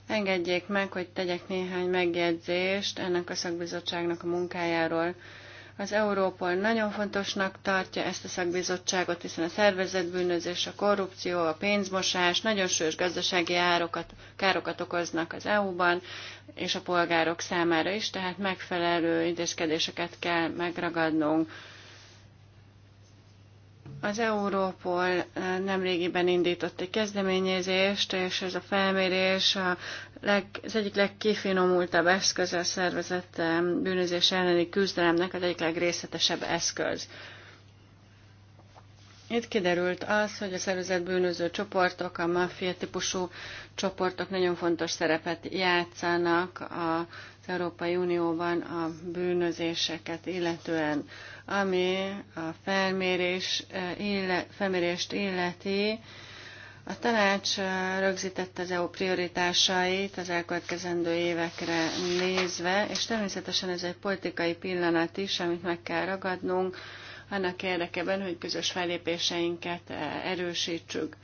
engedjék meg, hogy tegyek néhány megjegyzést ennek a szakbizottságnak a munkájáról. Az Európol nagyon fontosnak tartja ezt a szakbizottságot, hiszen a szervezetbűnözés, a korrupció, a pénzmosás nagyon sős gazdasági árokat, károkat okoznak az EU-ban és a polgárok számára is, tehát megfelelő intézkedéseket kell megragadnunk. Az Európol nemrégiben indított egy kezdeményezést, és ez a felmérés a leg, az egyik legkifinomultabb eszköz a szervezett bűnözés elleni küzdelemnek, az egyik legrészletesebb eszköz. Itt kiderült az, hogy a szervezett bűnöző csoportok, a maffia típusú csoportok nagyon fontos szerepet játszanak az Európai Unióban a bűnözéseket illetően, ami a felmérés, eh, illet, felmérést illeti, a tanács rögzítette az EU prioritásait az elkövetkezendő évekre nézve, és természetesen ez egy politikai pillanat is, amit meg kell ragadnunk, annak érdekében, hogy közös fellépéseinket erősítsük.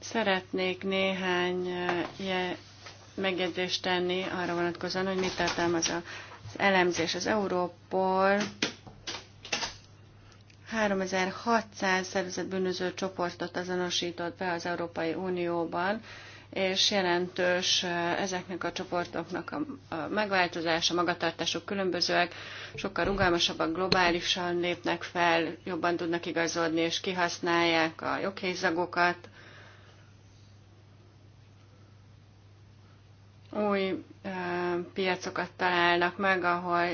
Szeretnék néhány megjegyzést tenni arra vonatkozóan, hogy mit tartalmaz az elemzés az Európol, 3600 szervezett bűnöző csoportot azonosított be az Európai Unióban, és jelentős eh, ezeknek a csoportoknak a megváltozása, magatartások különbözőek, sokkal rugalmasabbak, globálisan lépnek fel, jobban tudnak igazodni, és kihasználják a joghézagokat, új piacokat találnak meg, ahol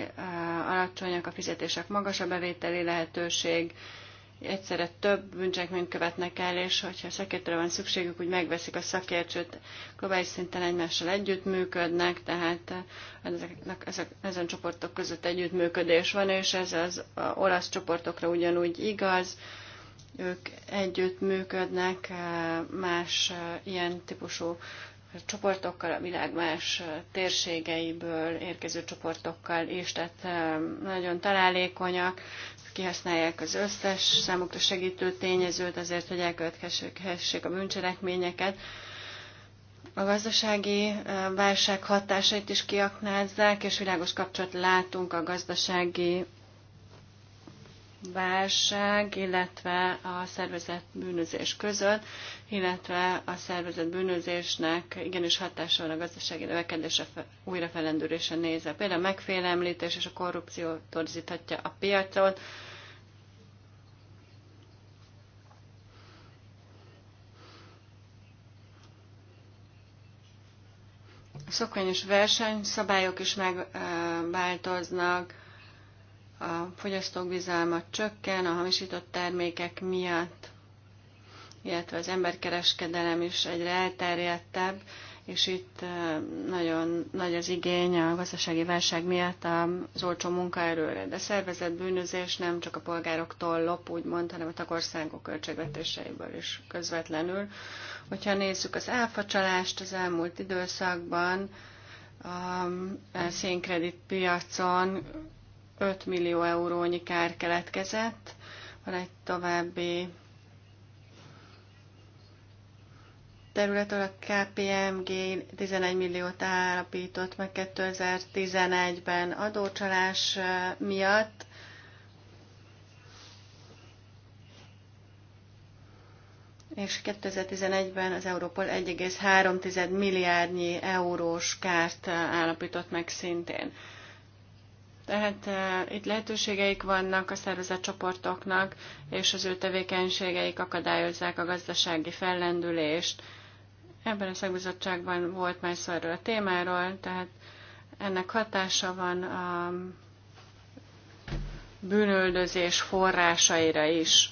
alacsonyak a fizetések, magas a bevételi lehetőség, egyszerre több bűncselekményt követnek el, és hogyha szakértőre van szükségük, úgy megveszik a szakértőt, globális szinten egymással együttműködnek, tehát ezeknek, ezek, ezen csoportok között együttműködés van, és ez az olasz csoportokra ugyanúgy igaz, ők együttműködnek más ilyen típusú csoportokkal, a világ más térségeiből érkező csoportokkal is, tehát nagyon találékonyak, kihasználják az összes számukra segítő tényezőt azért, hogy elkövethessék a bűncselekményeket. A gazdasági válság hatásait is kiaknázzák, és világos kapcsolat látunk a gazdasági válság, illetve a szervezet bűnözés között, illetve a szervezet bűnözésnek igenis hatása van a gazdasági növekedése újrafelendülése nézve. Például a megfélemlítés és a korrupció torzíthatja a piacot, szokványos versenyszabályok is megváltoznak, a fogyasztók bizalma csökken a hamisított termékek miatt, illetve az emberkereskedelem is egyre elterjedtebb, és itt nagyon nagy az igény a gazdasági válság miatt az olcsó munkaerőre. De szervezett bűnözés nem csak a polgároktól lop, úgymond, hanem a tagországok költségvetéseiből is közvetlenül. Hogyha nézzük az áfacsalást az elmúlt időszakban, a szénkredit piacon 5 millió eurónyi kár keletkezett, van egy további területről a KPMG 11 milliót állapított meg 2011-ben adócsalás eh, miatt. és 2011-ben az Európol 1,3 milliárdnyi eurós kárt eh, állapított meg szintén. Tehát uh, itt lehetőségeik vannak a szervezett csoportoknak, és az ő tevékenységeik akadályozzák a gazdasági fellendülést. Ebben a szakbizottságban volt már szó erről a témáról, tehát ennek hatása van a bűnöldözés forrásaira is.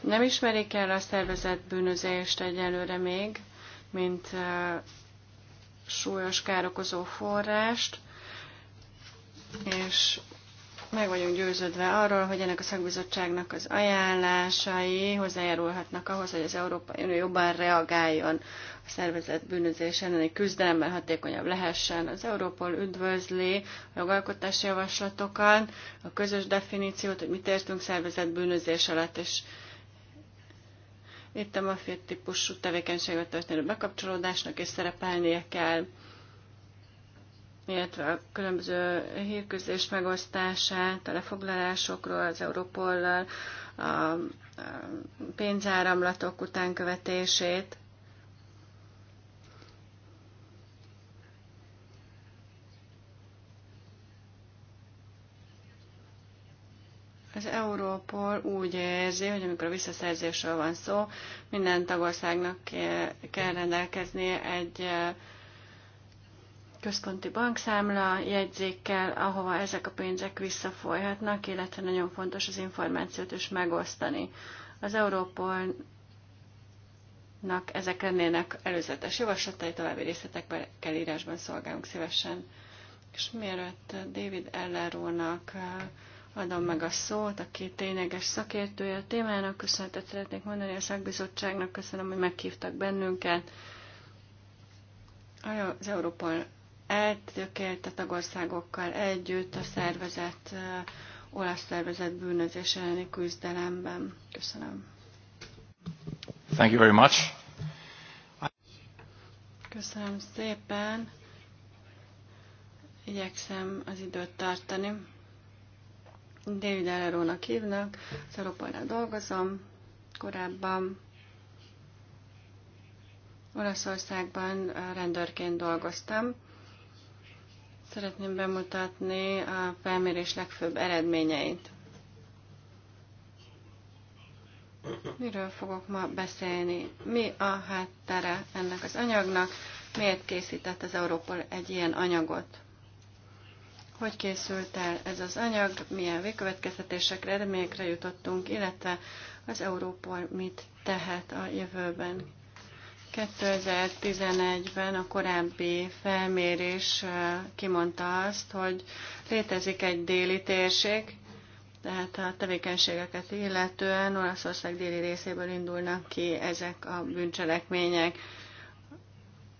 Nem ismerik el a szervezett bűnözést egyelőre még, mint uh, súlyos károkozó forrást, és meg vagyunk győződve arról, hogy ennek a szakbizottságnak az ajánlásai hozzájárulhatnak ahhoz, hogy az Európai Unió jobban reagáljon a szervezet bűnözés elleni küzdelemben hatékonyabb lehessen. Az Európol üdvözli a jogalkotási javaslatokat, a közös definíciót, hogy mit értünk szervezet bűnözés alatt, és itt a mafia típusú tevékenységet, történő bekapcsolódásnak is szerepelnie kell illetve a különböző hírközlés megosztását, a lefoglalásokról, az Europollal, a pénzáramlatok utánkövetését. Az Európol úgy érzi, hogy amikor a visszaszerzésről van szó, minden tagországnak kell rendelkeznie egy központi bankszámla jegyzékkel, ahova ezek a pénzek visszafolyhatnak, illetve nagyon fontos az információt is megosztani. Az Európolnak ezek lennének előzetes javaslatai, további részletekben kell írásban szolgálunk szívesen. És mielőtt David Ellerónak eh, adom meg a szót, aki tényleges szakértője a témának, köszönetet szeretnék mondani a szakbizottságnak, köszönöm, hogy meghívtak bennünket. Az Európol eltökélt a tagországokkal együtt a szervezet, olasz szervezet bűnözés elleni küzdelemben. Köszönöm. Thank you very much. Köszönöm szépen. Igyekszem az időt tartani. David Ellerónak hívnak, az Európánál dolgozom, korábban Olaszországban rendőrként dolgoztam, Szeretném bemutatni a felmérés legfőbb eredményeit. Miről fogok ma beszélni? Mi a háttere ennek az anyagnak? Miért készített az Európol egy ilyen anyagot? Hogy készült el ez az anyag? Milyen végkövetkeztetésekre, eredményekre jutottunk, illetve az Európol mit tehet a jövőben? 2011-ben a korábbi felmérés kimondta azt, hogy létezik egy déli térség, tehát a tevékenységeket illetően Olaszország déli részéből indulnak ki ezek a bűncselekmények.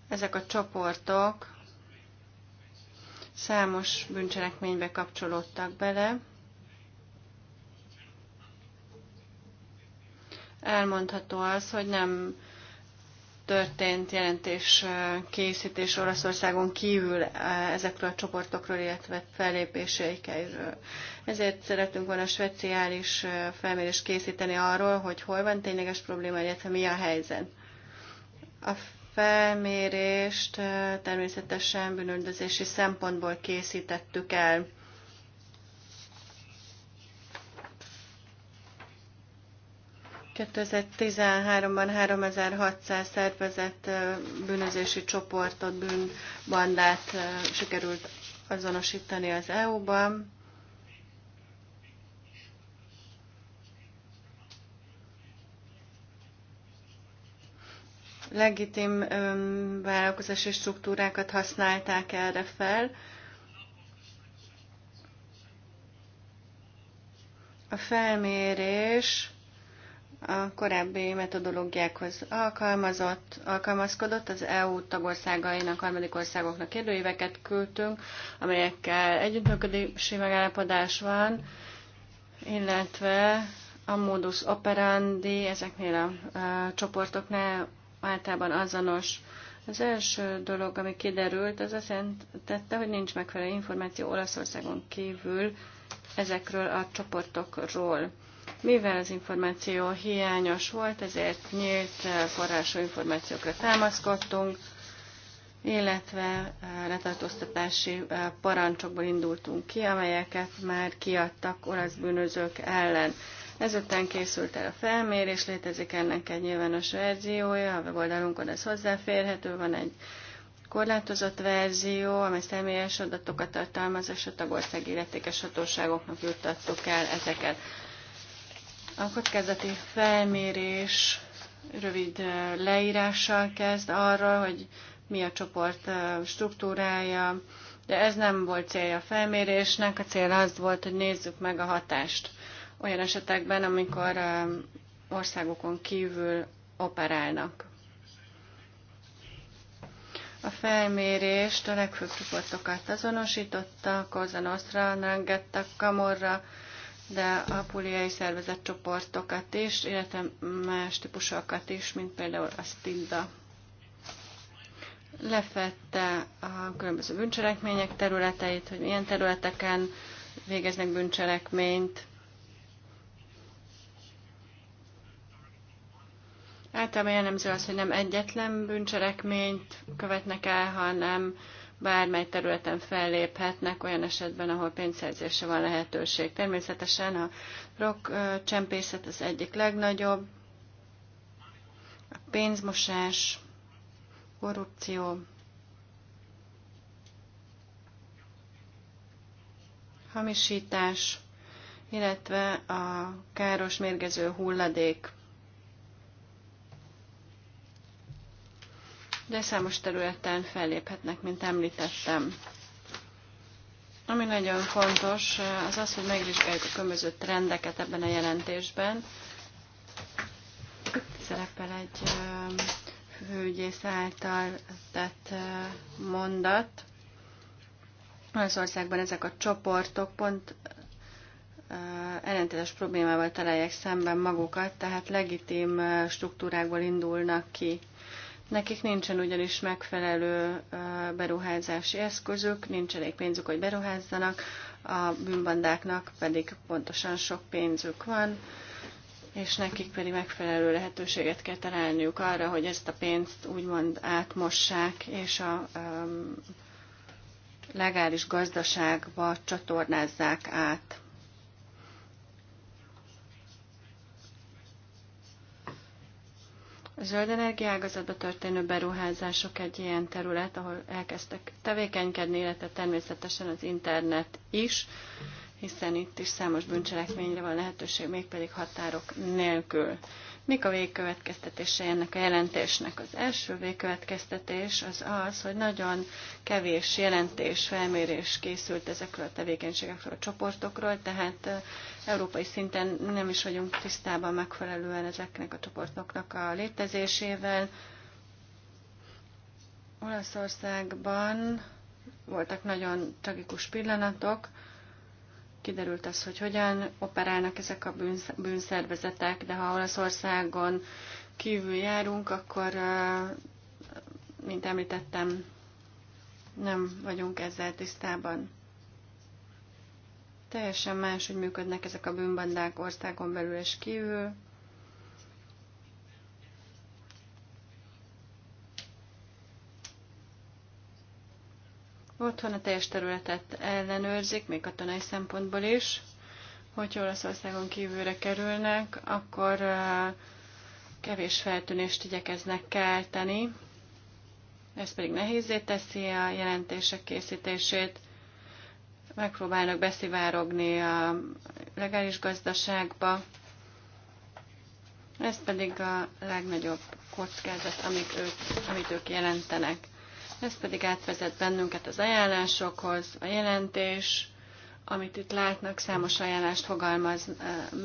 Ezek a csoportok számos bűncselekménybe kapcsolódtak bele. Elmondható az, hogy nem történt jelentés készítés Olaszországon kívül ezekről a csoportokról, illetve fellépéseikről. Ezért szeretünk volna speciális felmérést készíteni arról, hogy hol van tényleges probléma, illetve mi a helyzet. A felmérést természetesen bűnöldözési szempontból készítettük el. 2013-ban 3600 szervezett bűnözési csoportot, bűnbandát sikerült azonosítani az EU-ban. Legitim vállalkozási struktúrákat használták erre fel. A felmérés a korábbi metodológiákhoz alkalmazott, alkalmazkodott, az EU tagországainak, harmadik országoknak kérdőíveket küldtünk, amelyekkel együttműködési megállapodás van, illetve a modus operandi ezeknél a, a csoportoknál általában azonos. Az első dolog, ami kiderült, az azt jelentette, hogy nincs megfelelő információ Olaszországon kívül ezekről a csoportokról. Mivel az információ hiányos volt, ezért nyílt forrású információkra támaszkodtunk, illetve eh, letartóztatási eh, parancsokból indultunk ki, amelyeket már kiadtak olasz bűnözők ellen. Ezután készült el a felmérés, létezik ennek egy nyilvános verziója, a weboldalunkon ez hozzáférhető, van egy korlátozott verzió, amely személyes adatokat tartalmaz, és a tagország illetékes hatóságoknak juttattuk el ezeket. A kockázati felmérés rövid leírással kezd arra, hogy mi a csoport struktúrája, de ez nem volt célja a felmérésnek, a cél az volt, hogy nézzük meg a hatást olyan esetekben, amikor országokon kívül operálnak. A felmérést a legfőbb csoportokat azonosította, Kozanosztra, Nangetta, Kamorra, de a puliai szervezetcsoportokat is, illetve más típusokat is, mint például a Stilda. Lefette a különböző bűncselekmények területeit, hogy milyen területeken végeznek bűncselekményt. Általában jellemző az, hogy nem egyetlen bűncselekményt követnek el, hanem bármely területen felléphetnek olyan esetben, ahol pénzszerzésre van lehetőség. Természetesen a csempészet az egyik legnagyobb, a pénzmosás, korrupció, hamisítás, illetve a káros mérgező hulladék de számos területen felléphetnek, mint említettem. Ami nagyon fontos, az az, hogy megvizsgáljuk a különböző trendeket ebben a jelentésben. Itt szerepel egy főügyész által tett mondat. Az országban ezek a csoportok pont ellentétes problémával találják szemben magukat, tehát legitim struktúrákból indulnak ki. Nekik nincsen ugyanis megfelelő beruházási eszközük, nincs elég pénzük, hogy beruházzanak, a bűnbandáknak pedig pontosan sok pénzük van, és nekik pedig megfelelő lehetőséget kell találniuk arra, hogy ezt a pénzt úgymond átmossák, és a legális gazdaságba csatornázzák át. A zöld energiágazatba történő beruházások egy ilyen terület, ahol elkezdtek tevékenykedni, illetve természetesen az internet is, hiszen itt is számos bűncselekményre van lehetőség, mégpedig határok nélkül. Mik a végkövetkeztetése ennek a jelentésnek? Az első végkövetkeztetés az az, hogy nagyon kevés jelentés, felmérés készült ezekről a tevékenységekről, a csoportokról, tehát európai szinten nem is vagyunk tisztában megfelelően ezeknek a csoportoknak a létezésével. Olaszországban voltak nagyon tragikus pillanatok, kiderült az, hogy hogyan operálnak ezek a bűnszervezetek, de ha Olaszországon kívül járunk, akkor, mint említettem, nem vagyunk ezzel tisztában. Teljesen más, hogy működnek ezek a bűnbandák országon belül és kívül. Otthon a teljes területet ellenőrzik, még katonai szempontból is. Hogyha Olaszországon kívülre kerülnek, akkor kevés feltűnést igyekeznek kelteni. Ez pedig nehézé teszi a jelentések készítését. Megpróbálnak beszivárogni a legális gazdaságba. Ez pedig a legnagyobb kockázat, amit ők, amit ők jelentenek. Ez pedig átvezet bennünket az ajánlásokhoz, a jelentés, amit itt látnak, számos ajánlást fogalmaz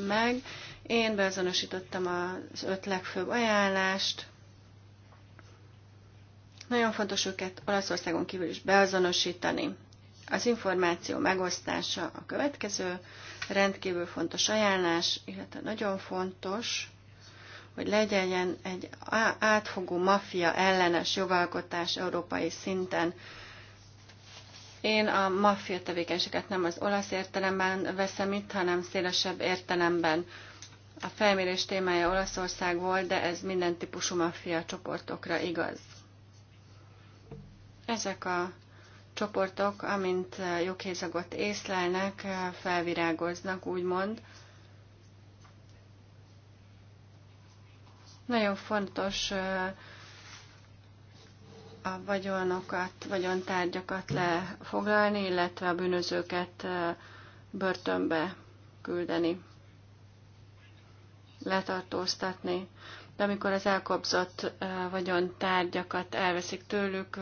meg. Én beazonosítottam az öt legfőbb ajánlást. Nagyon fontos őket Olaszországon kívül is beazonosítani. Az információ megosztása a következő rendkívül fontos ajánlás, illetve nagyon fontos hogy legyen egy átfogó maffia ellenes jogalkotás európai szinten. Én a maffia tevékenységet nem az olasz értelemben veszem itt, hanem szélesebb értelemben. A felmérés témája Olaszország volt, de ez minden típusú maffia csoportokra igaz. Ezek a csoportok, amint joghézagot észlelnek, felvirágoznak, úgymond, Nagyon fontos a vagyonokat, vagyontárgyakat lefoglalni, illetve a bűnözőket börtönbe küldeni, letartóztatni. De amikor az elkobzott vagyontárgyakat elveszik tőlük,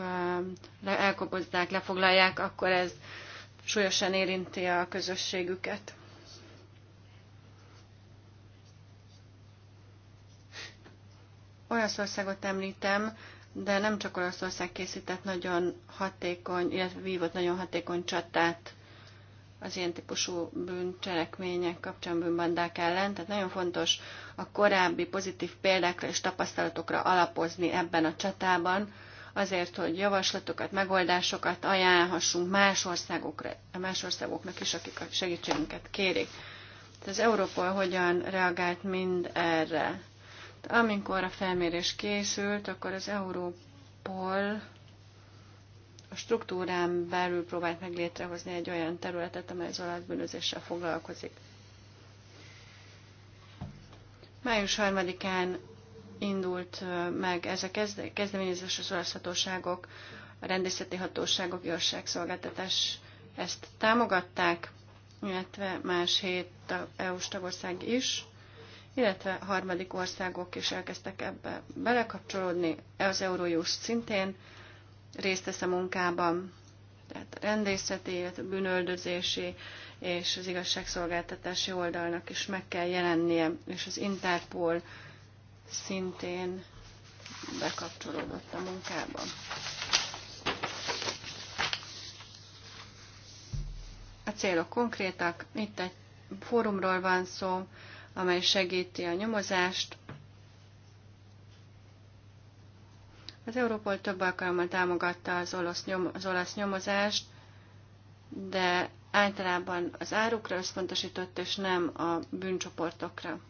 elkobozzák, lefoglalják, akkor ez súlyosan érinti a közösségüket. Olaszországot említem, de nem csak Olaszország készített nagyon hatékony, illetve vívott nagyon hatékony csatát az ilyen típusú bűncselekmények kapcsán bűnbandák ellen. Tehát nagyon fontos a korábbi pozitív példákra és tapasztalatokra alapozni ebben a csatában, azért, hogy javaslatokat, megoldásokat ajánlhassunk más, országokra, más országoknak is, akik a segítségünket kérik. Az Európol hogyan reagált mind erre? Amikor a felmérés készült, akkor az Európol a struktúrán belül próbált meg létrehozni egy olyan területet, amely az alatbűnözéssel foglalkozik. Május 3-án indult meg ez a kezdeményezés az olasz hatóságok, a rendészeti hatóságok, igazságszolgáltatás ezt támogatták, illetve más hét EU-s tagország is illetve harmadik országok is elkezdtek ebbe belekapcsolódni, az Eurojust szintén részt vesz a munkában, tehát a rendészeti, illetve a bűnöldözési és az igazságszolgáltatási oldalnak is meg kell jelennie, és az Interpol szintén bekapcsolódott a munkába. A célok konkrétak, itt egy fórumról van szó, amely segíti a nyomozást. Az Európol több alkalommal támogatta az olasz, nyom, az olasz nyomozást, de általában az árukra összpontosított, és nem a bűncsoportokra.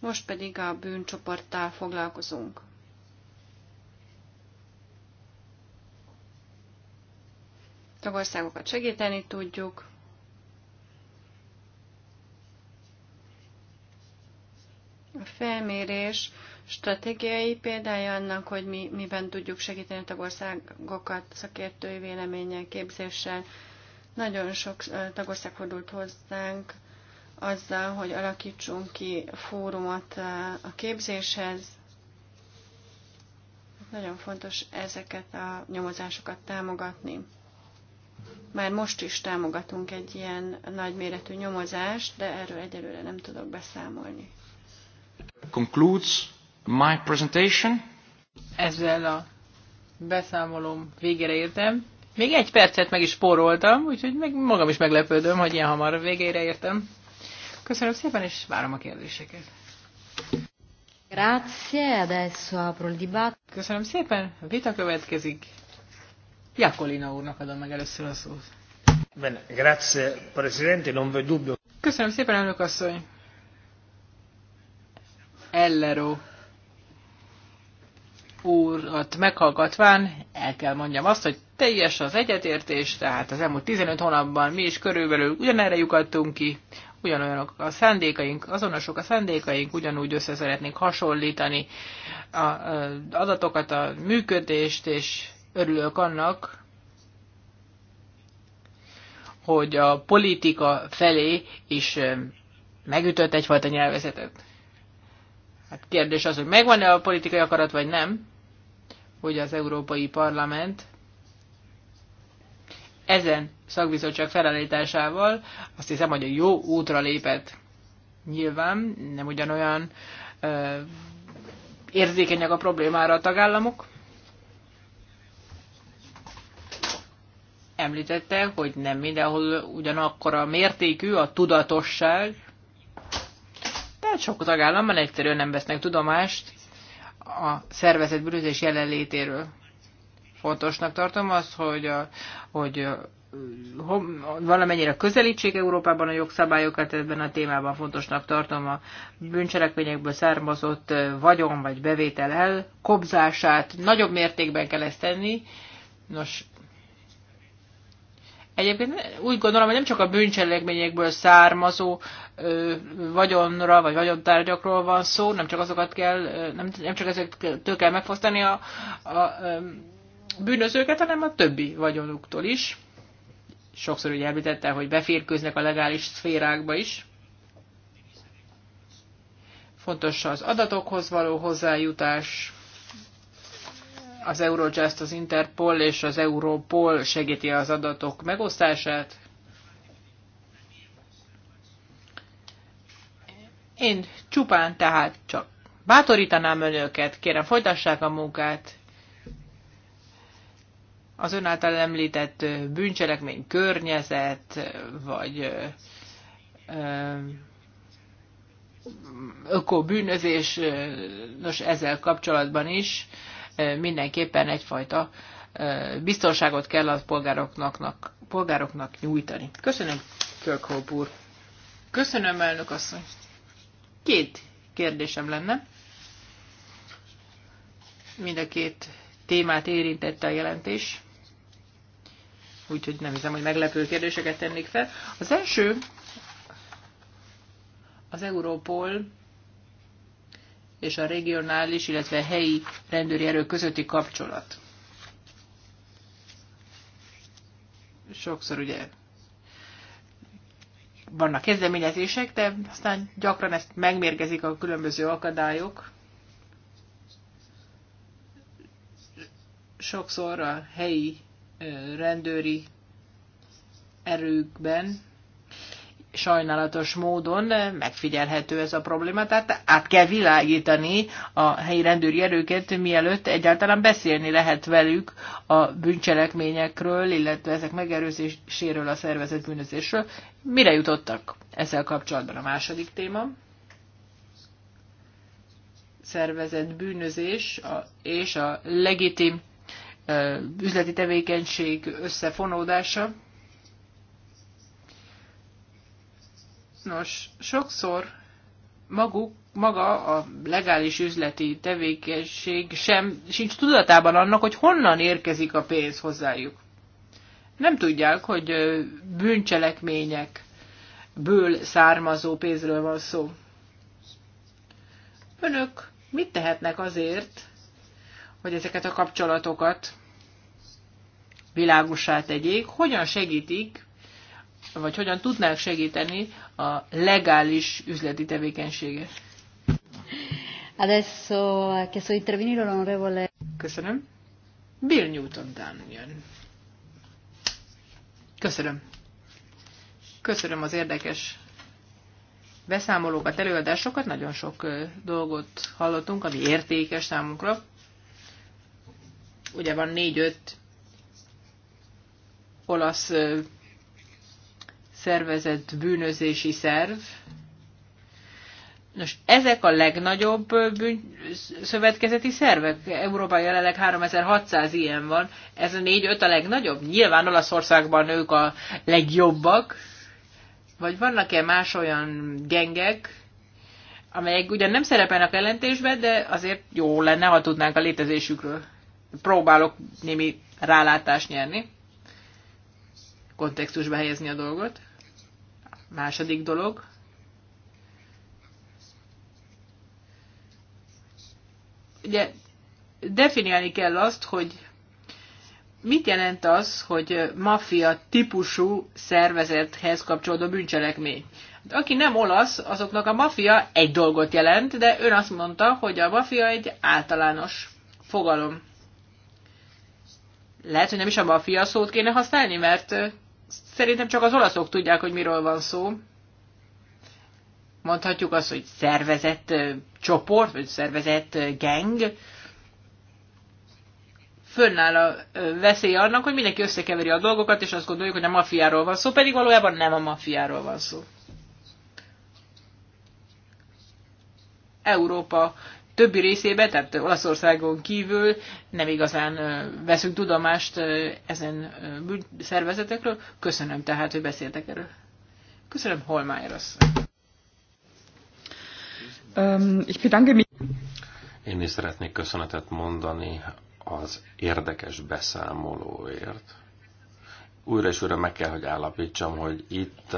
Most pedig a bűncsoporttal foglalkozunk. Tagországokat segíteni tudjuk, A felmérés stratégiai példája annak, hogy mi, miben tudjuk segíteni a tagországokat szakértői véleménnyel, képzéssel. Nagyon sok tagország fordult hozzánk azzal, hogy alakítsunk ki fórumot a képzéshez. Nagyon fontos ezeket a nyomozásokat támogatni. Már most is támogatunk egy ilyen nagyméretű nyomozást, de erről egyelőre nem tudok beszámolni. Concludes my presentation. Ezzel a beszámolom végére értem. Még egy percet meg is spóroltam, úgyhogy meg magam is meglepődöm, hogy ilyen hamar végére értem. Köszönöm szépen, és várom a kérdéseket. Grazie, adesso apro il dibattito. Köszönöm szépen, a vita következik. Jakolina úrnak adom meg először a szót. Bene, grazie, presidente, non v'è dubbio. Köszönöm szépen, elnök asszony. Mellero úrat meghallgatván el kell mondjam azt, hogy teljes az egyetértés, tehát az elmúlt 15 hónapban mi is körülbelül ugyanerre lyukadtunk ki, ugyanolyanok a szándékaink, azonosok a szándékaink, ugyanúgy össze szeretnénk hasonlítani a, adatokat, a működést, és örülök annak, hogy a politika felé is megütött egyfajta nyelvezetet. Hát kérdés az, hogy megvan-e a politikai akarat, vagy nem, hogy az Európai Parlament ezen szakbizottság felállításával azt hiszem, hogy a jó útra lépett. Nyilván nem ugyanolyan ö, érzékenyek a problémára a tagállamok. Említette, hogy nem mindenhol ugyanakkor a mértékű a tudatosság, Hát sok tagállamban egyszerűen nem vesznek tudomást a szervezet bűnözés jelenlétéről. Fontosnak tartom azt, hogy, a, hogy valamennyire közelítsék Európában a jogszabályokat ebben a témában fontosnak tartom a bűncselekményekből származott vagyon vagy bevétel elkobzását. Nagyobb mértékben kell ezt tenni. Nos, Egyébként úgy gondolom, hogy nem csak a bűncselekményekből származó ö, vagyonra vagy vagyontárgyakról van szó, nem csak azokat kell, nem, nem csak ezeket kell megfosztani a, a ö, bűnözőket, hanem a többi vagyonuktól is. Sokszor ugye említette, hogy beférkőznek a legális szférákba is. Fontos az adatokhoz való hozzájutás, az Eurojust, az Interpol és az Europol segíti az adatok megosztását. Én csupán tehát csak bátorítanám önöket, kérem folytassák a munkát. Az ön által említett bűncselekmény környezet, vagy ökobűnözés, nos ezzel kapcsolatban is mindenképpen egyfajta biztonságot kell a polgároknak, polgároknak nyújtani. Köszönöm, Kölkholp úr. Köszönöm, elnök asszony. Két kérdésem lenne. Mind a két témát érintette a jelentés, úgyhogy nem hiszem, hogy meglepő kérdéseket tennék fel. Az első az Európol és a regionális, illetve helyi rendőri erők közötti kapcsolat. Sokszor ugye vannak kezdeményezések, de aztán gyakran ezt megmérgezik a különböző akadályok. Sokszor a helyi rendőri erőkben sajnálatos módon megfigyelhető ez a probléma, tehát át kell világítani a helyi rendőri erőket, mielőtt egyáltalán beszélni lehet velük a bűncselekményekről, illetve ezek megerőzéséről, a szervezett bűnözésről. Mire jutottak ezzel kapcsolatban a második téma? Szervezett bűnözés és a legitim üzleti tevékenység összefonódása. Nos, sokszor maguk, maga a legális üzleti tevékenység sem sincs tudatában annak, hogy honnan érkezik a pénz hozzájuk. Nem tudják, hogy bűncselekményekből származó pénzről van szó. Önök mit tehetnek azért, hogy ezeket a kapcsolatokat világosá tegyék, hogyan segítik vagy hogyan tudnák segíteni a legális üzleti tevékenységet. Adesso ha chiesto intervenire l'onorevole. Köszönöm. Bill Newton Dunn jön. Köszönöm. Köszönöm az érdekes beszámolókat, előadásokat, nagyon sok dolgot hallottunk, ami értékes számunkra. Ugye van négy-öt olasz szervezett bűnözési szerv. Nos, ezek a legnagyobb bűn, szövetkezeti szervek. Európában jelenleg 3600 ilyen van. Ez a négy-öt a legnagyobb. Nyilván Olaszországban ők a legjobbak. Vagy vannak-e más olyan gengek, amelyek ugyan nem szerepelnek a jelentésben, de azért jó lenne, ha tudnánk a létezésükről. Próbálok némi rálátást nyerni, kontextusba helyezni a dolgot. Második dolog, ugye definiálni kell azt, hogy mit jelent az, hogy maffia típusú szervezethez kapcsolódó bűncselekmény. Aki nem olasz, azoknak a maffia egy dolgot jelent, de ön azt mondta, hogy a maffia egy általános fogalom. Lehet, hogy nem is a maffia szót kéne használni, mert szerintem csak az olaszok tudják, hogy miről van szó. Mondhatjuk azt, hogy szervezett csoport, vagy szervezett geng. Fönnáll a veszély annak, hogy mindenki összekeveri a dolgokat, és azt gondoljuk, hogy a mafiáról van szó, pedig valójában nem a mafiáról van szó. Európa többi részében, tehát Olaszországon kívül nem igazán veszünk tudomást ezen szervezetekről. Köszönöm tehát, hogy beszéltek erről. Köszönöm, Holmájer asszony. Én is szeretnék köszönetet mondani az érdekes beszámolóért. Újra és újra meg kell, hogy állapítsam, hogy itt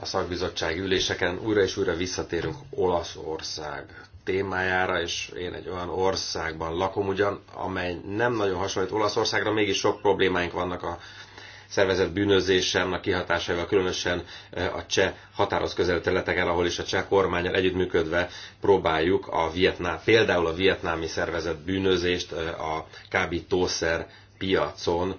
a szakbizottság üléseken újra és újra visszatérünk Olaszország témájára, és én egy olyan országban lakom ugyan, amely nem nagyon hasonlít Olaszországra, mégis sok problémáink vannak a szervezett bűnözésen, a kihatásával, különösen eh, a cseh határoz közel területeken, ahol is a cseh kormányal együttműködve próbáljuk a Vietnám, például a vietnámi szervezett bűnözést eh, a kábítószer piacon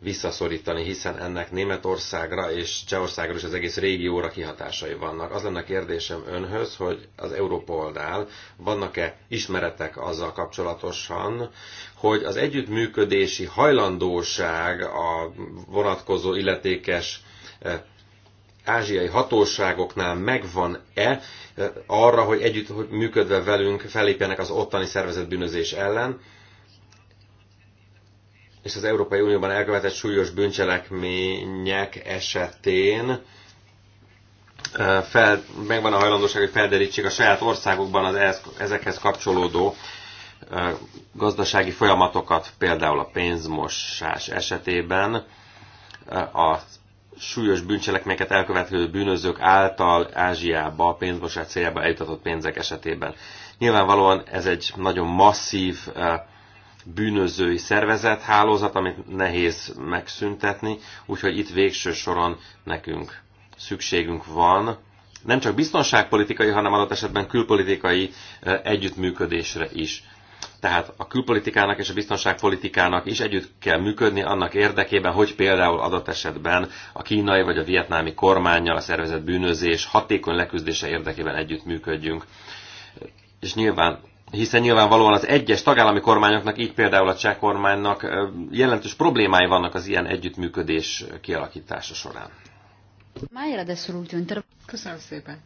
visszaszorítani, hiszen ennek Németországra és Csehországra és az egész régióra kihatásai vannak. Az lenne a kérdésem önhöz, hogy az oldal vannak-e ismeretek azzal kapcsolatosan, hogy az együttműködési hajlandóság a vonatkozó illetékes ázsiai hatóságoknál megvan-e arra, hogy együtt hogy működve velünk fellépjenek az ottani szervezet bűnözés ellen, és az Európai Unióban elkövetett súlyos bűncselekmények esetén fel, megvan a hajlandóság, hogy felderítsék a saját országukban az ezekhez kapcsolódó gazdasági folyamatokat, például a pénzmosás esetében a súlyos bűncselekményeket elkövető bűnözők által Ázsiába, pénzmosás céljába eljutatott pénzek esetében. Nyilvánvalóan ez egy nagyon masszív bűnözői szervezet, hálózat, amit nehéz megszüntetni, úgyhogy itt végső soron nekünk szükségünk van nem csak biztonságpolitikai, hanem adott esetben külpolitikai együttműködésre is. Tehát a külpolitikának és a biztonságpolitikának is együtt kell működni annak érdekében, hogy például adott esetben a kínai vagy a vietnámi kormányjal a szervezett bűnözés hatékony leküzdése érdekében együttműködjünk. És nyilván hiszen nyilvánvalóan az egyes tagállami kormányoknak, így például a cseh kormánynak jelentős problémái vannak az ilyen együttműködés kialakítása során. Köszönöm szépen.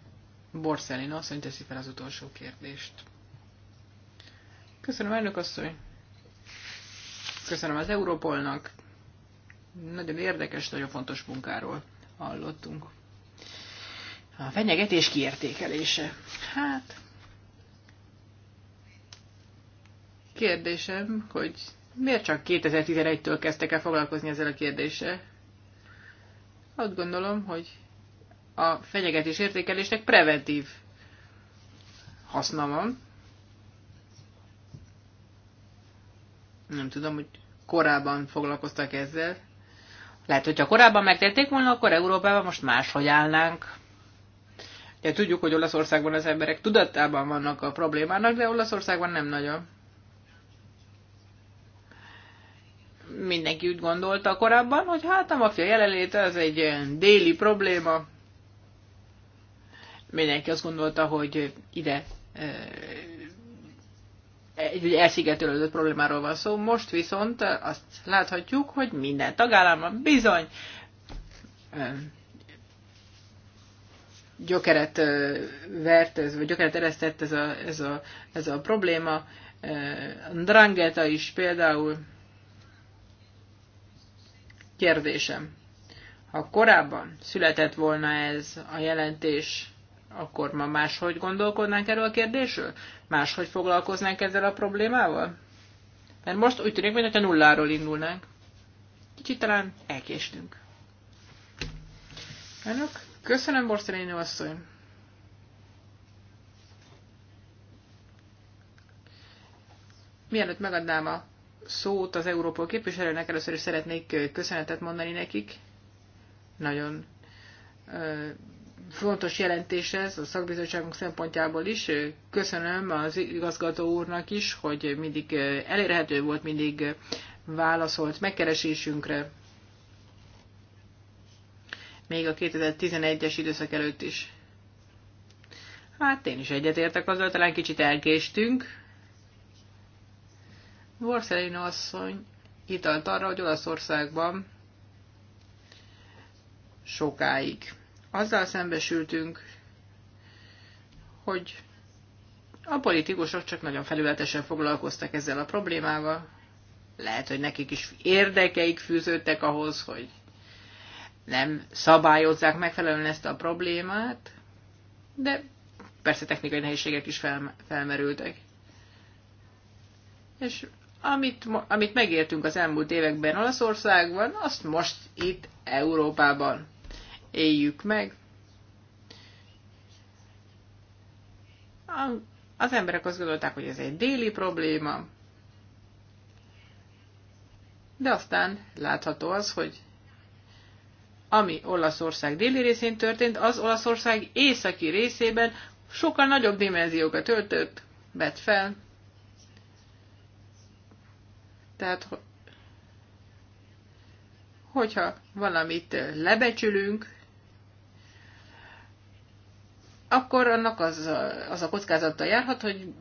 Borszelin asszony teszi fel az utolsó kérdést. Köszönöm, elnök asszony. Köszönöm az Európolnak. Nagyon érdekes, nagyon fontos munkáról hallottunk. A fenyegetés kiértékelése. Hát, kérdésem, hogy miért csak 2011-től kezdtek el foglalkozni ezzel a kérdéssel? Azt gondolom, hogy a fenyegetés értékelésnek preventív haszna van. Nem tudom, hogy korábban foglalkoztak ezzel. Lehet, hogyha korábban megtették volna, akkor Európában most máshogy állnánk. Ugye tudjuk, hogy Olaszországban az emberek tudatában vannak a problémának, de Olaszországban nem nagyon. mindenki úgy gondolta korábban, hogy hát a mafia jelenléte az egy déli probléma. Mindenki azt gondolta, hogy ide eh, egy elszigetelődött problémáról van szó. Most viszont azt láthatjuk, hogy minden tagállamban bizony eh, gyökeret eh, vert, ez, vagy gyökeret eresztett ez a, ez a, ez a probléma. Drangeta is például kérdésem. Ha korábban született volna ez a jelentés, akkor ma máshogy gondolkodnánk erről a kérdésről? Máshogy foglalkoznánk ezzel a problémával? Mert most úgy tűnik, mintha nulláról indulnánk. Kicsit talán elkéstünk. Önök, köszönöm, Borszelényi asszony. Mielőtt megadnám a szót az Európa képviselőnek. Először is szeretnék köszönetet mondani nekik. Nagyon fontos jelentés ez a szakbizottságunk szempontjából is. Köszönöm az igazgató úrnak is, hogy mindig elérhető volt, mindig válaszolt megkeresésünkre. Még a 2011-es időszak előtt is. Hát én is egyetértek azzal, talán kicsit elkéstünk, Borsellino asszony hitalt arra, hogy Olaszországban sokáig. Azzal szembesültünk, hogy a politikusok csak nagyon felületesen foglalkoztak ezzel a problémával. Lehet, hogy nekik is érdekeik fűződtek ahhoz, hogy nem szabályozzák megfelelően ezt a problémát, de persze technikai nehézségek is felmerültek. És amit, amit megértünk az elmúlt években Olaszországban, azt most itt Európában éljük meg. Az emberek azt gondolták, hogy ez egy déli probléma, de aztán látható az, hogy ami Olaszország déli részén történt, az Olaszország északi részében sokkal nagyobb dimenziókat öltött, vett fel, tehát, hogyha valamit lebecsülünk, akkor annak az, az a kockázata járhat, hogy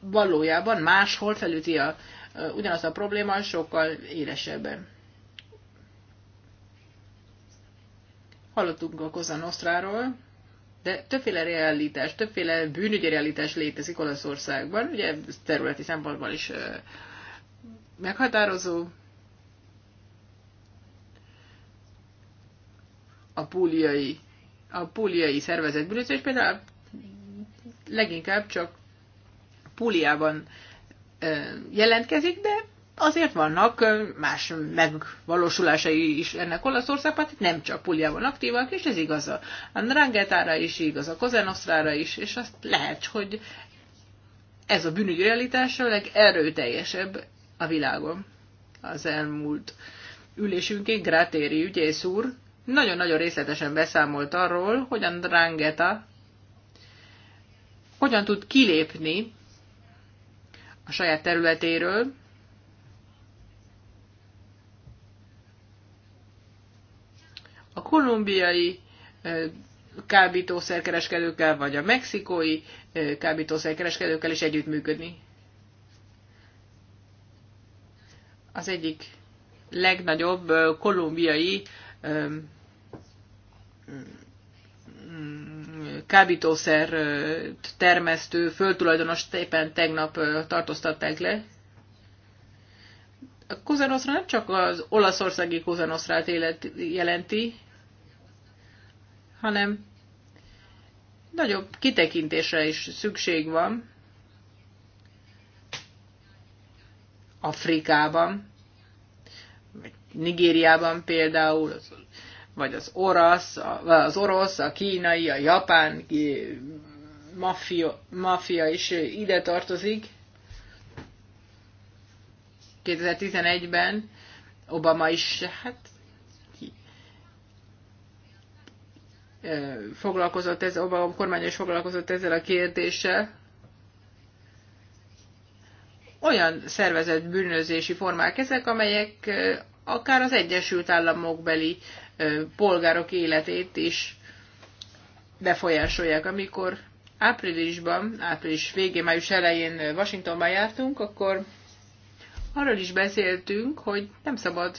valójában máshol felüti a, ugyanaz a probléma sokkal élesebben. Hallottunk a Kozanosztráról, de többféle realitás, többféle bűnügyi realitás létezik Olaszországban, ugye ez területi szempontból is meghatározó. A púliai, a púliai szervezet bűnözés például leginkább csak Púliában jelentkezik, de Azért vannak más megvalósulásai is ennek Olaszországban, tehát nem csak Puliában aktívak, és ez igaz a Andrangetára is, igaz a Kozenosztrára is, és azt lehet, hogy ez a bűnügy realitás a legerőteljesebb a világon. Az elmúlt ülésünkig Grátéri ügyész úr nagyon-nagyon részletesen beszámolt arról, hogy a hogyan tud kilépni a saját területéről, kolumbiai kábítószerkereskedőkkel, vagy a mexikói kábítószerkereskedőkkel is együttműködni. Az egyik legnagyobb kolumbiai kábítószer termesztő föltulajdonos éppen tegnap tartóztatták le. A Kozanoszra nem csak az olaszországi Kozanoszrát jelenti, hanem nagyobb kitekintésre is szükség van Afrikában, vagy Nigériában például, vagy az orosz, az orosz, a kínai, a japán maffia, maffia is ide tartozik. 2011-ben Obama is hát foglalkozott ez, Obama kormány is foglalkozott ezzel a kérdéssel. Olyan szervezett bűnözési formák ezek, amelyek akár az Egyesült Államok beli polgárok életét is befolyásolják. Amikor áprilisban, április végén, május elején Washingtonban jártunk, akkor arról is beszéltünk, hogy nem szabad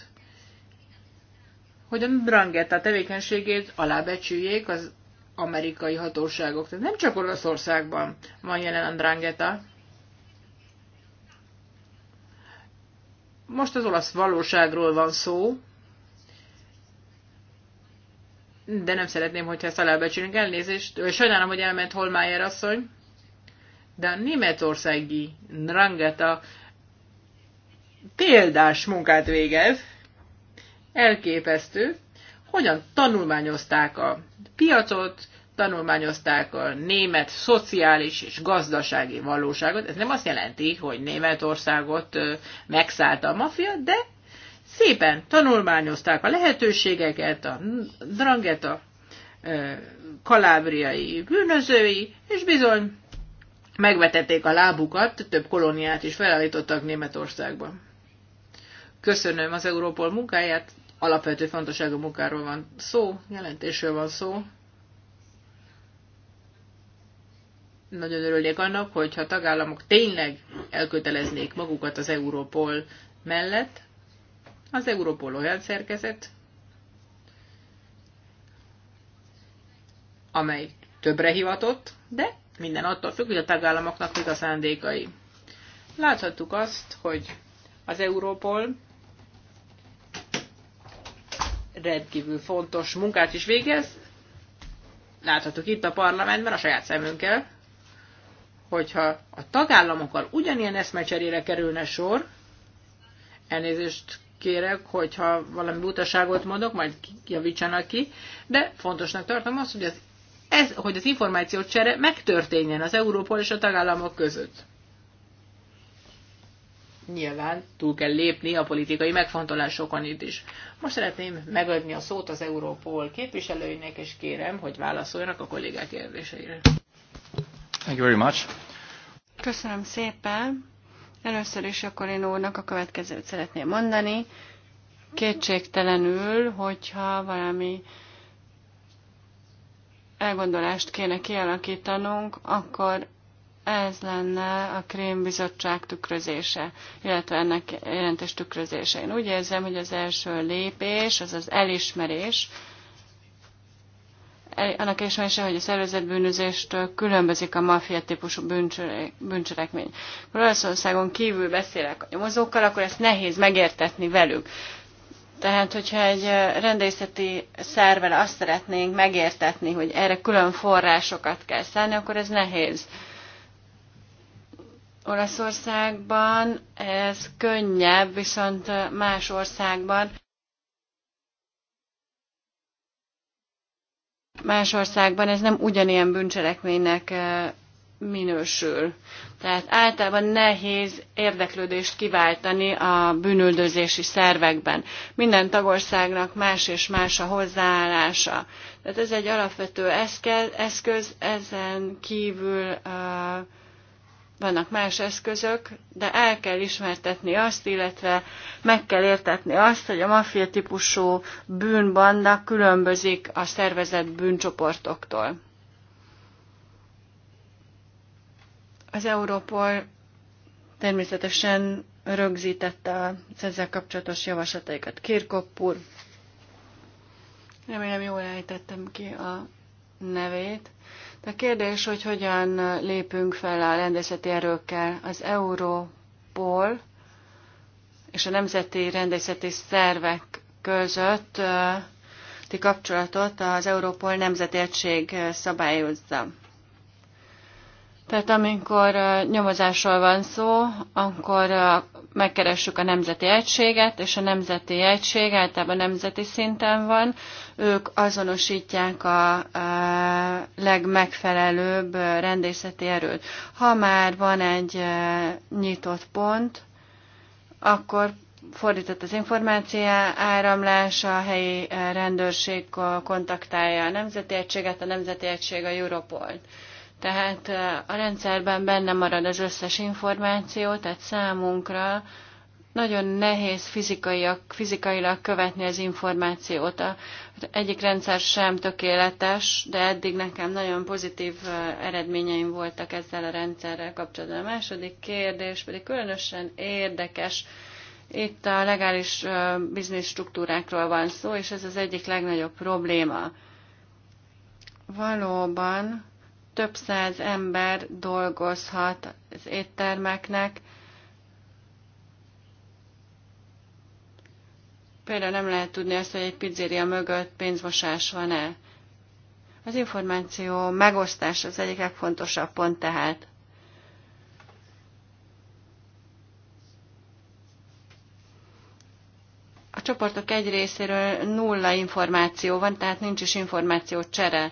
hogy a Drangetta tevékenységét alábecsüljék az amerikai hatóságok. Tehát nem csak Olaszországban van jelen a Drangetta. Most az olasz valóságról van szó, de nem szeretném, hogyha ezt alábecsülünk. Elnézést, sajnálom, hogy elment Holmájer asszony, de a németországi Drangetta példás munkát végez, elképesztő, hogyan tanulmányozták a piacot, tanulmányozták a német szociális és gazdasági valóságot. Ez nem azt jelenti, hogy Németországot megszállta a mafia, de szépen tanulmányozták a lehetőségeket, a drangeta kalábriai bűnözői, és bizony megvetették a lábukat, több kolóniát is felállítottak Németországban. Köszönöm az Európol munkáját, alapvető fontosságú munkáról van szó, jelentésről van szó. Nagyon örülnék annak, hogyha tagállamok tényleg elköteleznék magukat az Európol mellett. Az Európol olyan szerkezet, amely többre hivatott, de minden attól függ, hogy a tagállamoknak mik a szándékai. Láthattuk azt, hogy az Európol rendkívül fontos munkát is végez. Láthatjuk itt a parlamentben a saját szemünkkel, hogyha a tagállamokkal ugyanilyen eszmecserére kerülne sor, elnézést kérek, hogyha valami butaságot mondok, majd javítsanak ki, de fontosnak tartom azt, hogy az, ez, hogy az információcsere megtörténjen az Európol és a tagállamok között nyilván túl kell lépni a politikai megfontolásokon itt is. Most szeretném megadni a szót az Európol képviselőinek, és kérem, hogy válaszoljanak a kollégák kérdéseire. Thank you very much. Köszönöm szépen. Először is akkor én úrnak a következőt szeretném mondani. Kétségtelenül, hogyha valami elgondolást kéne kialakítanunk, akkor ez lenne a Krém tükrözése, illetve ennek jelentős tükrözése. Én úgy érzem, hogy az első lépés, az az elismerés, annak ismerése, hogy a szervezett bűnözéstől különbözik a maffia típusú bűncselekmény. Ha Olaszországon kívül beszélek a nyomozókkal, akkor ezt nehéz megértetni velük. Tehát, hogyha egy rendészeti szervvel azt szeretnénk megértetni, hogy erre külön forrásokat kell szállni, akkor ez nehéz. Olaszországban ez könnyebb, viszont más országban más országban ez nem ugyanilyen bűncselekménynek minősül. Tehát általában nehéz érdeklődést kiváltani a bűnüldözési szervekben. Minden tagországnak más és más a hozzáállása. Tehát ez egy alapvető eszköz, ezen kívül uh, vannak más eszközök, de el kell ismertetni azt, illetve meg kell értetni azt, hogy a maffia típusú bűnbanda különbözik a szervezett bűncsoportoktól. Az Európol természetesen rögzítette az ezzel kapcsolatos javaslataikat Kirkoppur. Remélem jól ejtettem ki a nevét. De kérdés, hogy hogyan lépünk fel a rendészeti erőkkel az Európol és a nemzeti rendészeti szervek között ti kapcsolatot az Európol nemzeti egység szabályozza. Tehát amikor nyomozásról van szó, akkor a megkeressük a nemzeti egységet, és a nemzeti egység általában nemzeti szinten van. Ők azonosítják a, legmegfelelőbb rendészeti erőt. Ha már van egy e, nyitott pont, akkor fordított az információ áramlás, a helyi e, rendőrség kontaktálja a Nemzeti Egységet, a Nemzeti Egység a Europolt tehát a rendszerben benne marad az összes információ, tehát számunkra nagyon nehéz fizikailag, fizikailag követni az információt. A, egyik rendszer sem tökéletes, de eddig nekem nagyon pozitív eredményeim voltak ezzel a rendszerrel kapcsolatban. A második kérdés pedig különösen érdekes. Itt a legális biznisz struktúrákról van szó, és ez az egyik legnagyobb probléma. Valóban több száz ember dolgozhat az éttermeknek. Például nem lehet tudni azt, hogy egy pizzeria mögött pénzmosás van-e. Az információ megosztás az egyik legfontosabb pont tehát. A csoportok egy részéről nulla információ van, tehát nincs is információ csere.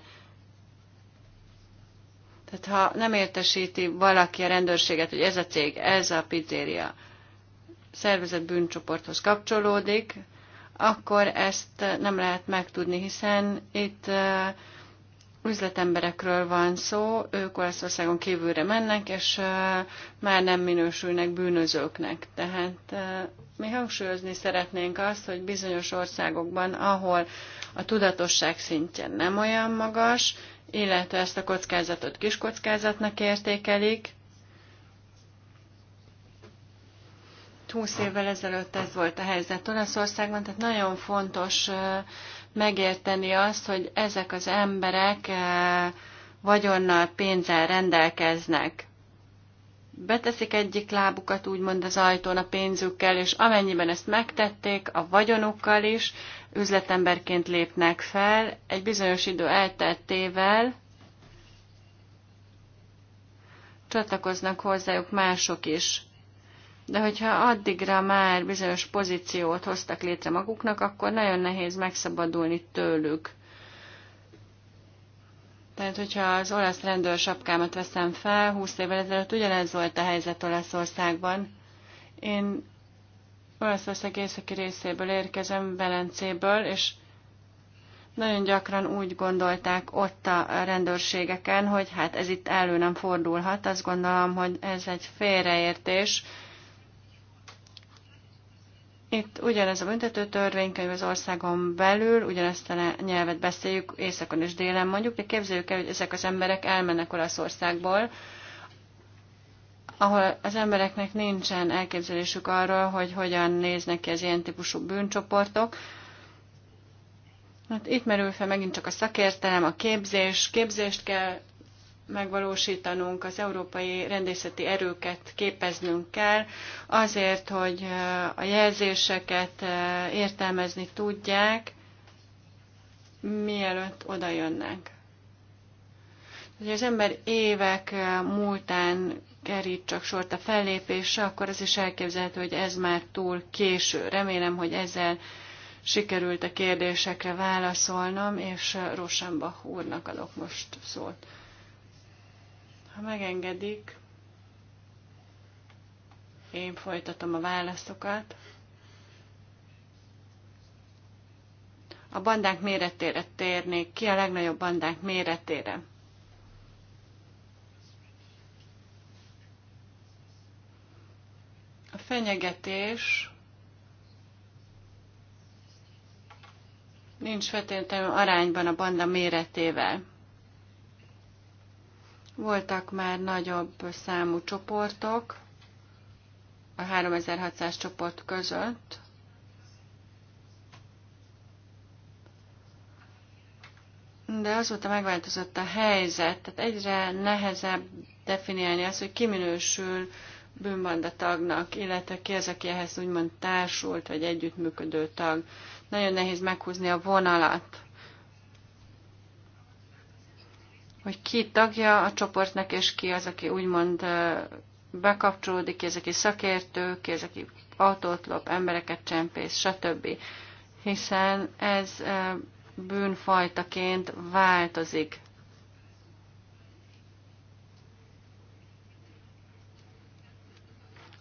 Tehát ha nem értesíti valaki a rendőrséget, hogy ez a cég, ez a pizzéria szervezett bűncsoporthoz kapcsolódik, akkor ezt nem lehet megtudni, hiszen itt üzletemberekről van szó, ők Olaszországon kívülre mennek, és már nem minősülnek bűnözőknek. Tehát mi hangsúlyozni szeretnénk azt, hogy bizonyos országokban, ahol a tudatosság szintje nem olyan magas, illetve ezt a kockázatot kiskockázatnak értékelik. 20 évvel ezelőtt ez volt a helyzet Olaszországban, tehát nagyon fontos megérteni azt, hogy ezek az emberek vagyonnal, pénzzel rendelkeznek beteszik egyik lábukat úgymond az ajtón a pénzükkel, és amennyiben ezt megtették, a vagyonukkal is üzletemberként lépnek fel, egy bizonyos idő elteltével csatlakoznak hozzájuk mások is. De hogyha addigra már bizonyos pozíciót hoztak létre maguknak, akkor nagyon nehéz megszabadulni tőlük. Tehát, hogyha az olasz rendőrsapkámat veszem fel, 20 évvel ezelőtt ugyanez volt a helyzet Olaszországban. Én Olaszország északi részéből érkezem, Velencéből, és nagyon gyakran úgy gondolták ott a rendőrségeken, hogy hát ez itt elő nem fordulhat. Azt gondolom, hogy ez egy félreértés. Itt ugyanez a büntető törvénykönyv az országon belül, ugyanezt a nyelvet beszéljük északon és délen mondjuk, de képzeljük el, hogy ezek az emberek elmennek Olaszországból, ahol az embereknek nincsen elképzelésük arról, hogy hogyan néznek ki az ilyen típusú bűncsoportok. Hát itt merül fel megint csak a szakértelem, a képzés, képzést kell megvalósítanunk, az európai rendészeti erőket képeznünk kell, azért, hogy a jelzéseket értelmezni tudják, mielőtt oda jönnek. Hogy az ember évek múltán kerít csak sort a fellépésre, akkor az is elképzelhető, hogy ez már túl késő. Remélem, hogy ezzel sikerült a kérdésekre válaszolnom, és Rosenbach úrnak adok most szót. Ha megengedik, én folytatom a válaszokat. A bandák méretére térnék ki, a legnagyobb bandák méretére. A fenyegetés nincs feltétlenül arányban a banda méretével. Voltak már nagyobb számú csoportok a 3600 csoport között, De azóta megváltozott a helyzet, tehát egyre nehezebb definiálni azt, hogy ki minősül bűnbanda tagnak, illetve ki az, aki ehhez úgymond társult, vagy együttműködő tag. Nagyon nehéz meghúzni a vonalat. hogy ki tagja a csoportnak, és ki az, aki úgymond bekapcsolódik, ki az, aki szakértő, ki az, aki autót lop, embereket csempész, stb. Hiszen ez bűnfajtaként változik.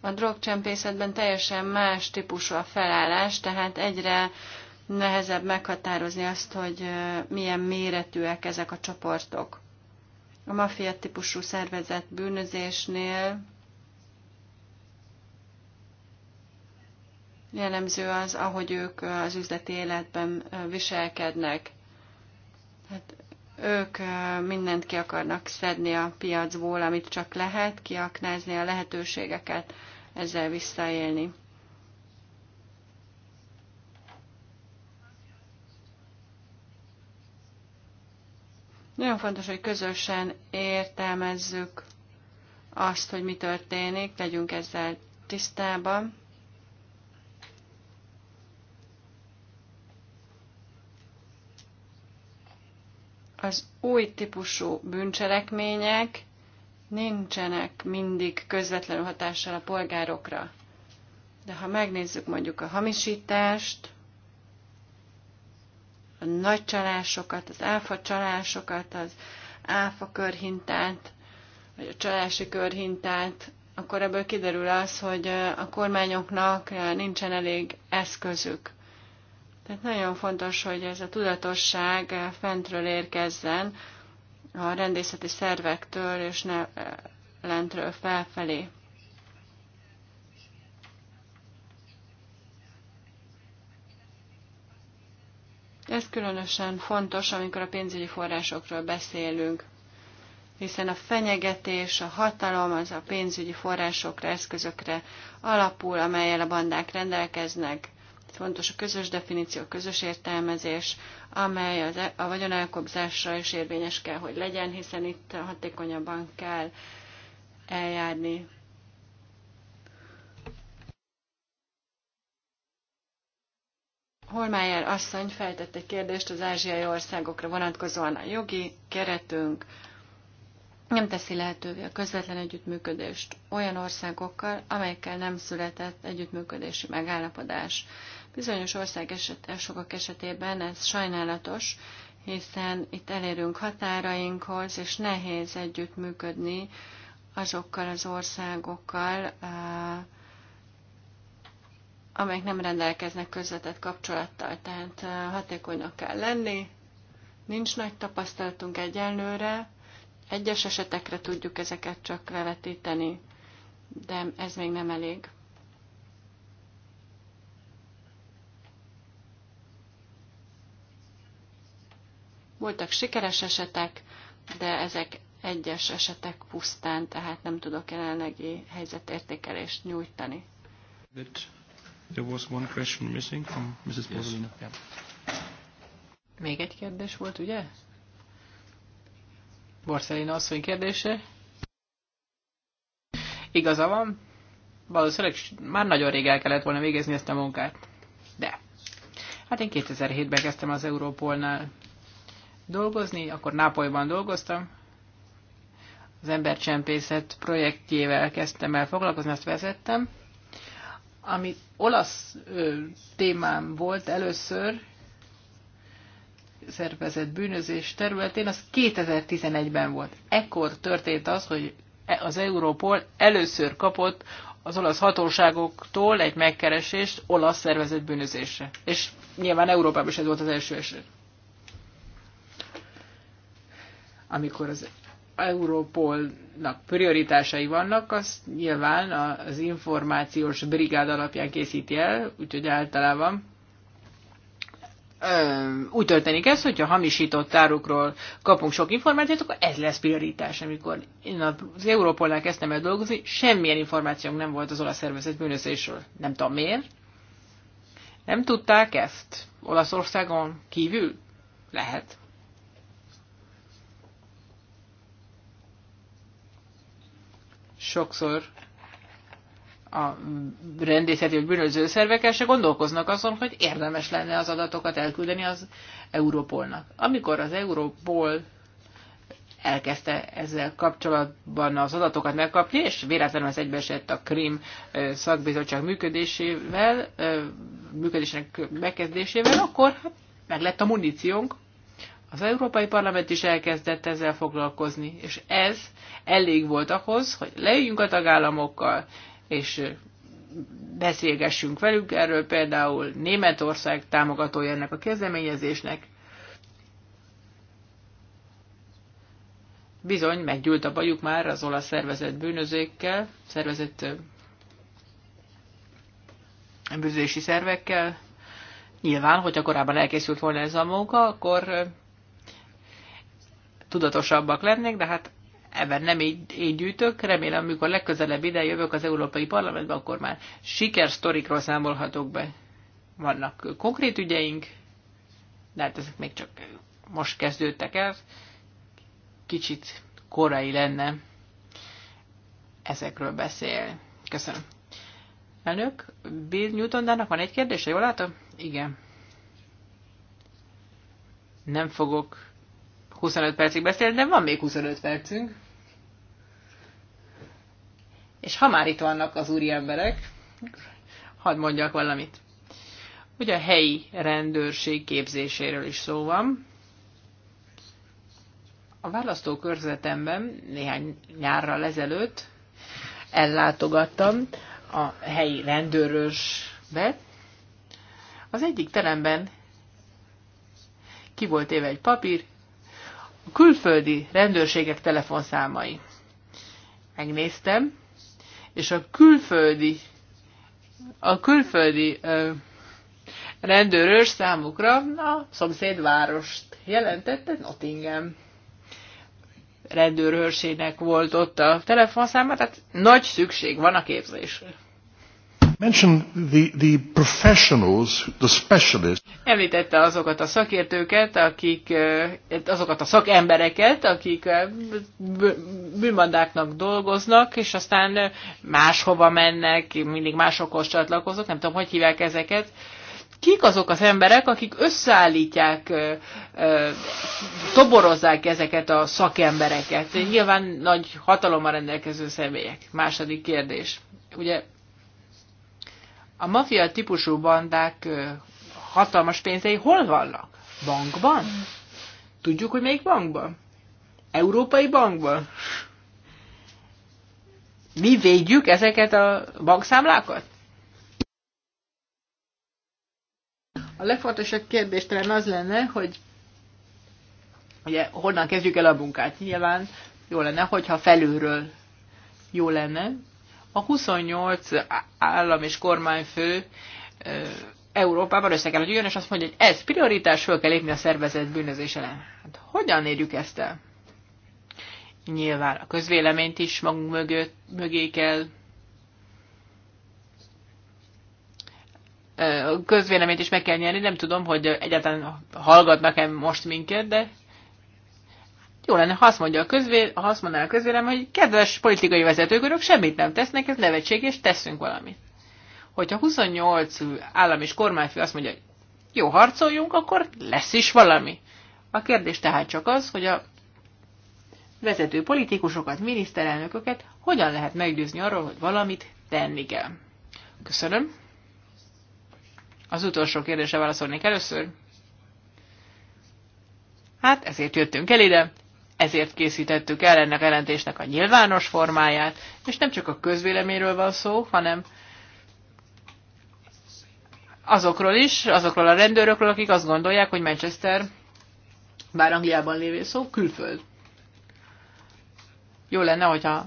A drogcsempészetben teljesen más típusú a felállás, tehát egyre nehezebb meghatározni azt, hogy milyen méretűek ezek a csoportok. A maffia típusú szervezet bűnözésnél jellemző az, ahogy ők az üzleti életben viselkednek. Hát ők mindent ki akarnak szedni a piacból, amit csak lehet, kiaknázni a lehetőségeket, ezzel visszaélni. Nagyon fontos, hogy közösen értelmezzük azt, hogy mi történik, legyünk ezzel tisztában. Az új típusú bűncselekmények nincsenek mindig közvetlenül hatással a polgárokra. De ha megnézzük mondjuk a hamisítást, a nagy csalásokat, az áfa csalásokat, az áfa körhintát, vagy a csalási körhintát, akkor ebből kiderül az, hogy a kormányoknak nincsen elég eszközük. Tehát nagyon fontos, hogy ez a tudatosság fentről érkezzen a rendészeti szervektől, és ne lentről felfelé. Ez különösen fontos, amikor a pénzügyi forrásokról beszélünk, hiszen a fenyegetés, a hatalom az a pénzügyi forrásokra, eszközökre alapul, amelyel a bandák rendelkeznek. Fontos a közös definíció, a közös értelmezés, amely az, e- a vagyonelkobzásra is érvényes kell, hogy legyen, hiszen itt hatékonyabban kell eljárni. Holmájer asszony feltett egy kérdést az ázsiai országokra vonatkozóan a jogi keretünk nem teszi lehetővé a közvetlen együttműködést olyan országokkal, amelyekkel nem született együttműködési megállapodás. Bizonyos ország eset, sokak esetében ez sajnálatos, hiszen itt elérünk határainkhoz, és nehéz együttműködni azokkal az országokkal, amelyek nem rendelkeznek közvetett kapcsolattal, tehát hatékonynak kell lenni. Nincs nagy tapasztalatunk egyenlőre, egyes esetekre tudjuk ezeket csak levetíteni, de ez még nem elég. Voltak sikeres esetek, de ezek egyes esetek pusztán, tehát nem tudok jelenlegi helyzetértékelést nyújtani. There was one question missing from Mrs. Borzolina. Yes. Yeah. Még egy kérdés volt, ugye? Borzolina asszony kérdése. Igaza van, valószínűleg már nagyon rég el kellett volna végezni ezt a munkát. De, hát én 2007-ben kezdtem az Európolnál dolgozni, akkor Nápolyban dolgoztam, az embercsempészet projektjével kezdtem el foglalkozni, azt vezettem, ami olasz ö, témám volt először, szervezett bűnözés területén, az 2011-ben volt. Ekkor történt az, hogy e, az Europol először kapott az olasz hatóságoktól egy megkeresést olasz szervezett bűnözésre. És nyilván Európában is ez volt az első eset. Amikor az Európolnak prioritásai vannak, azt nyilván az információs brigád alapján készíti el, úgyhogy általában úgy történik ez, hogyha hamisított árukról kapunk sok információt, akkor ez lesz prioritás. Amikor én az Európolnál kezdtem el dolgozni, semmilyen információnk nem volt az olasz szervezet bűnözésről. Nem tudom miért. Nem tudták ezt Olaszországon kívül? Lehet. sokszor a rendészeti vagy bűnöző szervekkel se gondolkoznak azon, hogy érdemes lenne az adatokat elküldeni az Európolnak. Amikor az Európol elkezdte ezzel kapcsolatban az adatokat megkapni, és véletlenül ez egybeesett a Krim szakbizottság működésével, működésnek megkezdésével, akkor hát meg lett a muníciónk, az Európai Parlament is elkezdett ezzel foglalkozni, és ez elég volt ahhoz, hogy leüljünk a tagállamokkal, és beszélgessünk velük erről, például Németország támogatója ennek a kezdeményezésnek. Bizony, meggyűlt a bajuk már az olasz szervezett bűnözőkkel, szervezett bűnözési szervekkel. Nyilván, hogyha korábban elkészült volna ez a munka, akkor tudatosabbak lennék, de hát ebben nem így, így gyűjtök. Remélem, amikor legközelebb ide jövök az Európai Parlamentbe, akkor már sikersztorikról számolhatok be. Vannak konkrét ügyeink, de hát ezek még csak most kezdődtek el. Kicsit korai lenne ezekről beszél. Köszönöm. Elnök, Bill Newton van egy kérdése, jól látom? Igen. Nem fogok 25 percig beszélt, de van még 25 percünk. És ha már itt vannak az úri emberek, hadd mondjak valamit. Ugye a helyi rendőrség képzéséről is szó van. A választókörzetemben néhány nyárral ezelőtt ellátogattam a helyi rendőrösbe. Az egyik teremben ki volt éve egy papír, a külföldi rendőrségek telefonszámai. Megnéztem, és a külföldi a külföldi ö, rendőrös számukra a szomszédvárost jelentette Nottingham rendőrőrségnek volt ott a telefonszáma, tehát nagy szükség van a képzésre. Említette azokat a szakértőket, akik, eh, azokat a szakembereket, akik eh, bűnbandáknak dolgoznak, és aztán eh, máshova mennek, mindig másokhoz csatlakoznak, nem tudom, hogy hívják ezeket. Kik azok az emberek, akik összeállítják, toborozzák ezeket a szakembereket? Nyilván nagy hatalommal rendelkező személyek. Második kérdés. Ugye a mafia típusú bandák hatalmas pénzei hol vannak? Bankban? Tudjuk, hogy melyik bankban? Európai bankban? Mi védjük ezeket a bankszámlákat? A legfontosabb kérdés talán az lenne, hogy ugye honnan kezdjük el a munkát. Nyilván jó lenne, hogyha felülről jó lenne, a 28 állam és kormányfő Európában össze kell, hogy jön, és azt mondja, hogy ez prioritás, föl kell lépni a szervezet bűnözés ellen. Hát hogyan érjük ezt el? Nyilván a közvéleményt is magunk mögött, mögé kell közvéleményt is meg kell nyerni, nem tudom, hogy egyáltalán hallgatnak-e most minket, de jó lenne, ha azt, mondja a közvé, ha azt mondaná a közvélem, hogy kedves politikai vezetők, önök semmit nem tesznek, ez és teszünk valamit. Hogyha 28 állam és kormányfő azt mondja, hogy jó, harcoljunk, akkor lesz is valami. A kérdés tehát csak az, hogy a vezető politikusokat, miniszterelnököket hogyan lehet meggyőzni arról, hogy valamit tenni kell. Köszönöm. Az utolsó kérdésre válaszolnék először. Hát ezért jöttünk el ide, ezért készítettük el ennek jelentésnek a nyilvános formáját, és nem csak a közvéleményről van szó, hanem azokról is, azokról a rendőrökről, akik azt gondolják, hogy Manchester, bár Angliában lévő szó, külföld. Jó lenne, hogyha,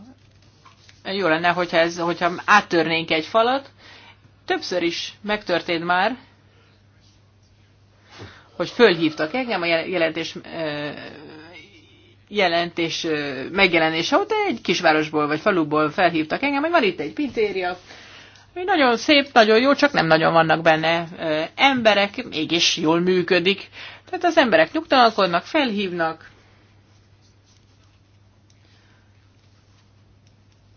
jó lenne, hogyha, ez, hogyha áttörnénk egy falat. Többször is megtörtént már, hogy fölhívtak engem a jelentés jelentés megjelenése óta egy kisvárosból vagy faluból felhívtak engem, hogy van itt egy pizzéria, ami nagyon szép, nagyon jó, csak nem nagyon vannak benne emberek, mégis jól működik. Tehát az emberek nyugtalankodnak, felhívnak,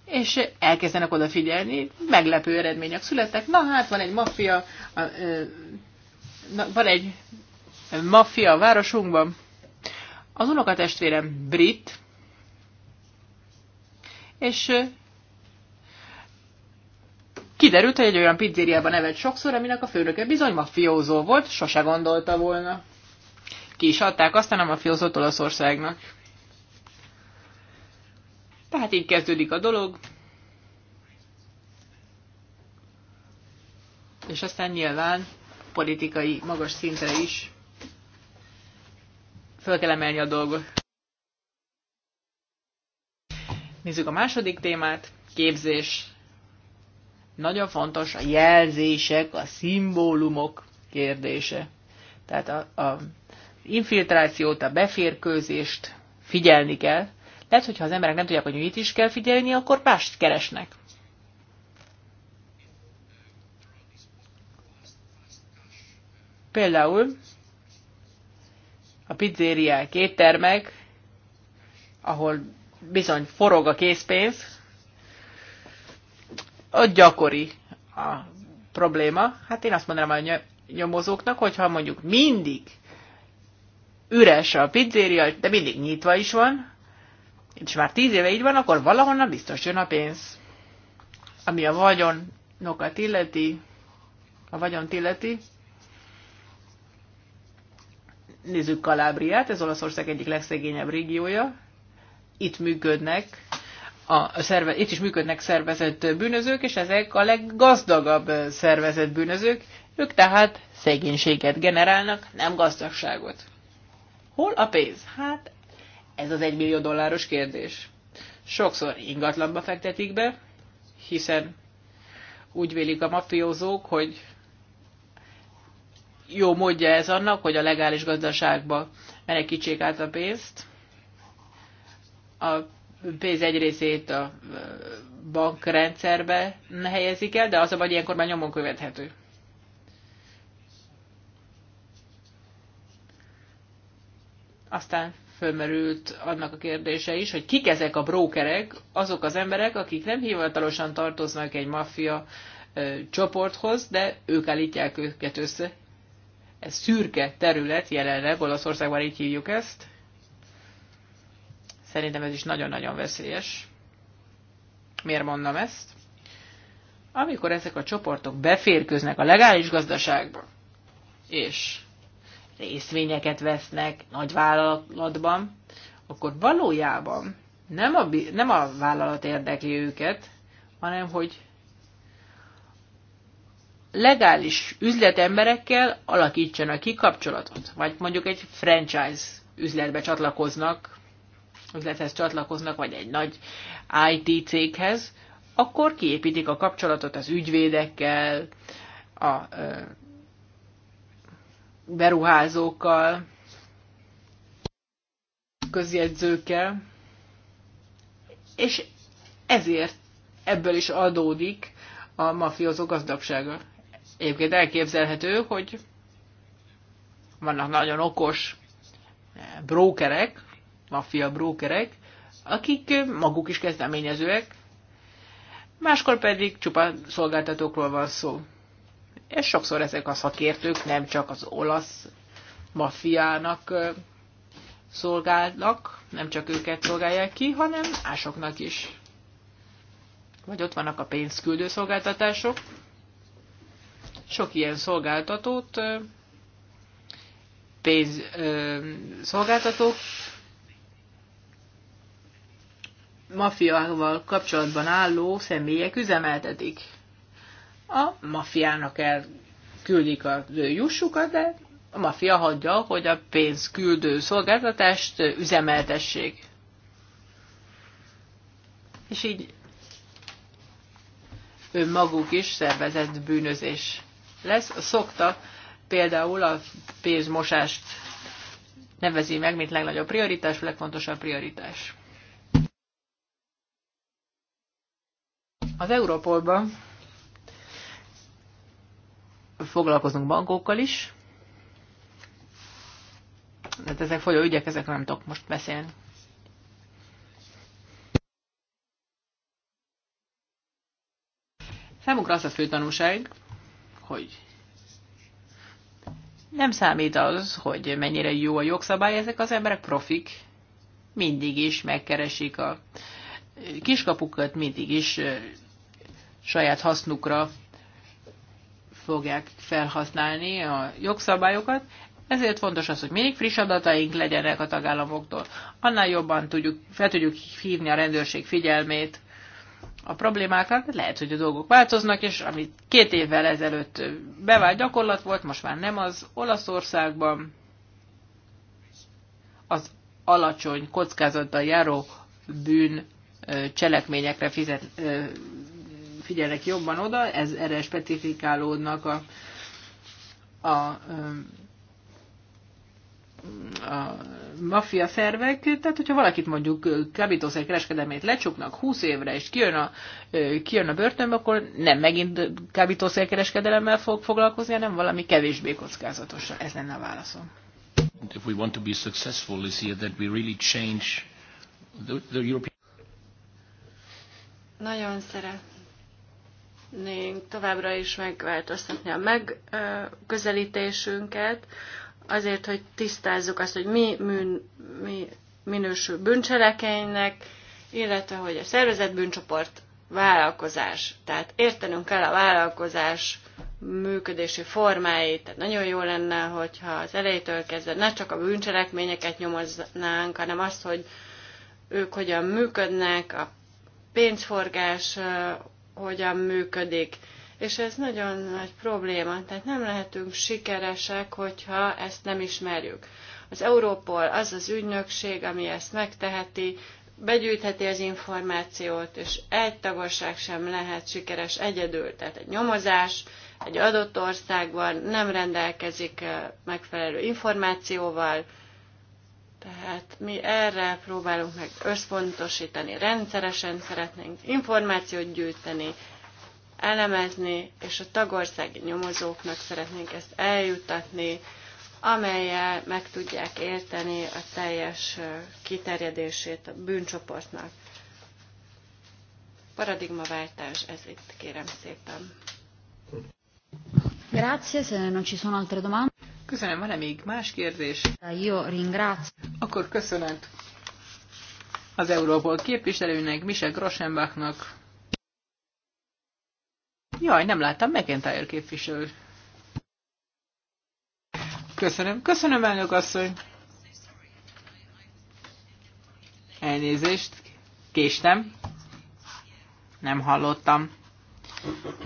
és elkezdenek odafigyelni, meglepő eredmények születtek. Na hát van egy maffia, van egy maffia a városunkban, az unokatestvérem brit, és kiderült, hogy egy olyan pizzériában nevet sokszor, aminek a főnöke bizony mafiózó volt, sose gondolta volna. Ki is adták aztán a mafiózót Olaszországnak. Tehát így kezdődik a dolog. És aztán nyilván politikai magas szintre is föl kell emelni a dolgot. Nézzük a második témát, képzés. Nagyon fontos a jelzések, a szimbólumok kérdése. Tehát a, a infiltrációt, a beférkőzést figyelni kell. Lehet, hogyha az emberek nem tudják, hogy mit is kell figyelni, akkor mást keresnek. Például a pizzériák, éttermek, ahol bizony forog a készpénz, ott gyakori a probléma. Hát én azt mondanám a nyomozóknak, hogyha mondjuk mindig üres a pizzéria, de mindig nyitva is van, és már tíz éve így van, akkor valahonnan biztos jön a pénz. Ami a vagyonokat illeti, a vagyont illeti, Nézzük Kalábriát, ez Olaszország egyik legszegényebb régiója. Itt működnek a szerve, itt is működnek szervezett bűnözők, és ezek a leggazdagabb szervezett bűnözők, ők tehát szegénységet generálnak, nem gazdagságot. Hol a pénz? Hát ez az egymillió dolláros kérdés. Sokszor ingatlanba fektetik be, hiszen úgy vélik a mafiózók, hogy jó módja ez annak, hogy a legális gazdaságba menekítsék át a pénzt. A pénz egy részét a bankrendszerbe helyezik el, de az abban ilyenkor már nyomon követhető. Aztán fölmerült annak a kérdése is, hogy kik ezek a brókerek, azok az emberek, akik nem hivatalosan tartoznak egy maffia csoporthoz, de ők állítják őket össze ez szürke terület jelenleg, Olaszországban így hívjuk ezt. Szerintem ez is nagyon-nagyon veszélyes. Miért mondom ezt? Amikor ezek a csoportok beférköznek a legális gazdaságba, és részvényeket vesznek nagy vállalatban, akkor valójában nem a, nem a vállalat érdekli őket, hanem hogy legális üzletemberekkel alakítsanak ki kapcsolatot, vagy mondjuk egy franchise üzletbe csatlakoznak, üzlethez csatlakoznak, vagy egy nagy IT céghez, akkor kiépítik a kapcsolatot az ügyvédekkel, a beruházókkal, közjegyzőkkel, és ezért ebből is adódik a mafiózó gazdagsága. Egyébként elképzelhető, hogy vannak nagyon okos eh, brókerek, maffia brókerek, akik eh, maguk is kezdeményezőek, máskor pedig csupa szolgáltatókról van szó. És sokszor ezek a szakértők nem csak az olasz maffiának eh, szolgálnak, nem csak őket szolgálják ki, hanem másoknak is. Vagy ott vannak a pénzküldő szolgáltatások, sok ilyen szolgáltatót pénz szolgáltatók mafiával kapcsolatban álló személyek üzemeltetik. A mafiának küldik a jussukat, de a mafia hagyja, hogy a pénz küldő szolgáltatást üzemeltessék. És így önmaguk is szervezett bűnözés lesz, szokta például a pénzmosást nevezi meg, mint legnagyobb prioritás, legfontosabb prioritás. Az Európolban foglalkozunk bankokkal is, tehát ezek folyó ügyek, ezek nem tudok most beszélni. Számukra az a fő tanúság, hogy nem számít az, hogy mennyire jó a jogszabály, ezek az emberek profik, mindig is megkeresik a kiskapukat, mindig is saját hasznukra fogják felhasználni a jogszabályokat. Ezért fontos az, hogy mindig friss adataink legyenek a tagállamoktól. Annál jobban tudjuk, fel tudjuk hívni a rendőrség figyelmét a problémákat, lehet, hogy a dolgok változnak, és ami két évvel ezelőtt bevált gyakorlat volt, most már nem az. Olaszországban az alacsony kockázattal járó bűn cselekményekre fizet, figyelek jobban oda, ez erre specifikálódnak a, a a maffia szervek, tehát hogyha valakit mondjuk kábítószer kereskedelmét lecsuknak 20 évre, és kijön a, kijön a börtönbe, akkor nem megint kábítószer kereskedelemmel fog foglalkozni, hanem valami kevésbé kockázatos. Ez lenne a válaszom. If we want to be successful is here that we really change the, the European... Nagyon szeretnénk továbbra is megváltoztatni a megközelítésünket, azért, hogy tisztázzuk azt, hogy mi, műn, mi minősül bűncselekénynek, illetve hogy a szervezet bűncsoport vállalkozás. Tehát értenünk kell a vállalkozás működési formáit, tehát nagyon jó lenne, hogyha az elejétől kezdve ne csak a bűncselekményeket nyomoznánk, hanem azt, hogy ők hogyan működnek, a pénzforgás hogyan működik, és ez nagyon nagy probléma, tehát nem lehetünk sikeresek, hogyha ezt nem ismerjük. Az Európol az az ügynökség, ami ezt megteheti, begyűjtheti az információt, és egy tagosság sem lehet sikeres egyedül. Tehát egy nyomozás egy adott országban nem rendelkezik eh, megfelelő információval, tehát mi erre próbálunk meg összpontosítani, rendszeresen szeretnénk információt gyűjteni, elemezni, és a tagország nyomozóknak szeretnénk ezt eljutatni, amelyel meg tudják érteni a teljes kiterjedését a bűncsoportnak. Paradigmaváltás ez itt, kérem szépen. Grazie, se non ci sono altre domande. Köszönöm, van-e még más kérdés? Io ringrazio. Akkor köszönöm. az Európol képviselőnek, Mise Grosenbachnak, Jaj, nem láttam, McIntyre képviselő. Köszönöm. Köszönöm, elnök asszony. Elnézést. Késtem. Nem hallottam.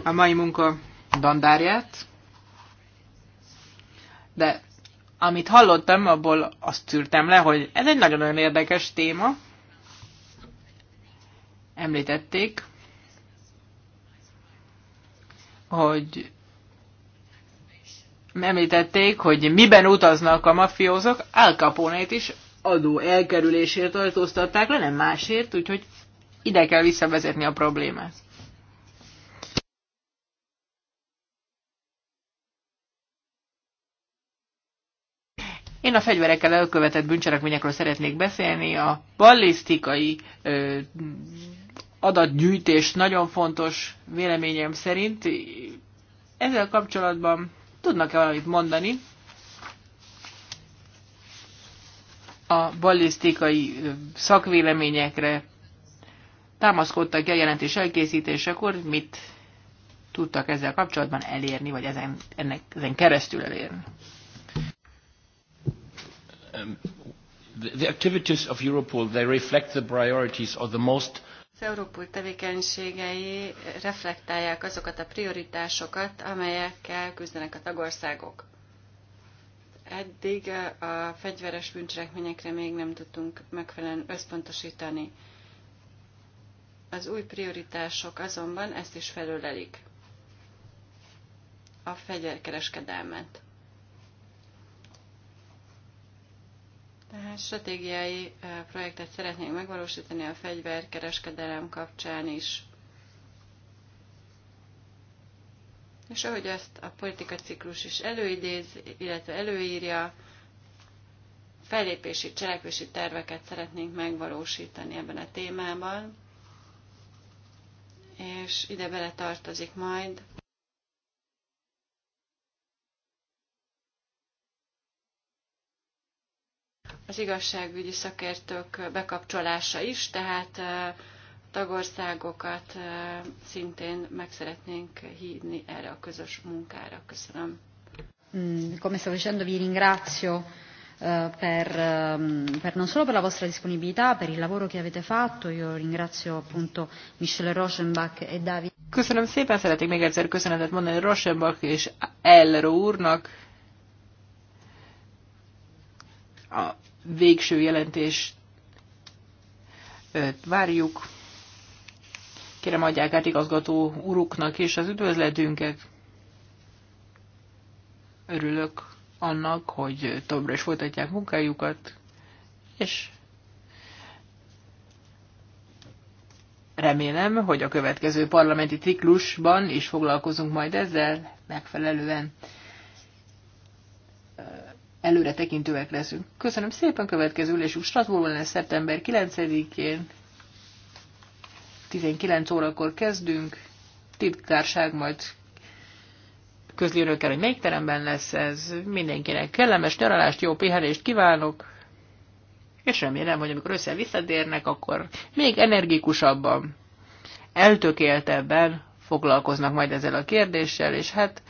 A mai munka dandárját. De amit hallottam, abból azt tűrtem le, hogy ez egy nagyon-nagyon érdekes téma. Említették hogy említették, hogy miben utaznak a mafiózok, Al Capone-t is adó elkerülésért tartóztatták le, nem másért, úgyhogy ide kell visszavezetni a problémát. Én a fegyverekkel elkövetett bűncselekményekről szeretnék beszélni, a ballisztikai ö, adatgyűjtés nagyon fontos véleményem szerint. Ezzel kapcsolatban tudnak-e valamit mondani? A ballisztikai szakvéleményekre támaszkodtak a jelentés elkészítésekor, mit tudtak ezzel kapcsolatban elérni, vagy ezen, ennek, ezen keresztül elérni? Um, the activities of Europol, they reflect the priorities of the most az Európul tevékenységei reflektálják azokat a prioritásokat, amelyekkel küzdenek a tagországok. Eddig a fegyveres bűncselekményekre még nem tudtunk megfelelően összpontosítani. Az új prioritások azonban ezt is felölelik a fegyverkereskedelmet. Tehát stratégiai projektet szeretnénk megvalósítani a fegyverkereskedelem kapcsán is. És ahogy ezt a ciklus is előidéz, illetve előírja, fellépési, cselekvési terveket szeretnénk megvalósítani ebben a témában, és ide bele tartozik majd az igazságügyi szakértők bekapcsolása is, tehát tagországokat szintén meg szeretnénk hívni erre a közös munkára. Köszönöm. Mm, come stavo dicendo, vi ringrazio eh, per, ehm, per non solo per la vostra disponibilità, per il lavoro che avete fatto. Io ringrazio appunto Michel Rosenbach e David. Köszönöm szépen, szeretnék még egyszer köszönetet mondani Rosenbach és Eller úrnak, a végső jelentést várjuk. Kérem adják át igazgató uruknak és az üdvözletünket. Örülök annak, hogy továbbra is folytatják munkájukat, és remélem, hogy a következő parlamenti ciklusban is foglalkozunk majd ezzel megfelelően előre tekintőek leszünk. Köszönöm szépen, következő ülésünk Strasbourgban lesz szeptember 9-én. 19 órakor kezdünk, titkárság majd közli önökkel, hogy melyik teremben lesz ez. Mindenkinek kellemes nyaralást, jó pihenést kívánok, és remélem, hogy amikor össze visszatérnek, akkor még energikusabban, eltökéltebben foglalkoznak majd ezzel a kérdéssel, és hát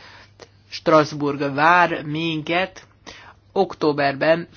Strasbourg vár minket, októberben